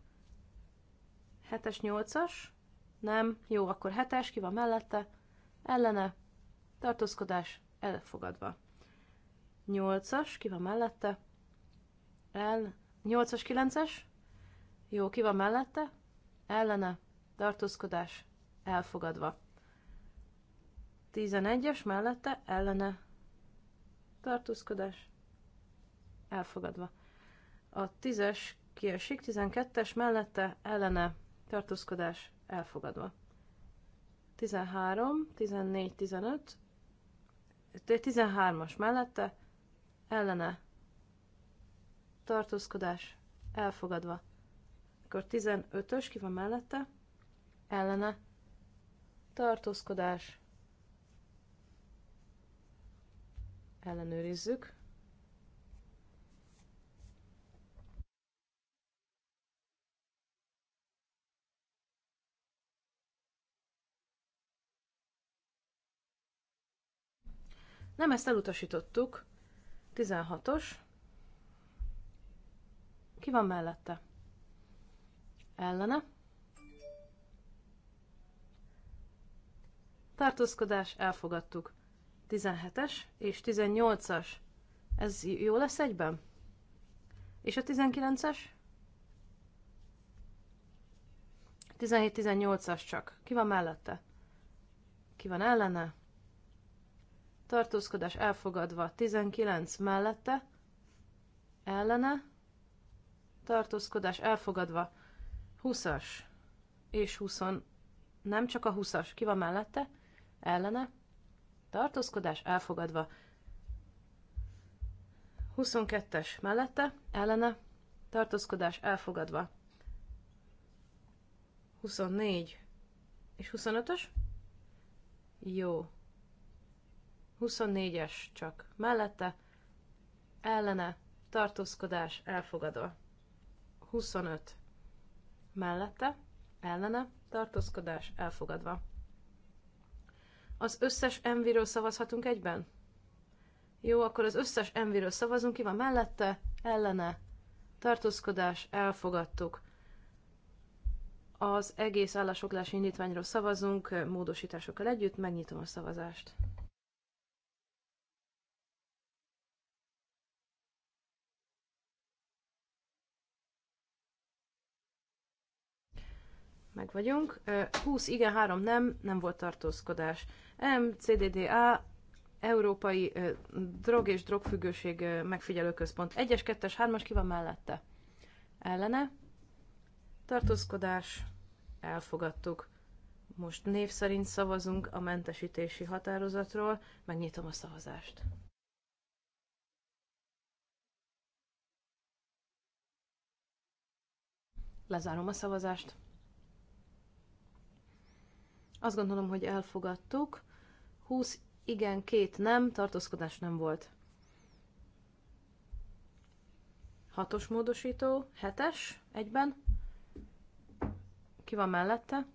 7-es, 8-as? Nem. Jó, akkor 7-es, ki van mellette? Ellene. Tartózkodás. Elfogadva. 8-as, ki van mellette? El. 8-as, 9-es? Jó, ki van mellette? Ellene. Tartózkodás. Elfogadva. 11-es mellette ellene tartózkodás elfogadva. A 10-es kiesik, 12-es mellette ellene tartózkodás elfogadva. 13, 14, 15, 13-as mellette ellene tartózkodás elfogadva. Akkor 15-ös ki van mellette, ellene tartózkodás ellenőrizzük. Nem, ezt elutasítottuk. 16-os. Ki van mellette? Ellene. Tartózkodás, elfogadtuk. 17-es és 18-as. Ez jó lesz egyben? És a 19-es? 17-18-as csak. Ki van mellette? Ki van ellene? tartózkodás elfogadva 19 mellette, ellene, tartózkodás elfogadva 20-as és 20 nem csak a 20-as, ki van mellette, ellene, tartózkodás elfogadva 22-es mellette, ellene, tartózkodás elfogadva 24 és 25-ös? Jó. 24-es csak mellette, ellene, tartózkodás, elfogadva. 25 mellette, ellene, tartózkodás, elfogadva. Az összes enviről szavazhatunk egyben? Jó, akkor az összes enviről szavazunk, ki van mellette, ellene, tartózkodás, elfogadtuk. Az egész állásfoglalási indítványról szavazunk, módosításokkal együtt, megnyitom a szavazást. meg vagyunk. 20 igen, 3 nem, nem volt tartózkodás. MCDDA, Európai Drog és Drogfüggőség Megfigyelő Központ. 1-es, 2-es, 3-as, ki van mellette? Ellene. Tartózkodás. Elfogadtuk. Most név szerint szavazunk a mentesítési határozatról. Megnyitom a szavazást. Lezárom a szavazást. Azt gondolom, hogy elfogadtuk. 20 igen, két nem, tartózkodás nem volt. Hatos módosító, hetes, egyben. Ki van mellette?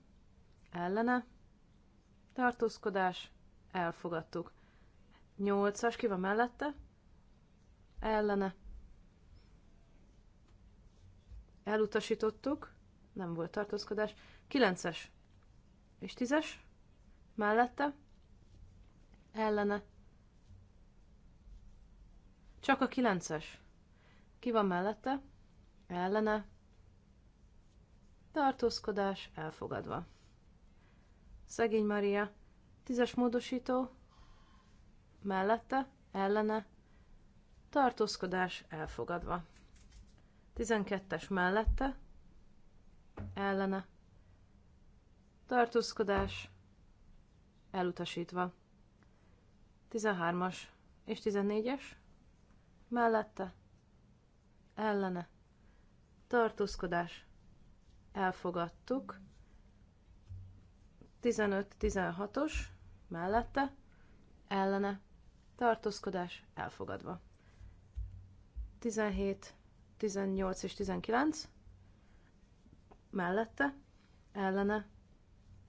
Ellene. Tartózkodás, elfogadtuk. Nyolcas, ki van mellette? Ellene. Elutasítottuk, nem volt tartózkodás. Kilences, és 10-es mellette ellene. Csak a 9-es. Ki van mellette? Ellene. Tartózkodás elfogadva. Szegény Maria, tízes módosító, mellette, ellene, tartózkodás elfogadva. Tizenkettes mellette, ellene, tartózkodás elutasítva. 13-as és 14-es mellette ellene tartózkodás elfogadtuk. 15-16-os mellette ellene tartózkodás elfogadva. 17, 18 és 19 mellette ellene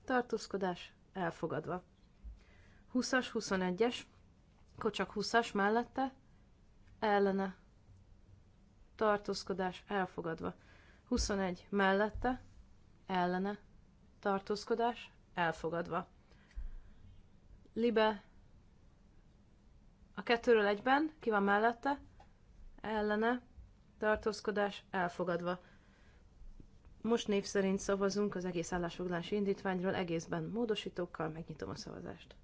tartózkodás elfogadva. 20-as, 21-es, kocsak 20-as mellette, ellene, tartózkodás elfogadva. 21 mellette, ellene, tartózkodás elfogadva. Libe a kettőről egyben, ki van mellette, ellene, tartózkodás elfogadva. Most név szerint szavazunk az egész állásfoglalási indítványról egészben módosítókkal. Megnyitom a szavazást.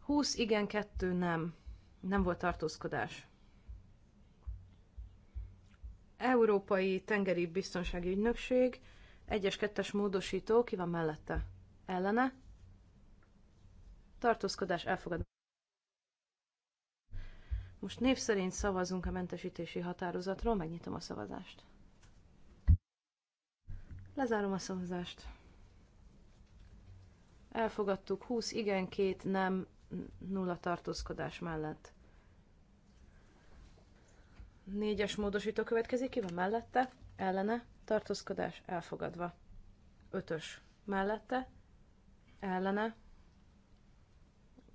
Húsz igen, kettő nem. Nem volt tartózkodás. Európai Tengeri Biztonsági Ügynökség, egyes-kettes módosító, ki van mellette? ellene, tartózkodás elfogadva. Most név szerint szavazunk a mentesítési határozatról, megnyitom a szavazást. Lezárom a szavazást. Elfogadtuk 20 igen, 2 nem, nulla tartózkodás mellett. Négyes módosító következik, ki van mellette, ellene, tartózkodás elfogadva. Ötös mellette, ellene,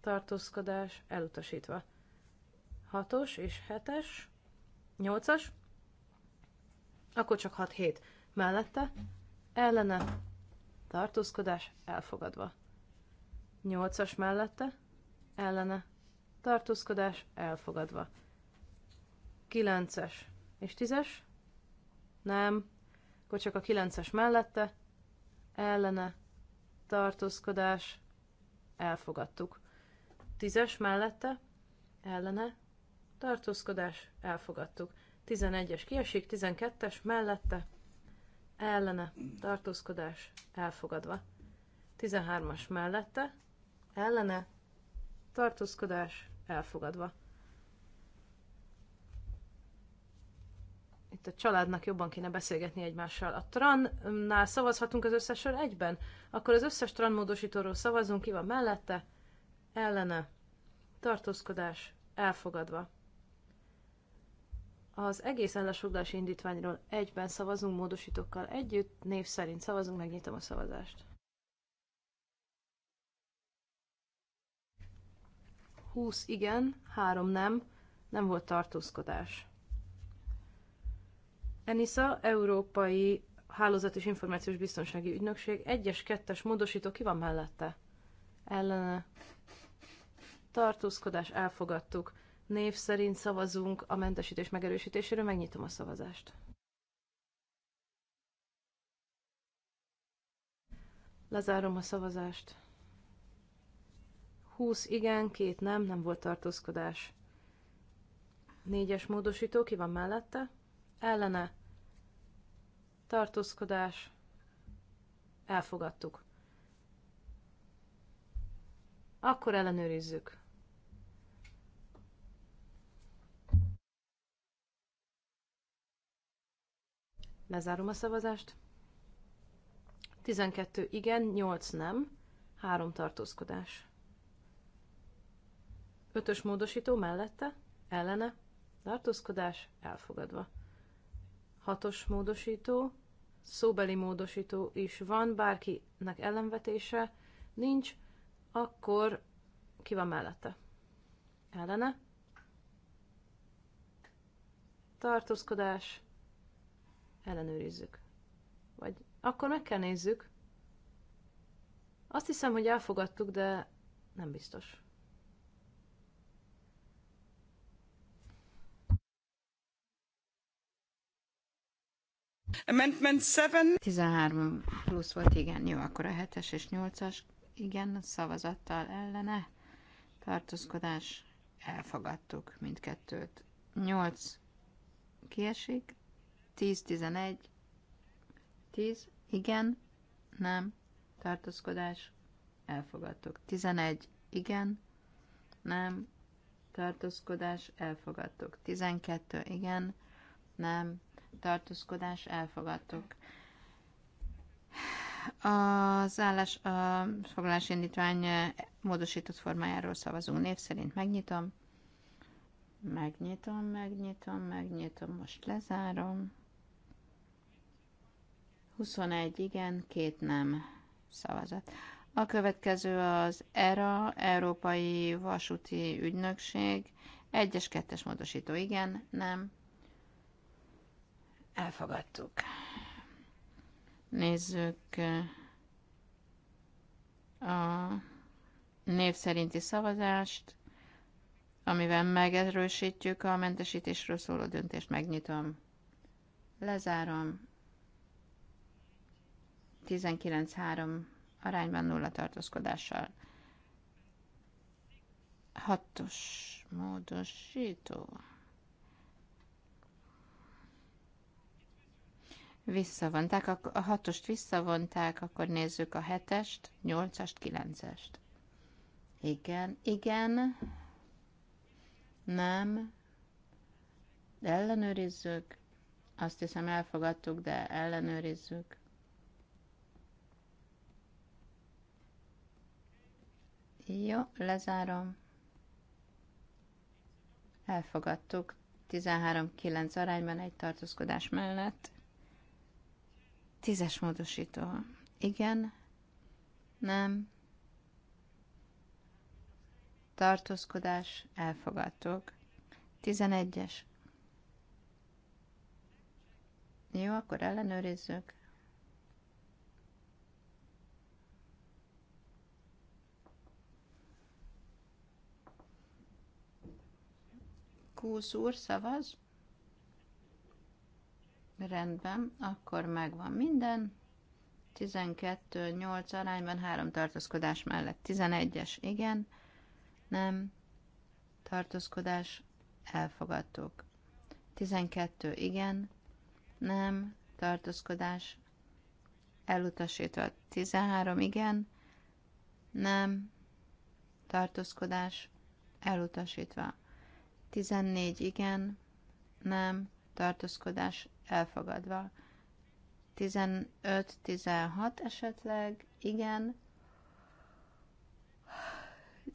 tartózkodás elutasítva. 6-os és 7-es, 8-as, akkor csak 6-7 mellette, ellene, tartózkodás elfogadva. 8-as mellette, ellene, tartózkodás elfogadva. 9-es és 10-es, nem, akkor csak a 9-es mellette, ellene, tartózkodás, elfogadtuk. Tízes mellette, ellene, tartózkodás, elfogadtuk. Tizenegyes kiesik, tizenkettes mellette, ellene, tartózkodás, elfogadva. Tizenhármas mellette, ellene, tartózkodás, elfogadva. itt a családnak jobban kéne beszélgetni egymással. A TRAN-nál szavazhatunk az összesről egyben? Akkor az összes TRAN módosítóról szavazunk, ki van mellette? Ellene. Tartózkodás. Elfogadva. Az egész ellensoglási indítványról egyben szavazunk módosítókkal együtt, név szerint szavazunk, megnyitom a szavazást. 20 igen, 3 nem, nem volt tartózkodás. ENISA, Európai Hálózat és Információs Biztonsági Ügynökség, egyes es es módosító, ki van mellette? Ellene. Tartózkodás, elfogadtuk. Név szerint szavazunk a mentesítés megerősítéséről, megnyitom a szavazást. Lezárom a szavazást. 20 igen, két nem, nem volt tartózkodás. Négyes módosító, ki van mellette? Ellene tartózkodás, elfogadtuk. Akkor ellenőrizzük. Lezárom a szavazást. 12 igen, 8 nem, 3 tartózkodás. 5-ös módosító mellette, ellene, tartózkodás elfogadva. 6-os módosító szóbeli módosító is van, bárkinek ellenvetése nincs, akkor ki van mellette? Ellene? Tartózkodás? Ellenőrizzük. Vagy akkor meg kell nézzük. Azt hiszem, hogy elfogadtuk, de nem biztos. Amendment 7. 13 plusz volt, igen, jó, akkor a 7-es és 8-as, igen, szavazattal ellene, tartózkodás, elfogadtuk mindkettőt. 8 kiesik, 10, 11, 10, igen, nem, tartózkodás, elfogadtuk. 11, igen, nem, tartózkodás, elfogadtuk. 12, igen, nem, tartózkodás elfogadtuk. Az állás a foglalás indítvány módosított formájáról szavazunk név szerint. Megnyitom. Megnyitom, megnyitom, megnyitom, most lezárom. 21 igen, két nem szavazat. A következő az ERA, Európai Vasúti Ügynökség. Egyes, kettes módosító igen, nem, Elfogadtuk. Nézzük eh, a név szerinti szavazást, amivel megerősítjük a mentesítésről szóló döntést. Megnyitom, lezárom. 19-3 arányban nulla tartózkodással. Hatos módosító. Visszavonták, a hatost visszavonták, akkor nézzük a hetest, nyolcast, kilencest. Igen, igen, nem, de ellenőrizzük. Azt hiszem elfogadtuk, de ellenőrizzük. Jó, lezárom. Elfogadtuk 13-9 arányban egy tartózkodás mellett. Tízes módosító. Igen. Nem. Tartózkodás. Elfogadtuk. Tizenegyes. Jó, akkor ellenőrizzük. Kúsz úr szavaz. Rendben, akkor megvan minden. 12-8 arányban, 3 tartózkodás mellett. 11-es, igen, nem, tartózkodás, elfogadtuk. 12, igen, nem, tartózkodás, elutasítva. 13, igen, nem, tartózkodás, elutasítva. 14, igen, nem, tartózkodás, elfogadva. 15-16 esetleg, igen.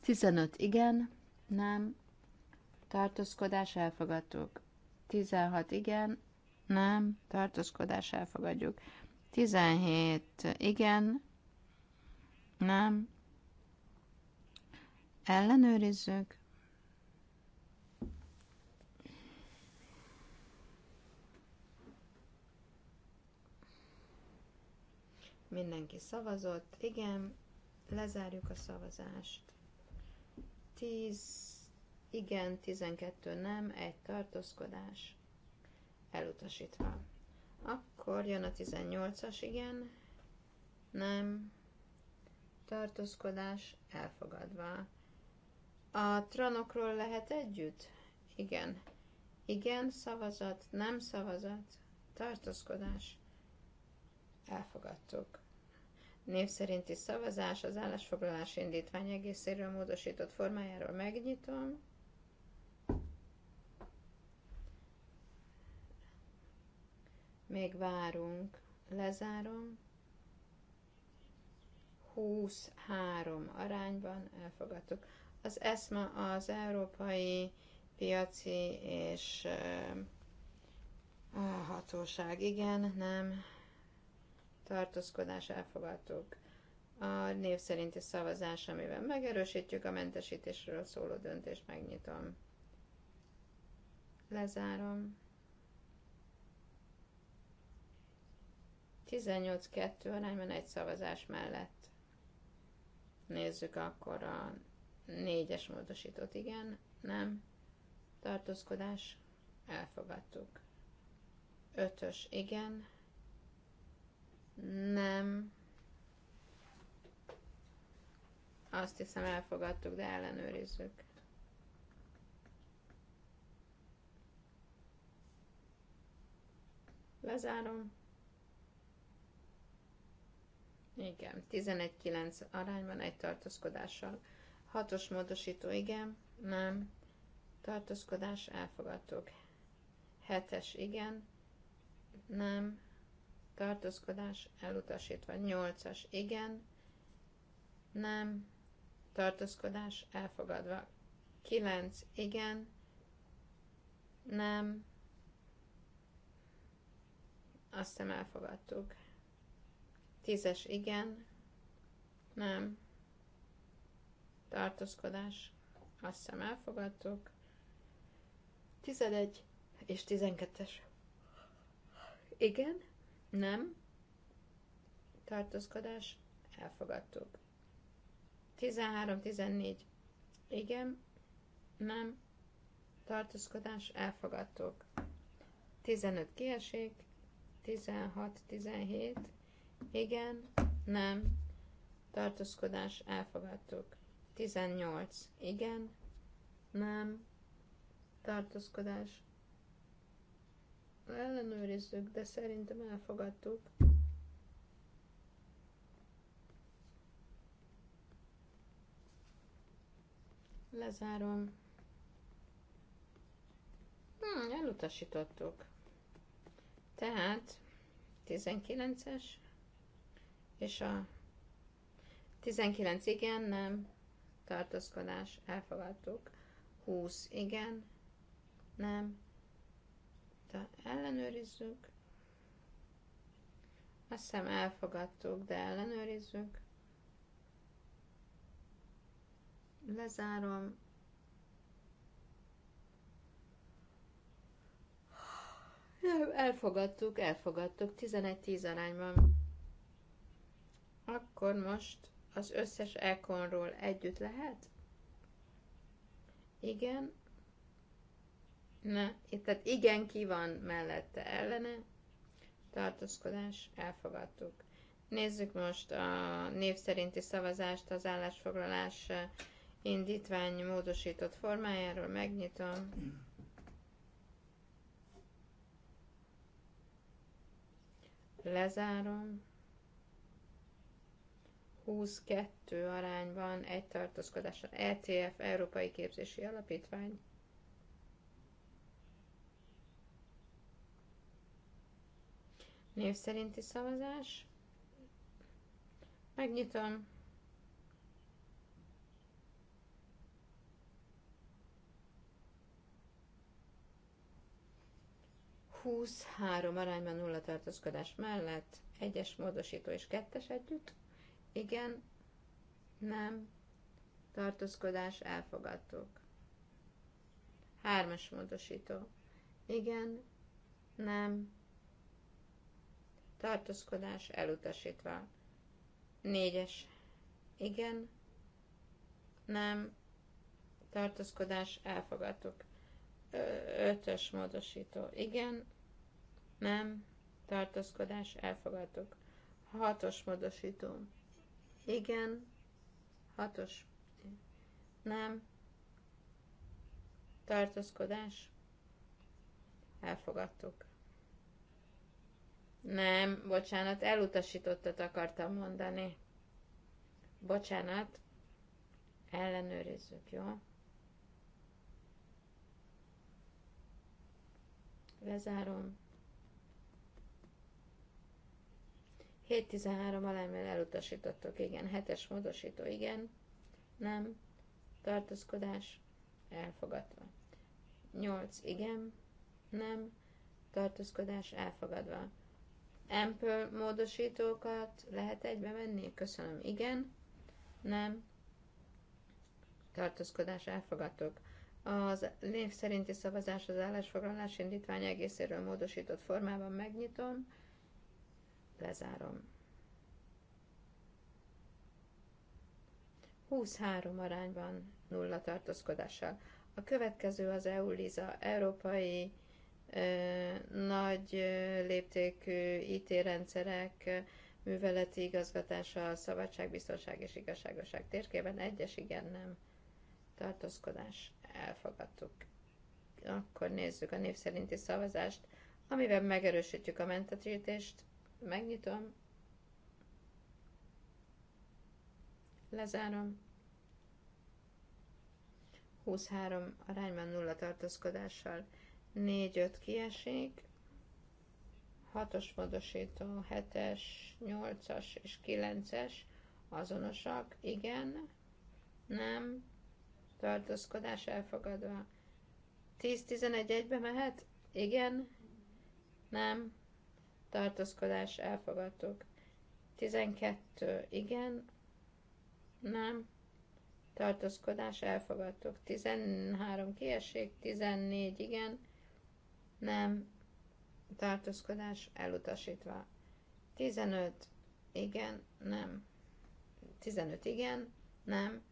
15 igen, nem. Tartózkodás elfogadtuk. 16 igen, nem. Tartózkodás elfogadjuk. 17 igen, nem. Ellenőrizzük. Mindenki szavazott. Igen, lezárjuk a szavazást. 10 igen, 12 nem, egy tartózkodás elutasítva. Akkor jön a 18-as, igen, nem, tartózkodás elfogadva. A tranokról lehet együtt? Igen. Igen, szavazat, nem szavazat, tartózkodás. Elfogadtuk. Név szerinti szavazás az állásfoglalás indítvány egészéről módosított formájáról megnyitom. Még várunk. Lezárom. 23 arányban elfogadtuk. Az ESMA az Európai Piaci és Hatóság. Igen, nem tartózkodás elfogadtuk. A név szerinti szavazás, amiben megerősítjük a mentesítésről szóló döntést, megnyitom. Lezárom. 18-2 arányban egy szavazás mellett. Nézzük akkor a négyes módosítót, igen, nem, tartózkodás, elfogadtuk. Ötös, igen, nem. Azt hiszem elfogadtuk, de ellenőrizzük. Lezárom. Igen, 11-9 arányban egy tartózkodással. Hatos módosító, igen, nem. Tartózkodás, elfogadtuk. Hetes, igen, nem tartózkodás elutasítva. 8-as igen, nem, tartózkodás elfogadva. 9 igen, nem, azt hiszem elfogadtuk. Tízes igen, nem, tartózkodás, azt hiszem elfogadtuk. Tizenegy és tizenkettes. Igen, nem. Tartózkodás. Elfogadtuk. 13-14. Igen. Nem. Tartózkodás. Elfogadtuk. 15 kiesik. 16-17. Igen. Nem. Tartózkodás. Elfogadtuk. 18. Igen. Nem. Tartózkodás ellenőrizzük, de szerintem elfogadtuk. Lezárom. Hmm, elutasítottuk. Tehát 19-es, és a 19 igen, nem, tartózkodás, elfogadtuk. 20 igen, nem, ellenőrizzük. Azt hiszem elfogadtuk, de ellenőrizzük. Lezárom. Elfogadtuk, elfogadtuk, 11-10 arányban. Akkor most az összes ekonról együtt lehet? Igen, ne, tehát igen, ki van mellette ellene, tartózkodás, elfogadtuk. Nézzük most a név szerinti szavazást az állásfoglalás indítvány módosított formájáról, megnyitom. Lezárom. 22 arányban egy tartózkodással. ETF, Európai Képzési Alapítvány. Név szerinti szavazás. Megnyitom. Húsz, három arányban nulla tartózkodás mellett, egyes módosító és kettes együtt. Igen, nem, tartózkodás elfogadtuk. Hármas módosító. Igen, nem, tartózkodás elutasítva. Négyes. Igen, nem, tartózkodás elfogadtuk. Ötös módosító. Igen, nem, tartózkodás elfogadtuk. Hatos módosító. Igen, hatos. Nem, tartózkodás elfogadtuk. Nem, bocsánat, elutasítottat akartam mondani. Bocsánat, ellenőrizzük, jó? Lezárom. 7.13 mert elutasítottok, igen. 7-es módosító, igen. Nem. Tartózkodás, elfogadva. 8, igen. Nem. Tartózkodás, elfogadva. Ample módosítókat lehet egybe venni? Köszönöm, igen. Nem. Tartózkodás elfogadtok. Az név szerinti szavazás az állásfoglalás indítvány egészéről módosított formában megnyitom, lezárom. 23 arányban nulla tartózkodással. A következő az EU-LISA, Európai nagy léptékű IT-rendszerek műveleti igazgatása a biztonság és igazságoság térkében egyes igen nem tartózkodás elfogadtuk. Akkor nézzük a név szerinti szavazást, amivel megerősítjük a mentetítést. Megnyitom. Lezárom. 23 arányban nulla tartózkodással 4-5 kiesik, 6-os módosító, 7-es, 8-as és 9-es azonosak, igen, nem, tartózkodás elfogadva. 10-11 egybe mehet? Igen, nem, tartózkodás elfogadtuk. 12, igen, nem, tartózkodás elfogadtuk. 13 kiesik, 14, igen, nem, tartózkodás elutasítva. 15, igen, nem. 15, igen, nem,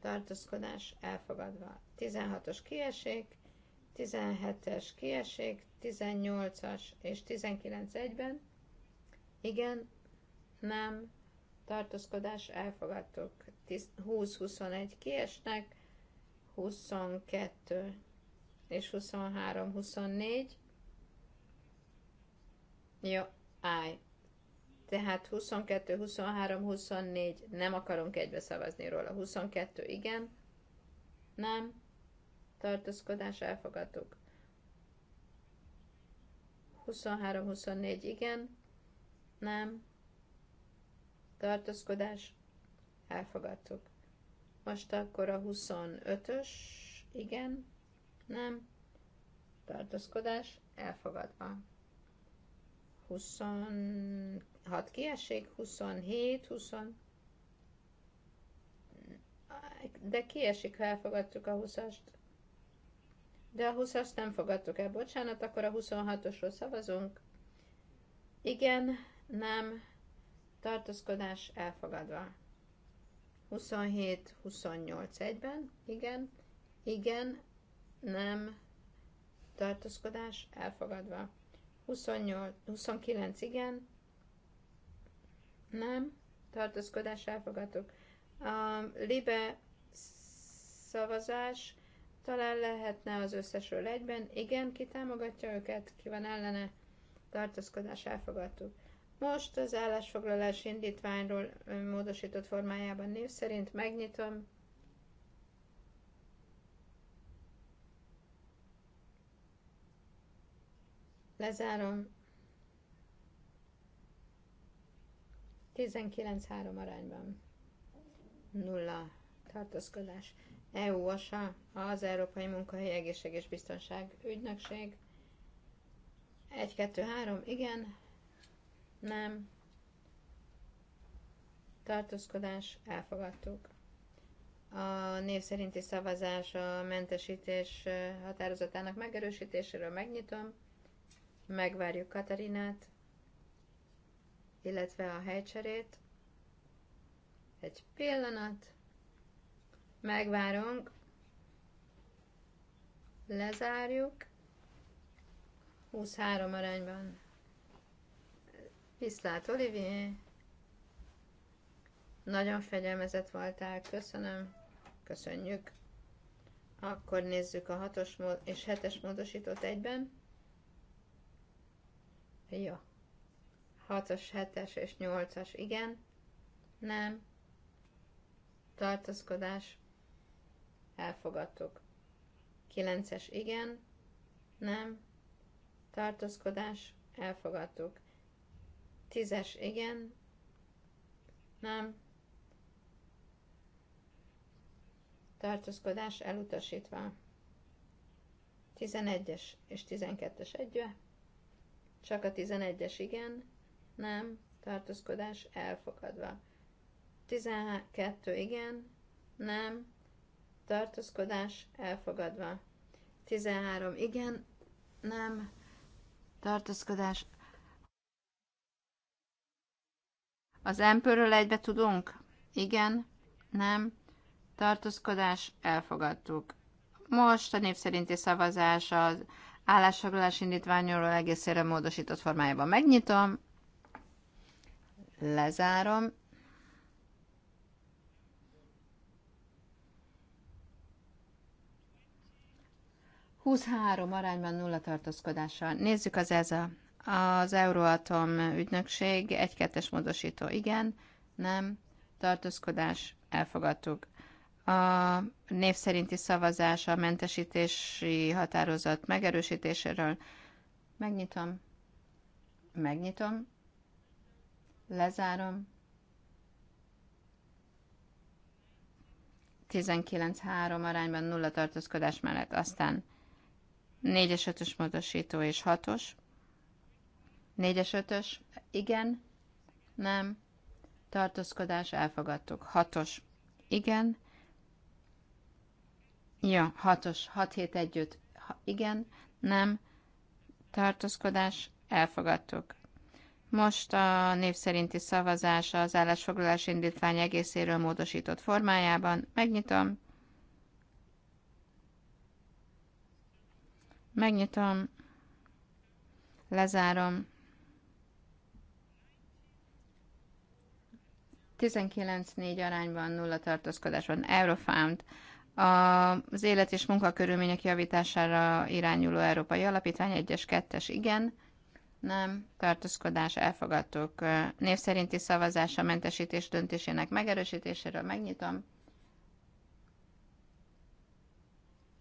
tartózkodás elfogadva. 16-os kiesék, 17-es kiesék, 18-as és 19 egyben. Igen, nem, tartózkodás elfogadtuk. 20-21 kiesnek, 22 és 23-24. Jó, állj. Tehát 22, 23, 24, nem akarunk egybe szavazni róla. 22, igen. Nem. Tartózkodás, elfogadtuk. 23, 24, igen. Nem. Tartózkodás, elfogadtuk. Most akkor a 25-ös, igen nem, tartózkodás elfogadva. 26 kiesik, 27, 20, de kiesik, ha elfogadtuk a 20-ast. De a 20-ast nem fogadtuk el, bocsánat, akkor a 26-osról szavazunk. Igen, nem, tartózkodás elfogadva. 27-28 egyben, igen, igen, nem, tartózkodás elfogadva. 28, 29 igen, nem, tartózkodás elfogadtuk. A libe szavazás talán lehetne az összesről egyben. Igen, ki támogatja őket, ki van ellene, tartózkodás elfogadtuk. Most az állásfoglalás indítványról módosított formájában név szerint megnyitom, Lezárom. 19-3 arányban. Nulla tartózkodás. eu OSA, az Európai Munkahelyi Egészség és Biztonság Ügynökség. 1, 2, 3, igen, nem, tartózkodás, elfogadtuk. A név szerinti szavazás a mentesítés határozatának megerősítéséről megnyitom megvárjuk Katarinát, illetve a helycserét. Egy pillanat, megvárunk, lezárjuk, 23 arányban. Viszlát, Olivier! Nagyon fegyelmezett voltál, köszönöm, köszönjük. Akkor nézzük a 6-os és 7-es módosítót egyben. Jó. 6-as, 7-es és 8-as, igen. Nem. Tartózkodás. Elfogadtuk. 9-es, igen. Nem. Tartózkodás. Elfogadtuk. 10-es, igen. Nem. Tartózkodás elutasítva. 11-es és 12-es együtt. Csak a 11-es igen, nem, tartózkodás elfogadva. 12 igen, nem, tartózkodás elfogadva. 13 igen, nem, tartózkodás. Az empőről egybe tudunk? Igen, nem, tartózkodás elfogadtuk. Most a népszerinti szavazás az állásfoglalás indítványról egészére módosított formájában megnyitom, lezárom, Huszhárom arányban nulla tartózkodással. Nézzük az ez a, az Euróatom ügynökség, egy-kettes módosító, igen, nem, tartózkodás, elfogadtuk a név szerinti szavazás a mentesítési határozat megerősítéséről. Megnyitom. Megnyitom. Lezárom. 19-3 arányban nulla tartózkodás mellett, aztán 4-es 5-ös módosító és 6-os. 4-es 5-ös, igen, nem, tartózkodás, elfogadtuk. 6-os, igen, Ja, 6-os, 6-7-1-5. Igen, nem, tartózkodás, elfogadtuk. Most a név szerinti szavazás az állásfoglalás indítvány egészéről módosított formájában. Megnyitom. Megnyitom. Lezárom. 19-4 arányban nulla tartózkodás van. Eurofound. Az élet és munkakörülmények javítására irányuló Európai Alapítvány 1-es, 2-es igen, nem, tartózkodás, elfogadtuk. Név szerinti szavazás a mentesítés döntésének megerősítéséről megnyitom.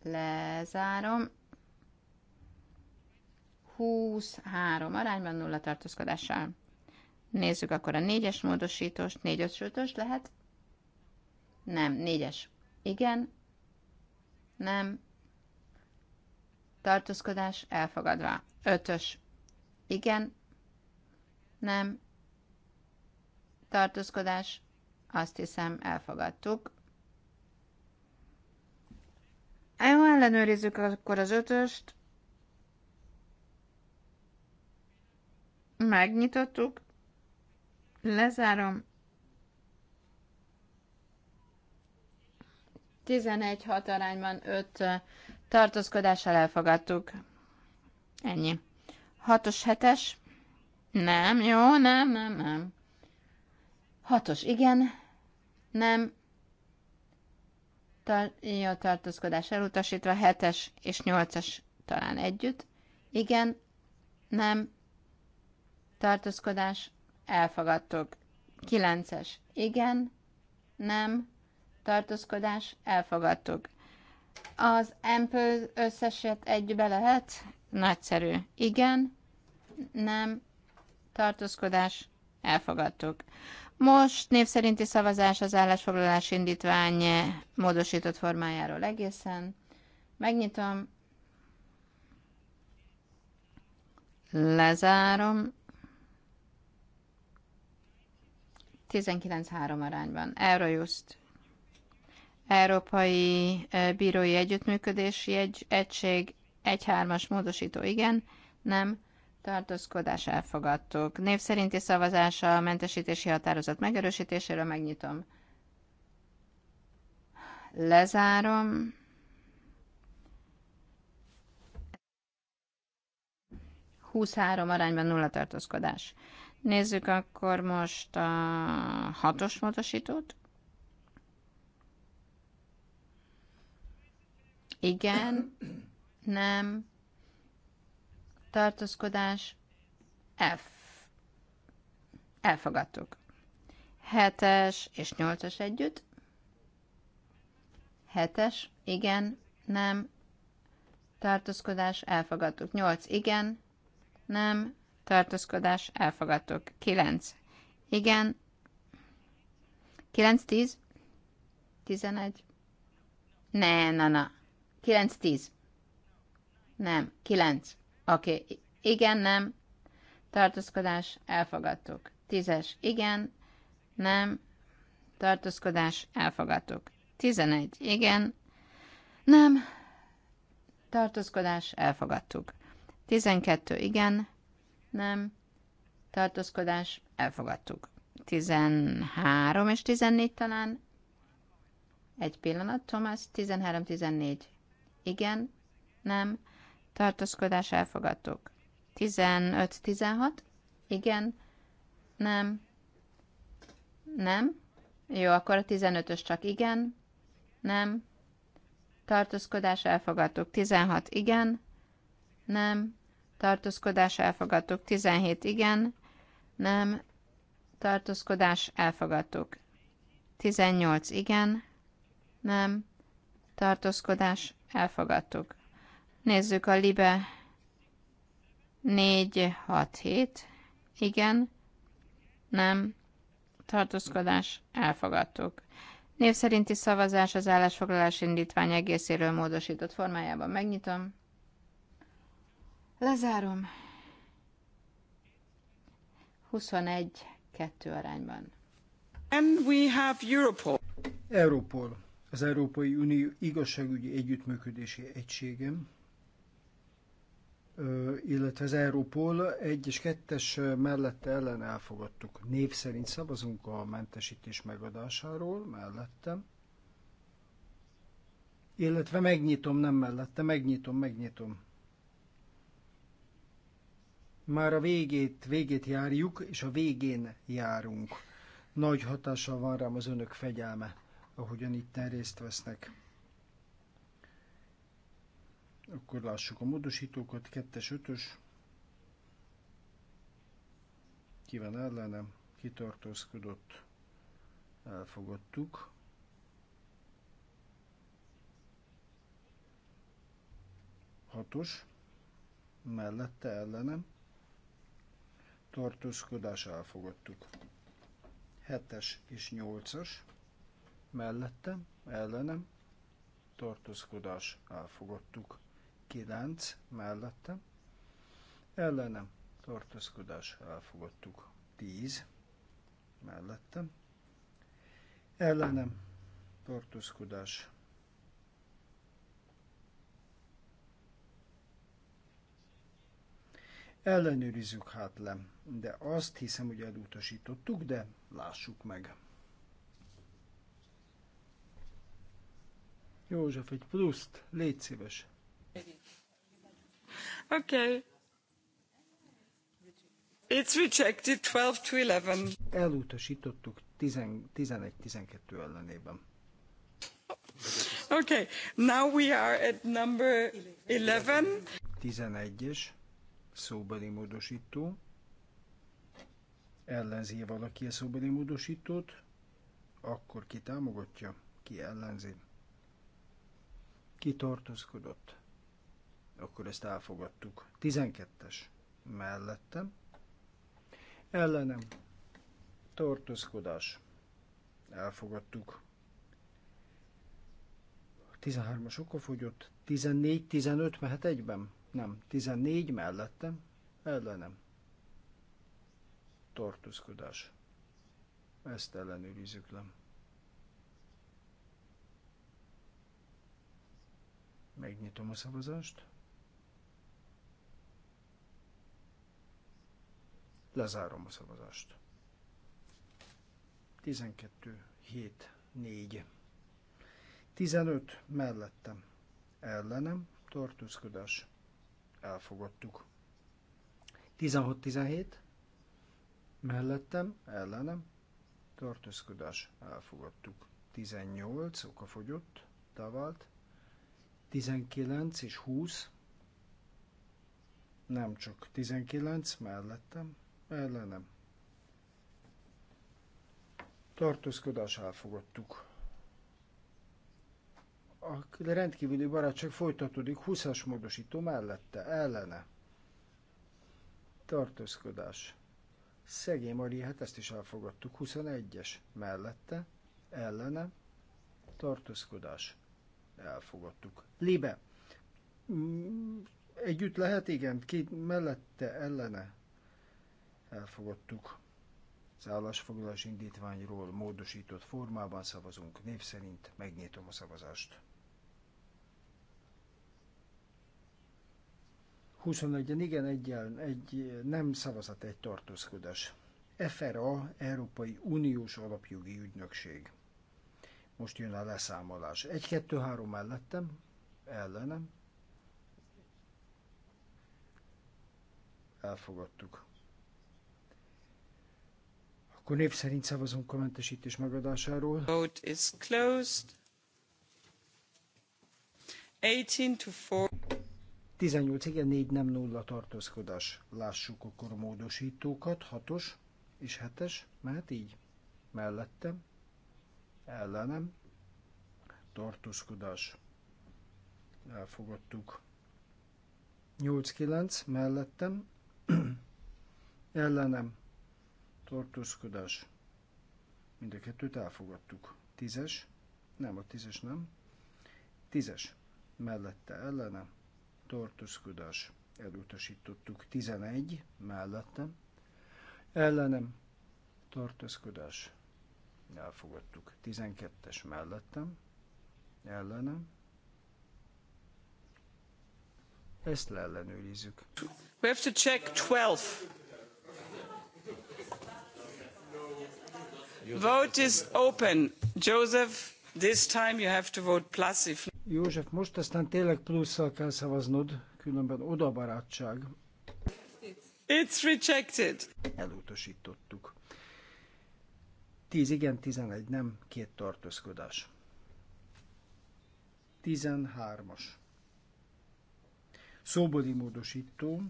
Lezárom. 23 arányban nulla tartózkodással. Nézzük akkor a négyes módosítóst. Négy ötös lehet? Nem, négyes. Igen, nem, tartózkodás elfogadva. Ötös, igen, nem, tartózkodás, azt hiszem elfogadtuk. Jó, ellenőrizzük akkor az ötöst. Megnyitottuk. Lezárom. 11-6 arányban 5 tartózkodással elfogadtuk. Ennyi. 6-os, 7-es? Nem, jó, nem, nem, nem. 6-os, igen. Nem. Tar- jó, tartózkodás elutasítva. 7-es és 8-as talán együtt. Igen. Nem. Tartózkodás. Elfogadtuk. 9-es. Igen. Nem tartózkodás, elfogadtuk. Az empő összeset egybe lehet? Nagyszerű. Igen, nem, tartózkodás, elfogadtuk. Most név szerinti szavazás az állásfoglalás indítvány módosított formájáról egészen. Megnyitom. Lezárom. 19-3 arányban. Eurojust Európai Bírói Együttműködési egy, Egység 1 módosító igen, nem, tartózkodás elfogadtuk. Név szerinti szavazás a mentesítési határozat megerősítéséről megnyitom. Lezárom. Húsz-három arányban nulla tartózkodás. Nézzük akkor most a hatos módosítót. Igen, nem, tartózkodás, F. Elfogadtuk. 7-es és 8-as együtt. 7-es, igen, nem, tartózkodás, elfogadtuk. 8, igen, nem, tartózkodás, elfogadtuk. 9, igen, 9, 10, 11, ne, na, na. Kilenc, tíz. Nem, kilenc. Oké, okay. igen, nem. Tartózkodás, elfogadtuk. Tízes, igen, nem. Tartózkodás, elfogadtuk. Tizenegy, igen, nem. Tartózkodás, elfogadtuk. Tizenkettő, igen, nem. Tartózkodás, elfogadtuk. Tizenhárom és tizennégy talán. Egy pillanat, Thomas. Tizenhárom, tizennégy. Igen, nem, tartózkodás elfogadtuk. 15-16, igen, nem, nem. Jó, akkor a 15-ös csak igen, nem, tartózkodás elfogadtuk. 16 igen, nem, tartózkodás elfogadtuk. 17 igen, nem, tartózkodás elfogadtuk. 18 igen, nem, tartózkodás Elfogadtuk. Nézzük a libe. 4, 6, 7. Igen. Nem. Tartózkodás. Elfogadtuk. Név szerinti szavazás az állásfoglalás indítvány egészéről módosított formájában. Megnyitom. Lezárom. 21-2 arányban. And we have Europol. Europol az Európai Unió igazságügyi együttműködési egysége, illetve az Európol 1 és 2-es mellette ellen elfogadtuk. Név szerint szavazunk a mentesítés megadásáról, mellettem. Illetve megnyitom, nem mellette, megnyitom, megnyitom. Már a végét, végét járjuk, és a végén járunk. Nagy hatással van rám az önök fegyelme ahogyan itt részt vesznek. Akkor lássuk a módosítókat, 2-es, 5-ös. Ki van ellenem? Kitartózkodott. Elfogadtuk. Hatos. Mellette ellenem. Tartózkodás elfogadtuk. 7-es és 8-as mellettem, ellenem, tartózkodás, elfogadtuk. 9 mellettem, ellenem, tartózkodás, elfogadtuk. 10 mellettem, ellenem, tartózkodás, ellenőrizzük hát le, de azt hiszem, hogy elutasítottuk, de lássuk meg. József, egy pluszt, légy szíves. Okay. It's rejected 12 to 11. Elutasítottuk 11-12 ellenében. Okay, now we are at number 11. 11-es szóbeli módosító. Ellenzi valaki a szóbeli módosítót, akkor ki támogatja, ki ellenzi. Ki Akkor ezt elfogadtuk. 12-es mellettem. Ellenem tartózkodás. Elfogadtuk. 13-as okofogyott. 14-15 mehet egyben? Nem. 14 mellettem. Ellenem tartózkodás. Ezt ellenőrizzük le. Megnyitom a szavazást. Lezárom a szavazást. 12, 7, 4. 15 mellettem. Ellenem tartózkodás. Elfogadtuk. 16-17 mellettem, ellenem tartózkodás. Elfogadtuk. 18 okafogyott, távált. 19 és 20, nem csak 19 mellettem, ellenem. Tartózkodás elfogadtuk. A rendkívüli barátság folytatódik 20-as módosító mellette, ellene. Tartózkodás. Szegény Mari, hát ezt is elfogadtuk. 21-es mellette, ellene. Tartózkodás elfogadtuk. Libe. Mm, együtt lehet, igen, két mellette, ellene elfogadtuk. Az állásfoglalás indítványról módosított formában szavazunk. Név szerint megnyitom a szavazást. 21 igen, egyen, egy nem szavazat, egy tartózkodás. FRA, Európai Uniós Alapjogi Ügynökség. Most jön a leszámolás. 1-2-3 mellettem, ellenem. Elfogadtuk. Akkor név szerint szavazunk a mentesítés megadásáról. Vote is closed. 18 18 igen, 4 nem nulla tartózkodás. Lássuk akkor a módosítókat, 6-os és 7-es, mehet így. Mellettem, ellenem, tartózkodás, elfogadtuk. 8-9 mellettem, ellenem, tartózkodás, mind a kettőt elfogadtuk. 10-es, nem a 10-es nem, 10-es mellette ellenem, tartózkodás, elutasítottuk. 11 mellettem, ellenem, tartózkodás, elfogadtuk. 12-es mellettem, ellenem. Ezt leellenőrizzük. We have to check 12. Vote is open. Joseph, this time you have to vote plus if... József, most aztán tényleg plusszal kell szavaznod, különben oda barátság. It's rejected. Elutasítottuk. 10 igen, 11 nem, két tartózkodás. 13-as. Szobodi módosító,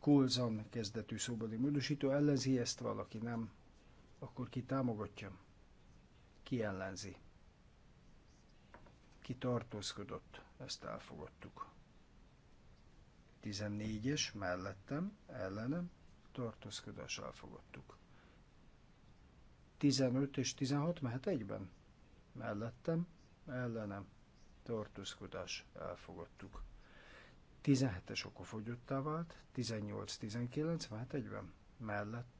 Kolzan kezdetű szóbeli módosító ellenzi ezt valaki, nem? Akkor ki támogatja? Ki ellenzi? Ki tartózkodott? Ezt elfogadtuk. 14-es mellettem, ellenem, tartózkodás elfogadtuk. 15 és 16 mehet egyben? Mellettem, ellenem, tartózkodás, elfogadtuk. 17-es okofogyottá vált, 18-19 mehet egyben? Mellett,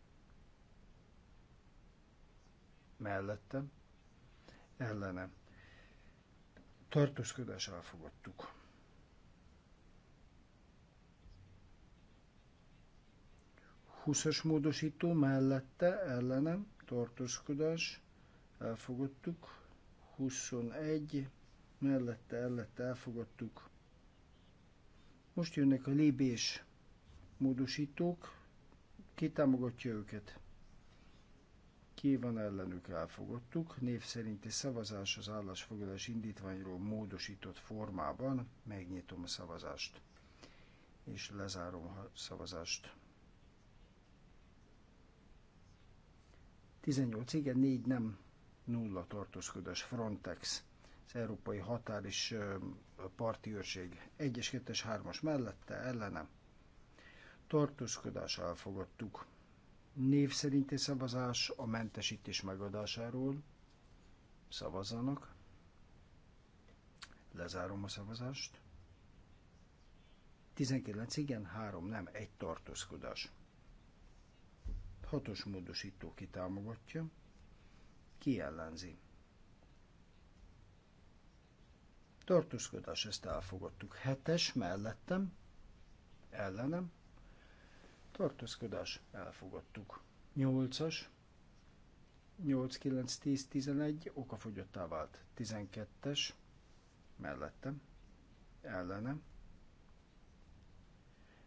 mellettem, ellenem. Tartózkodás elfogadtuk. Huszas módosító mellette ellenem tartózkodás, elfogadtuk, 21, mellette, ellette elfogadtuk. Most jönnek a lébés módosítók, ki támogatja őket? Ki van ellenük elfogadtuk, név szerinti szavazás az állásfoglalás indítványról módosított formában, megnyitom a szavazást és lezárom a szavazást. 18 igen, 4 nem, nulla tartózkodás. Frontex, az Európai Határ és Parti Őrség 1-es, 2-es, 3-as mellette, ellene. Tartózkodás elfogadtuk. Név szerinti szavazás a mentesítés megadásáról. Szavazzanak. Lezárom a szavazást. 19 igen, 3 nem, 1 tartózkodás. Hatos módosító kitámogatja, ki ellenzi. Tartózkodás, ezt elfogadtuk. Hetes mellettem, ellenem. Tartózkodás, elfogadtuk. Nyolcas, 8, 9, 10, 11, okafogyottá vált. 12-es, mellettem, ellenem.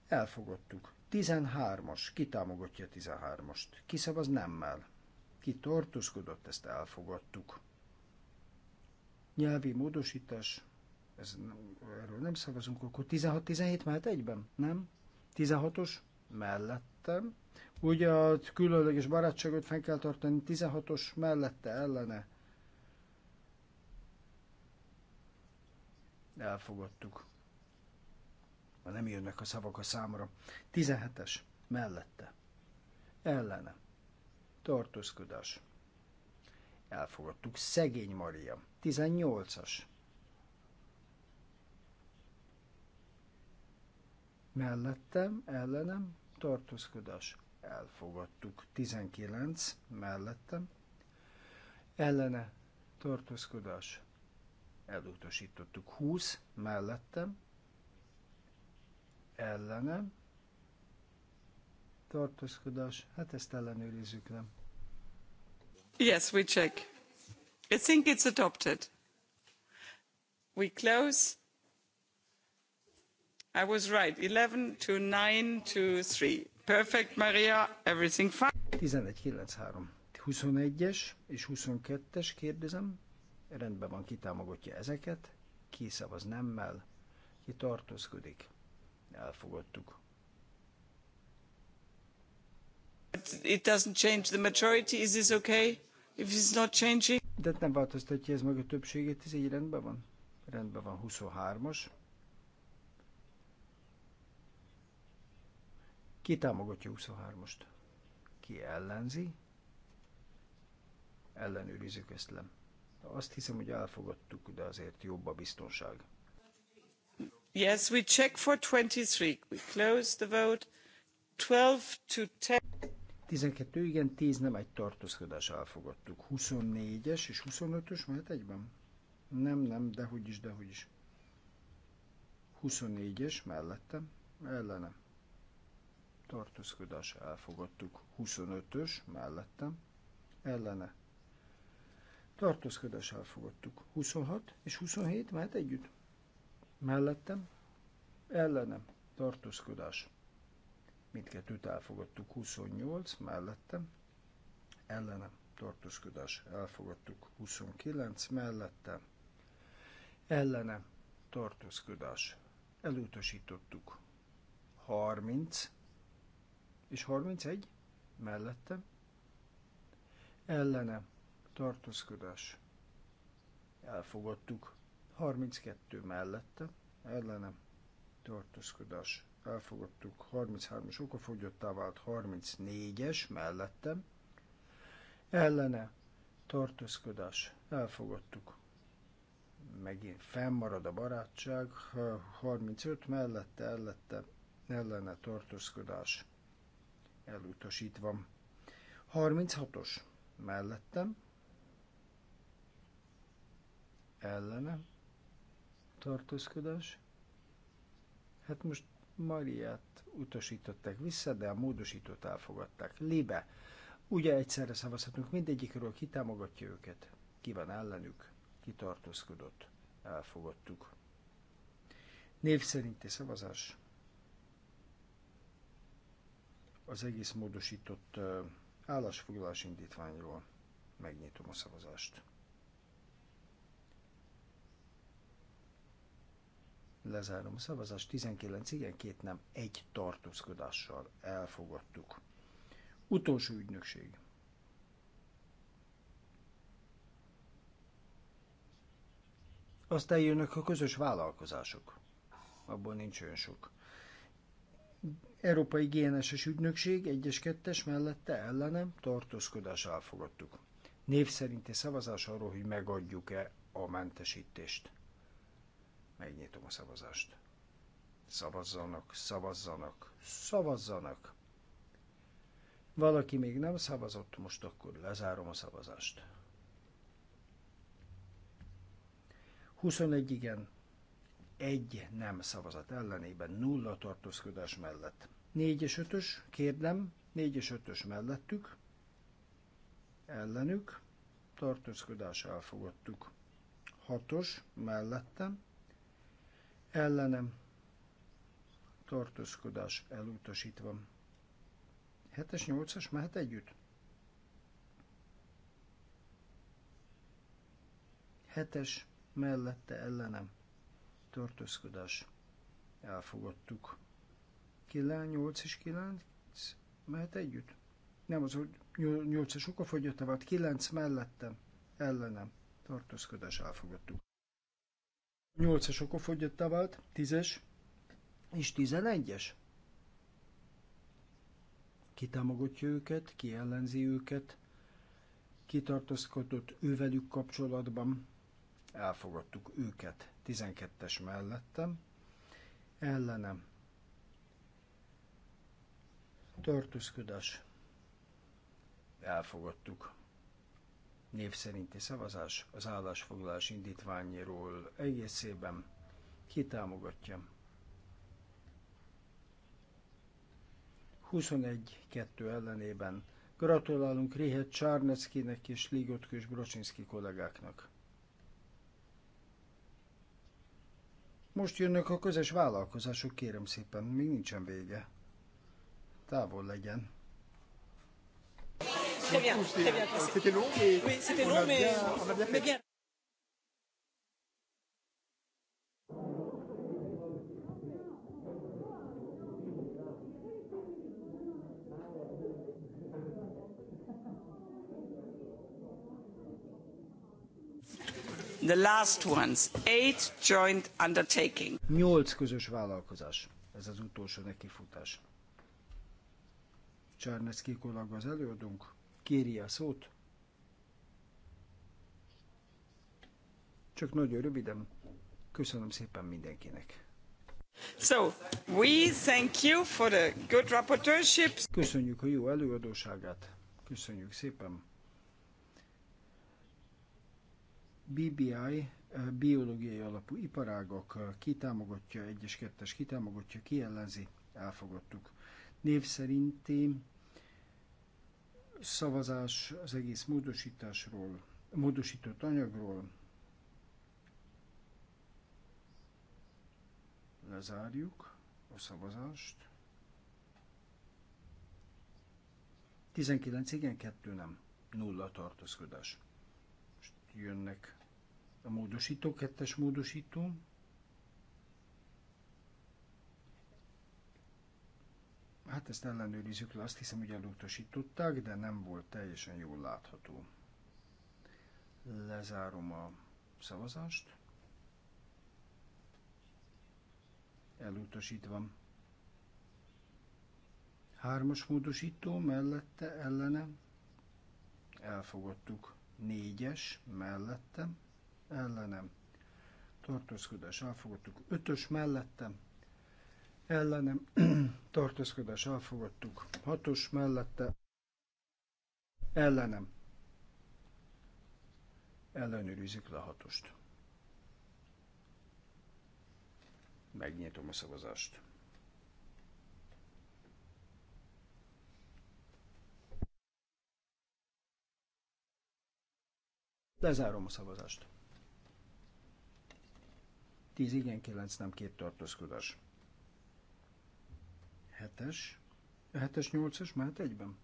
Elfogadtuk. 13-as. Ki támogatja a 13-ast? Ki szavaz nemmel? Ki tartózkodott? Ezt elfogadtuk. Nyelvi módosítás. Ez nem, erről nem szavazunk, akkor 16-17 mehet egyben? Nem? 16-os? Mellettem. Ugye a különleges barátságot fenn kell tartani, 16-os mellette ellene. Elfogadtuk ha nem jönnek a szavak a számra. 17-es mellette. Ellene. Tartózkodás. Elfogadtuk. Szegény Maria. 18-as. Mellettem, ellenem, tartózkodás. Elfogadtuk. 19. Mellettem. Ellene, tartózkodás. Elutasítottuk. 20. Mellettem, ellene. Tartózkodás, hát ezt ellenőrizzük, nem? Yes, we check. I think it's adopted. We close. I was right. 11 to 9 to 3. Perfect, Maria. Everything fine. 11 9 3. 21-es és 22-es kérdezem. Rendben van, ki támogatja ezeket, ki szavaz nemmel, ki tartózkodik. Elfogadtuk. It doesn't change the majority, is this okay? If it's not changing... De nem változtatja ez meg a többségét, ez így rendben van? Rendben van, 23-as. Ki támogatja 23-ost? Ki ellenzi? Ellenőrizzük ezt le. Azt hiszem, hogy elfogadtuk, de azért jobb a biztonság yes we check for 23 we close the vote 12 to 10 12 igen, 10 nem egy tartózkodás elfogadtuk. 24-es és 25-ös mehet egyben? Nem, nem, dehogy is, dehogy is. 24 mellettem, ellenem. Tartózkodás elfogadtuk. 25-ös mellettem, ellene. Tartózkodás elfogadtuk. 26 és huszonhét, mehet együtt? mellettem, ellenem, tartózkodás. Mindkettőt elfogadtuk, 28 mellettem, ellenem, tartózkodás. Elfogadtuk, 29 mellettem, ellenem, tartózkodás. Elutasítottuk, 30 és 31 mellettem, ellenem, tartózkodás. Elfogadtuk, 32 mellette, ellene tartózkodás elfogadtuk, 33-as okafogyottá vált, 34-es mellette, ellene tartózkodás elfogadtuk. Megint fennmarad a barátság, 35 mellette, ellette, ellene tartózkodás elutasítva. 36-os mellettem, ellenem, tartózkodás. Hát most Mariát utasították vissza, de a módosítót elfogadták. Libe, ugye egyszerre szavazhatunk mindegyikről, ki támogatja őket, ki van ellenük, ki tartózkodott, elfogadtuk. Név szerinti szavazás az egész módosított állásfoglalás indítványról. Megnyitom a szavazást. Lezárom a szavazást. 19 igen, két nem, egy tartózkodással elfogadtuk. Utolsó ügynökség. Aztán jönnek a közös vállalkozások. Abból nincs olyan sok. Európai GNS-es ügynökség 1-es 2-es mellette ellenem tartózkodás elfogadtuk. Név szerinti szavazás arról, hogy megadjuk-e a mentesítést. Megnyitom a szavazást. Szavazzanak, szavazzanak, szavazzanak. Valaki még nem szavazott, most akkor lezárom a szavazást. 21 igen, egy nem szavazat ellenében, nulla tartózkodás mellett. 4 és 5-ös, kérdem, 4 és 5-ös mellettük, ellenük, tartózkodás elfogadtuk. 6-os mellettem, ellenem tartózkodás elutasítva. 7-es, 8-as mehet együtt? 7-es mellette ellenem tartózkodás elfogadtuk. 9, 8 és 9 mehet együtt? Nem, az hogy 8-as okafogyott, tehát 9 mellettem ellenem tartózkodás elfogadtuk. 8-as okofogyottá vált, 10-es és 11-es. Ki támogatja őket, ki ellenzi őket, ki tartozkodott ővelük kapcsolatban, elfogadtuk őket 12-es mellettem, ellenem. Tartózkodás. Elfogadtuk név szerinti szavazás az állásfoglalás indítványról egészében. Ki támogatja? 21-2 ellenében. Gratulálunk Rihet Csárneckinek és Ligotkös Brocsinski kollégáknak. Most jönnek a közös vállalkozások, kérem szépen, még nincsen vége. Távol legyen. Très bien, très bien. Euh, c'était long, mais oui, c'était long, mais on a bien fait. The last ones, eight joint undertaking. Nyolc közös vállalkozás. Ez az utolsó nekifutás. Csárneszki kollega az előadónk kéri a szót. Csak nagyon röviden. Köszönöm szépen mindenkinek. So, we thank you for the good rapporteurship. Köszönjük a jó előadóságát. Köszönjük szépen. BBI, eh, biológiai alapú iparágok eh, kitámogatja, egyes kettes kitámogatja, kiellenzi, elfogadtuk. Név szerinti szavazás az egész módosításról, módosított anyagról. Lezárjuk a szavazást. 19 igen, 2 nem. Nulla tartózkodás. Most jönnek a módosító, kettes módosító. Hát ezt ellenőrizzük le, azt hiszem, hogy elutasították, de nem volt teljesen jól látható. Lezárom a szavazást. Elutasítva. Hármas módosító mellette, ellene. Elfogadtuk. Négyes mellette, ellenem. Tartózkodás elfogadtuk. Ötös mellette ellenem tartózkodás elfogadtuk. Hatos mellette ellenem ellenőrizik le a hatost. Megnyitom a szavazást. Lezárom a szavazást. 10 igen, 9 nem, két tartózkodás. Hetes. Hetes, nyolcas mehet egyben?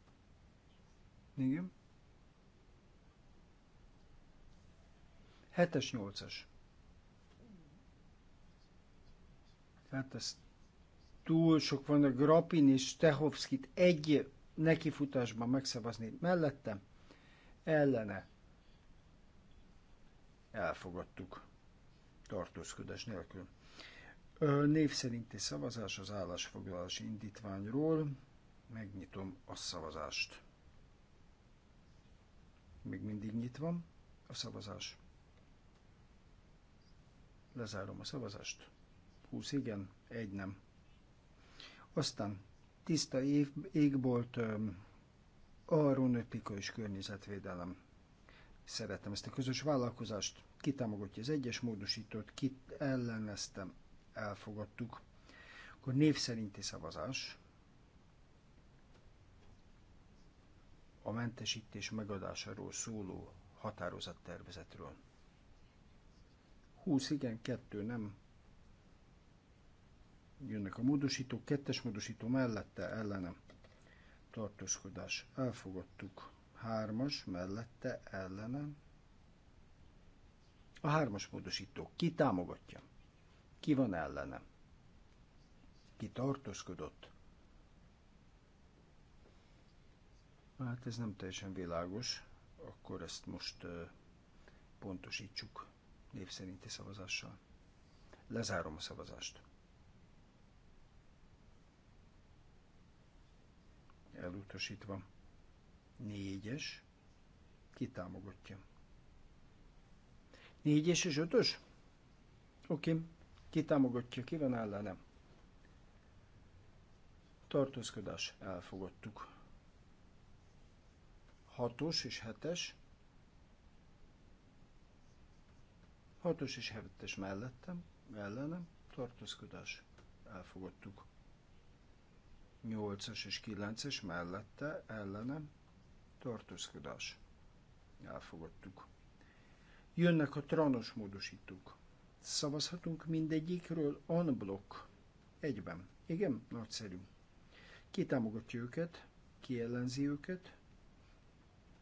Igen. Hetes, nyolcas. Hát ez túl sok van, a Grapin és Tehovszkit egy nekifutásban megszavazni mellette, ellene elfogadtuk tartózkodás nélkül. Név szerinti szavazás az állásfoglalási indítványról. Megnyitom a szavazást. Még mindig nyitva a szavazás. Lezárom a szavazást. 20 igen, egy nem. Aztán tiszta év, égbolt, aeronautika és környezetvédelem. Szeretem ezt a közös vállalkozást, kitámogatja az egyes módosítót, kit elleneztem, elfogadtuk. Akkor név szerinti szavazás. A mentesítés megadásáról szóló határozattervezetről. 20 igen, 2 nem. Jönnek a módosítók, kettes módosító mellette, ellenem. Tartózkodás. Elfogadtuk. Hármas mellette, ellenem. A hármas módosító. Ki támogatja? Ki van ellene? Ki tartózkodott? Hát ez nem teljesen világos, akkor ezt most pontosítsuk név szerinti szavazással. Lezárom a szavazást. Elutasítva. Négyes. Ki támogatja? Négyes és ötös? Oké, okay. Ki támogatja, ki van ellenem? Tartózkodás, elfogadtuk. 6-os és 7-es. 6-os és 7-es mellettem, ellenem, tartózkodás, elfogadtuk. 8-as és 9-es mellette, ellenem, tartózkodás, elfogadtuk. Jönnek a tranos módosítók. Szavazhatunk mindegyikről unblock. Egyben. Igen? Nagyszerű. Ki támogatja őket? Ki ellenzi őket?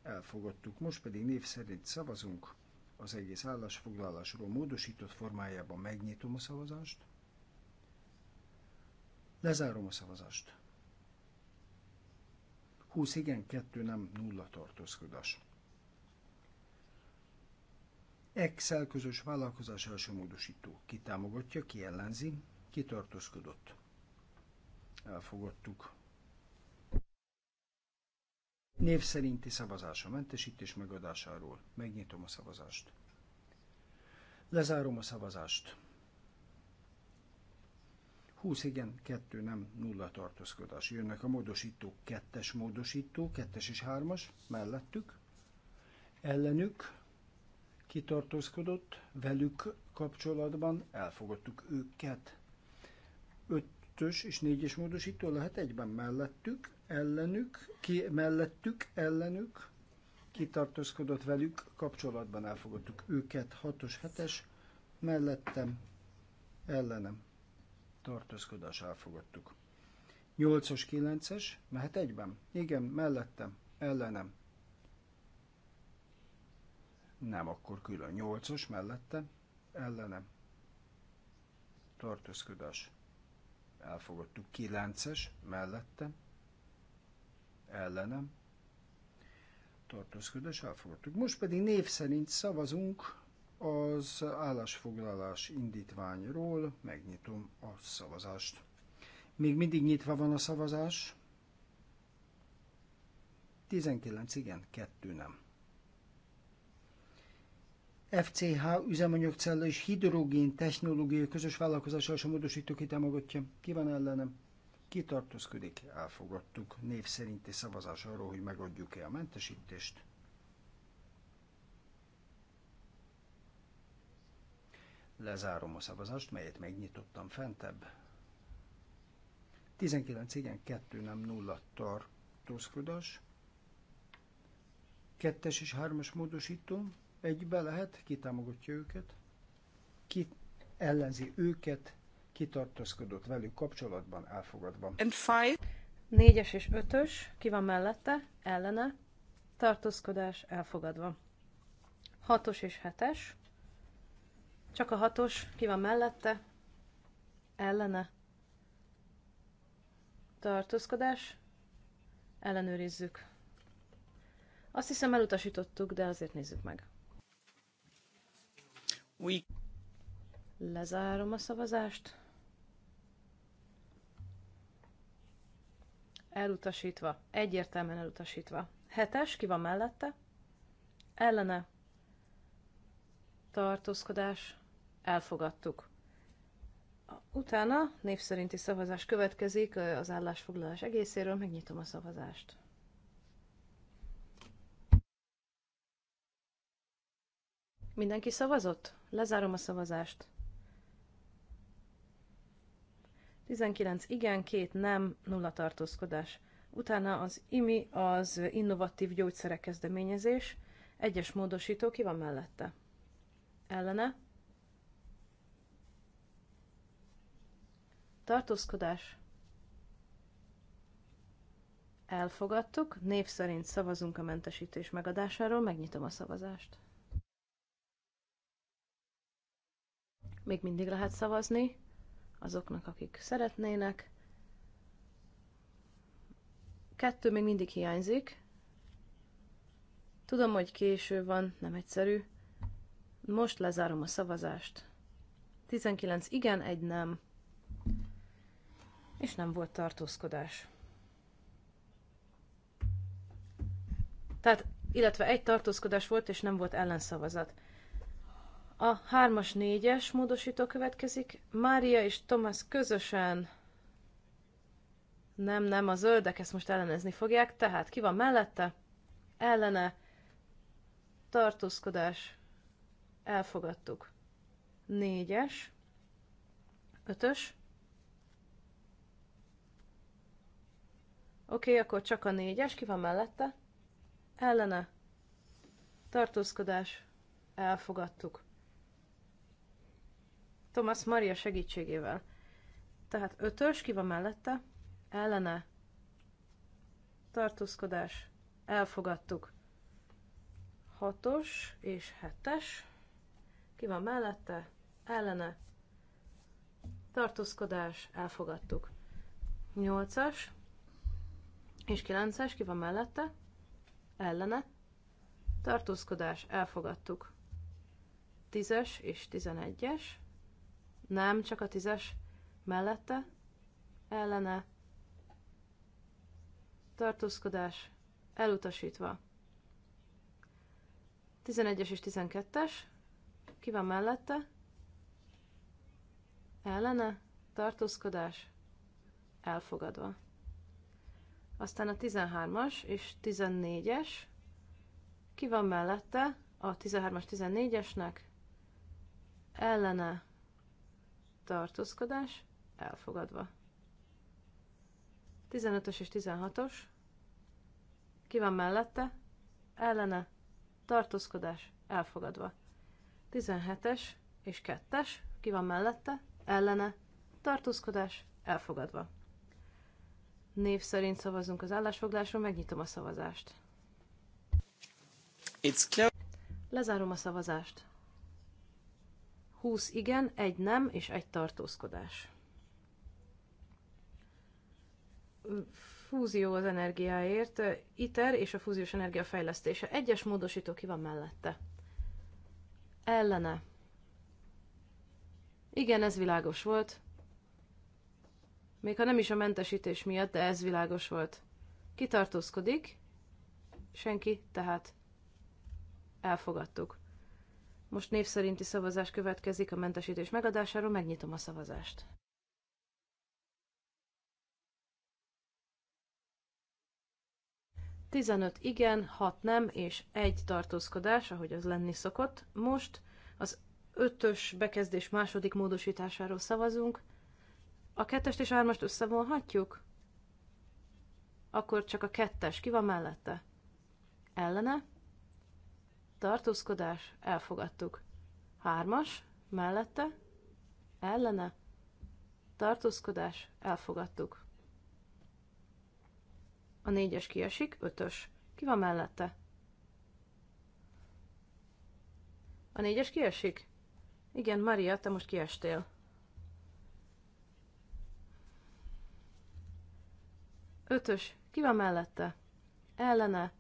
Elfogadtuk. Most pedig név szerint szavazunk. Az egész állásfoglalásról módosított formájában megnyitom a szavazást. Lezárom a szavazást. 20 igen, 2 nem, nulla tartózkodás. Excel közös vállalkozás első módosító. Ki támogatja, ki ellenzi, ki tartózkodott. Elfogadtuk. Név szerinti szavazás a mentesítés megadásáról. Megnyitom a szavazást. Lezárom a szavazást. 20 igen, 2 nem, nulla tartózkodás. Jönnek a módosítók, kettes módosító, kettes és hármas, mellettük, ellenük, kitartózkodott velük kapcsolatban, elfogadtuk őket. Ötös és négyes módosító lehet egyben mellettük, ellenük, ki mellettük, ellenük, kitartózkodott velük kapcsolatban, elfogadtuk őket. Hatos, hetes. mellettem, ellenem, tartózkodás elfogadtuk. Nyolcas, kilences. 9 mehet egyben? Igen, mellettem, ellenem, nem, akkor külön. Nyolcos mellette, ellene, tartózkodás. Elfogadtuk. Kilences mellette, ellenem, tartózkodás. Elfogadtuk. Most pedig név szerint szavazunk az állásfoglalás indítványról. Megnyitom a szavazást. Még mindig nyitva van a szavazás. 19 igen, 2 nem. FCH üzemanyagcella és hidrogén technológiai közös vállalkozása és a módosító ki támogatja. Ki van ellenem? Ki tartózkodik? Elfogadtuk. Név szerinti szavazás arról, hogy megadjuk-e a mentesítést. Lezárom a szavazást, melyet megnyitottam fentebb. 19 igen, 2 nem, 0 tartózkodás. Kettes és hármas módosító egybe lehet, ki támogatja őket, ki ellenzi őket, ki tartózkodott velük kapcsolatban, elfogadva. And five. Négyes és ötös, ki van mellette, ellene, tartózkodás, elfogadva. Hatos és hetes, csak a hatos, ki van mellette, ellene, tartózkodás, ellenőrizzük. Azt hiszem elutasítottuk, de azért nézzük meg. Lezárom a szavazást. Elutasítva. Egyértelműen elutasítva. Hetes, ki van mellette? Ellene. Tartózkodás. Elfogadtuk. Utána népszerinti szavazás következik az állásfoglalás egészéről, megnyitom a szavazást. Mindenki szavazott? Lezárom a szavazást. 19 igen, 2 nem, nulla tartózkodás. Utána az IMI, az innovatív gyógyszerek kezdeményezés, egyes módosító, ki van mellette? Ellene? Tartózkodás. Elfogadtuk, név szerint szavazunk a mentesítés megadásáról, megnyitom a szavazást. Még mindig lehet szavazni azoknak, akik szeretnének. Kettő még mindig hiányzik. Tudom, hogy késő van, nem egyszerű. Most lezárom a szavazást. 19 igen, egy nem. És nem volt tartózkodás. Tehát, illetve egy tartózkodás volt, és nem volt ellenszavazat. A 3-as, 4-es módosító következik. Mária és Thomas közösen. Nem, nem, a zöldek ezt most ellenezni fogják. Tehát ki van mellette? Ellene. Tartózkodás. Elfogadtuk. 4-es. 5-ös. Oké, akkor csak a 4-es. Ki van mellette? Ellene. Tartózkodás. Elfogadtuk. Thomas Maria segítségével. Tehát ötös, ki van mellette? Ellene. Tartózkodás. Elfogadtuk. Hatos és hetes. Ki van mellette? Ellene. Tartózkodás. Elfogadtuk. Nyolcas. És kilences. Ki van mellette? Ellene. Tartózkodás. Elfogadtuk. Tízes és tizenegyes nem, csak a tízes mellette, ellene, tartózkodás, elutasítva. 11-es és 12-es, ki van mellette, ellene, tartózkodás, elfogadva. Aztán a 13-as és 14-es, ki van mellette a 13-as 14-esnek, ellene, tartózkodás elfogadva. 15-ös és 16-os, ki van mellette, ellene, tartózkodás elfogadva. 17-es és 2-es, ki van mellette, ellene, tartózkodás elfogadva. Név szerint szavazunk az állásfoglásról, megnyitom a szavazást. It's clear. Lezárom a szavazást. 20 igen, egy nem és egy tartózkodás. Fúzió az energiáért, ITER és a fúziós energia fejlesztése. Egyes módosító ki van mellette. Ellene. Igen, ez világos volt. Még ha nem is a mentesítés miatt, de ez világos volt. Kitartózkodik? Senki, tehát elfogadtuk. Most név szerinti szavazás következik a mentesítés megadásáról, megnyitom a szavazást. Tizenöt igen, hat nem, és egy tartózkodás, ahogy az lenni szokott. Most az ötös bekezdés második módosításáról szavazunk. A kettest és hármast összevonhatjuk? Akkor csak a kettes, ki van mellette? Ellene? tartózkodás, elfogadtuk. Hármas, mellette, ellene, tartózkodás, elfogadtuk. A négyes kiesik, ötös. Ki van mellette? A négyes kiesik? Igen, Maria, te most kiestél. Ötös. Ki van mellette? Ellene.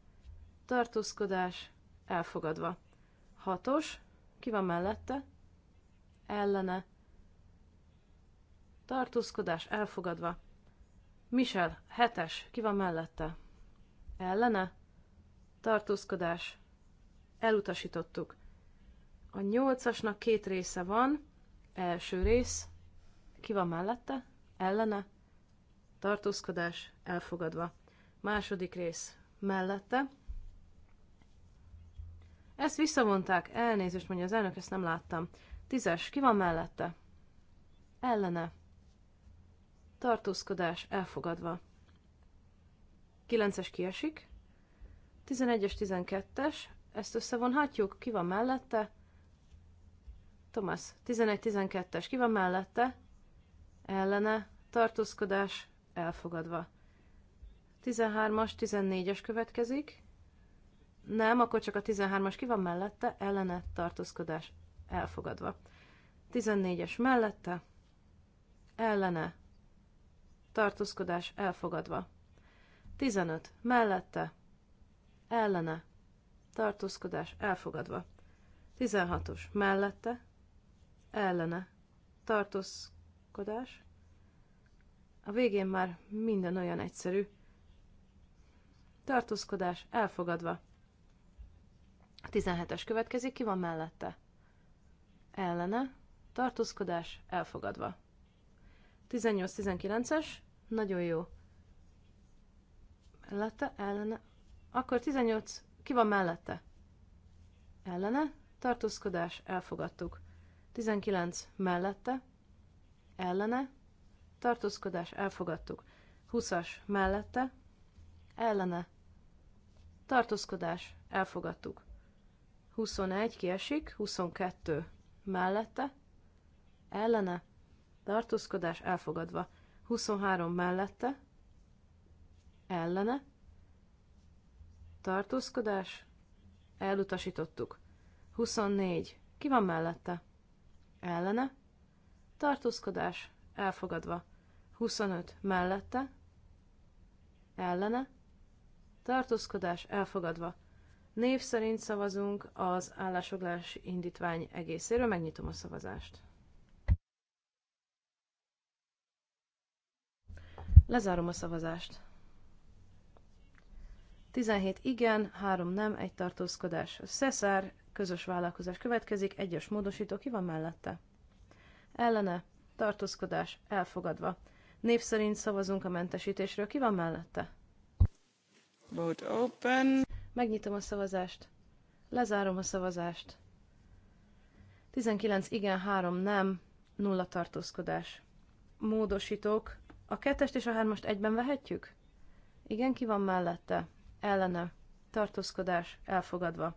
Tartózkodás elfogadva. Hatos, ki van mellette? Ellene. Tartózkodás elfogadva. Michel, hetes, ki van mellette? Ellene. Tartózkodás. Elutasítottuk. A nyolcasnak két része van. Első rész. Ki van mellette? Ellene. Tartózkodás elfogadva. Második rész. Mellette ezt visszavonták, elnézést mondja az elnök, ezt nem láttam. Tízes, ki van mellette? Ellene. Tartózkodás elfogadva. Kilences kiesik. Tizenegyes, tizenkettes, ezt összevonhatjuk, ki van mellette? Thomas, 11-12-es, ki van mellette? Ellene, tartózkodás, elfogadva. 13-as, 14-es következik. Nem, akkor csak a 13-as ki van mellette, ellene tartózkodás elfogadva. 14-es mellette, ellene tartózkodás elfogadva. 15 mellette, ellene tartózkodás elfogadva. 16-os mellette, ellene tartózkodás. A végén már minden olyan egyszerű. Tartózkodás elfogadva. 17-es következik, ki van mellette? Ellene, tartózkodás, elfogadva. 18-19-es, nagyon jó. Mellette, ellene, akkor 18, ki van mellette? Ellene, tartózkodás, elfogadtuk. 19 mellette, ellene, tartózkodás, elfogadtuk. 20-as mellette, ellene, tartózkodás, elfogadtuk. 21 kiesik, 22 mellette, ellene, tartózkodás elfogadva, 23 mellette, ellene, tartózkodás, elutasítottuk. 24. Ki van mellette? Ellene, tartózkodás, elfogadva. 25. Mellette, ellene, tartózkodás, elfogadva. Név szerint szavazunk az állásfoglalási indítvány egészéről. Megnyitom a szavazást. Lezárom a szavazást. 17 igen, 3 nem, egy tartózkodás. Szeszár, közös vállalkozás következik, egyes módosító, ki van mellette? Ellene, tartózkodás, elfogadva. Név szerint szavazunk a mentesítésről, ki van mellette? Vote open. Megnyitom a szavazást. Lezárom a szavazást. 19 igen, 3 nem, nulla tartózkodás. Módosítók. A kettest és a hármast egyben vehetjük? Igen, ki van mellette? Ellene. Tartózkodás. Elfogadva.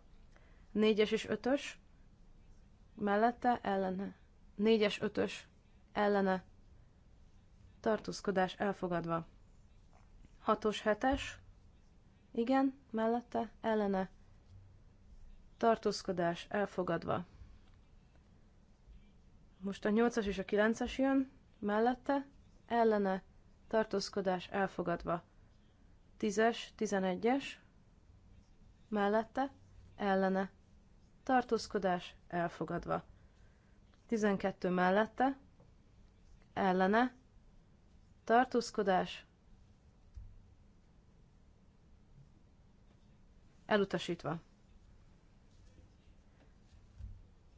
Négyes és ötös. Mellette, ellene. Négyes, ötös. Ellene. Tartózkodás. Elfogadva. Hatos, hetes. Igen, mellette, ellene. Tartózkodás elfogadva. Most a 8-as és a 9-es jön, mellette, ellene, tartózkodás elfogadva. 10-es, 11-es, mellette, ellene, tartózkodás elfogadva. 12 mellette, ellene, tartózkodás Elutasítva.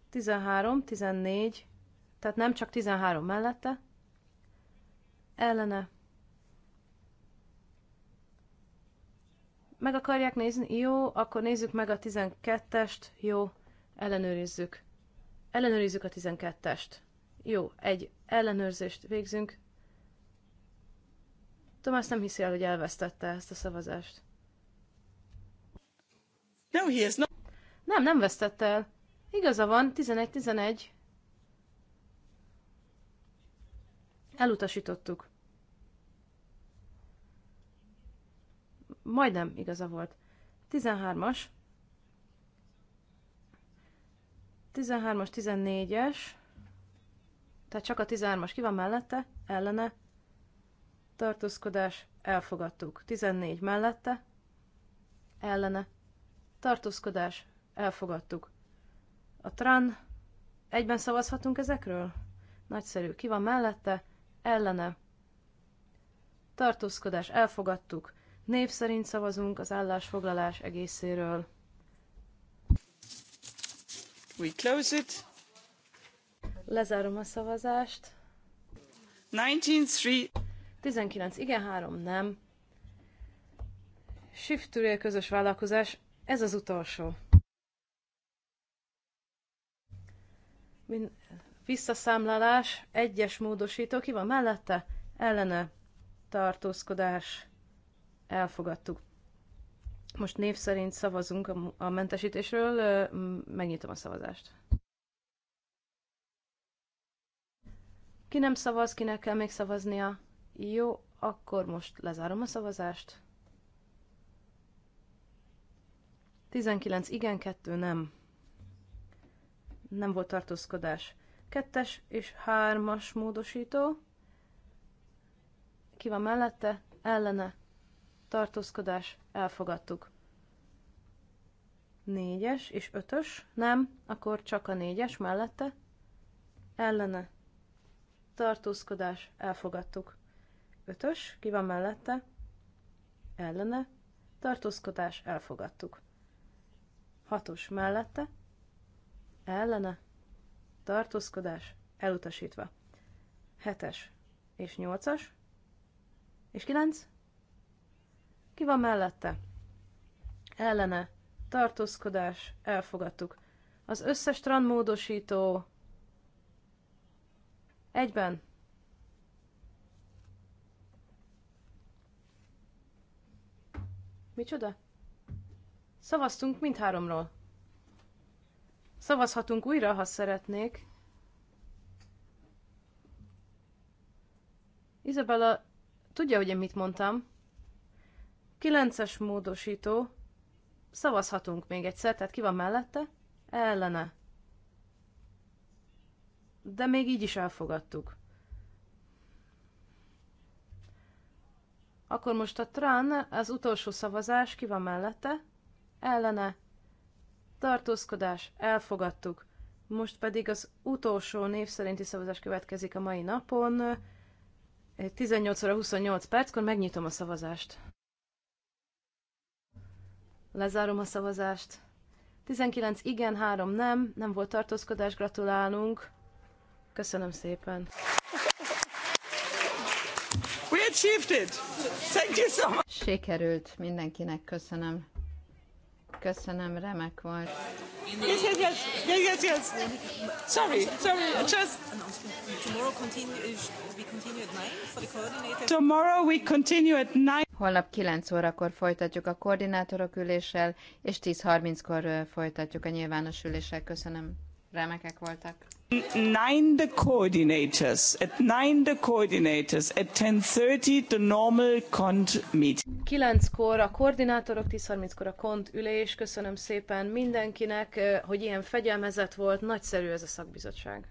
13, 14, tehát nem csak 13 mellette, ellene. Meg akarják nézni? Jó, akkor nézzük meg a 12-est. Jó, ellenőrizzük. Ellenőrizzük a 12-est. Jó, egy ellenőrzést végzünk. Tomás nem hiszi el, hogy elvesztette ezt a szavazást. No, he is not. Nem, nem vesztett el. Igaza van, 11-11. Elutasítottuk. Majdnem igaza volt. 13-as. 13-as, 14-es. Tehát csak a 13-as ki van mellette, ellene. Tartózkodás, elfogadtuk. 14 mellette, ellene tartózkodás, elfogadtuk. A TRAN, egyben szavazhatunk ezekről? Nagyszerű, ki van mellette? Ellene. Tartózkodás, elfogadtuk. Név szerint szavazunk az állásfoglalás egészéről. We close it. Lezárom a szavazást. 19-3. 19 igen, 3 nem. Shift közös vállalkozás ez az utolsó. visszaszámlálás, egyes módosító, ki van mellette? Ellene tartózkodás, elfogadtuk. Most név szerint szavazunk a, a mentesítésről, megnyitom a szavazást. Ki nem szavaz, kinek kell még szavaznia? Jó, akkor most lezárom a szavazást. 19 igen, 2 nem. Nem volt tartózkodás. Kettes és hármas módosító. Ki van mellette? Ellene. Tartózkodás. Elfogadtuk. Négyes és ötös. Nem, akkor csak a négyes mellette. Ellene. Tartózkodás. Elfogadtuk. Ötös. Ki van mellette? Ellene. Tartózkodás. Elfogadtuk. Hatos mellette, ellene, tartózkodás, elutasítva. Hetes és nyolcas, és kilenc. Ki van mellette? Ellene, tartózkodás, elfogadtuk. Az összes tranmódosító egyben. Micsoda? Szavaztunk mindháromról. Szavazhatunk újra, ha szeretnék. Izabella, tudja, hogy én mit mondtam? Kilences módosító. Szavazhatunk még egyszer, tehát ki van mellette? Ellene. De még így is elfogadtuk. Akkor most a Tran, az utolsó szavazás, ki van mellette? ellene, tartózkodás, elfogadtuk. Most pedig az utolsó név szerinti szavazás következik a mai napon. 18 óra 28 perckor megnyitom a szavazást. Lezárom a szavazást. 19 igen, 3 nem, nem volt tartózkodás, gratulálunk. Köszönöm szépen. We achieved it. Thank you so much. Sikerült mindenkinek, köszönöm. Köszönöm, remek volt. Yes, yes, yes, yes, yes, yes. Sorry, sorry, just. Tomorrow continue, we continue at nine for the coordinator. Tomorrow we continue at nine. Holnap 9 órakor folytatjuk a koordinátorok üléssel, és 10.30-kor folytatjuk a nyilvános üléssel. Köszönöm remekek voltak. Nine the coordinators. At nine the coordinators. At 10.30 the normal cont meeting. Kilenckor a koordinátorok, 10.30-kor a kont ülés. Köszönöm szépen mindenkinek, eh, hogy ilyen fegyelmezett volt. Nagyszerű ez a szakbizottság.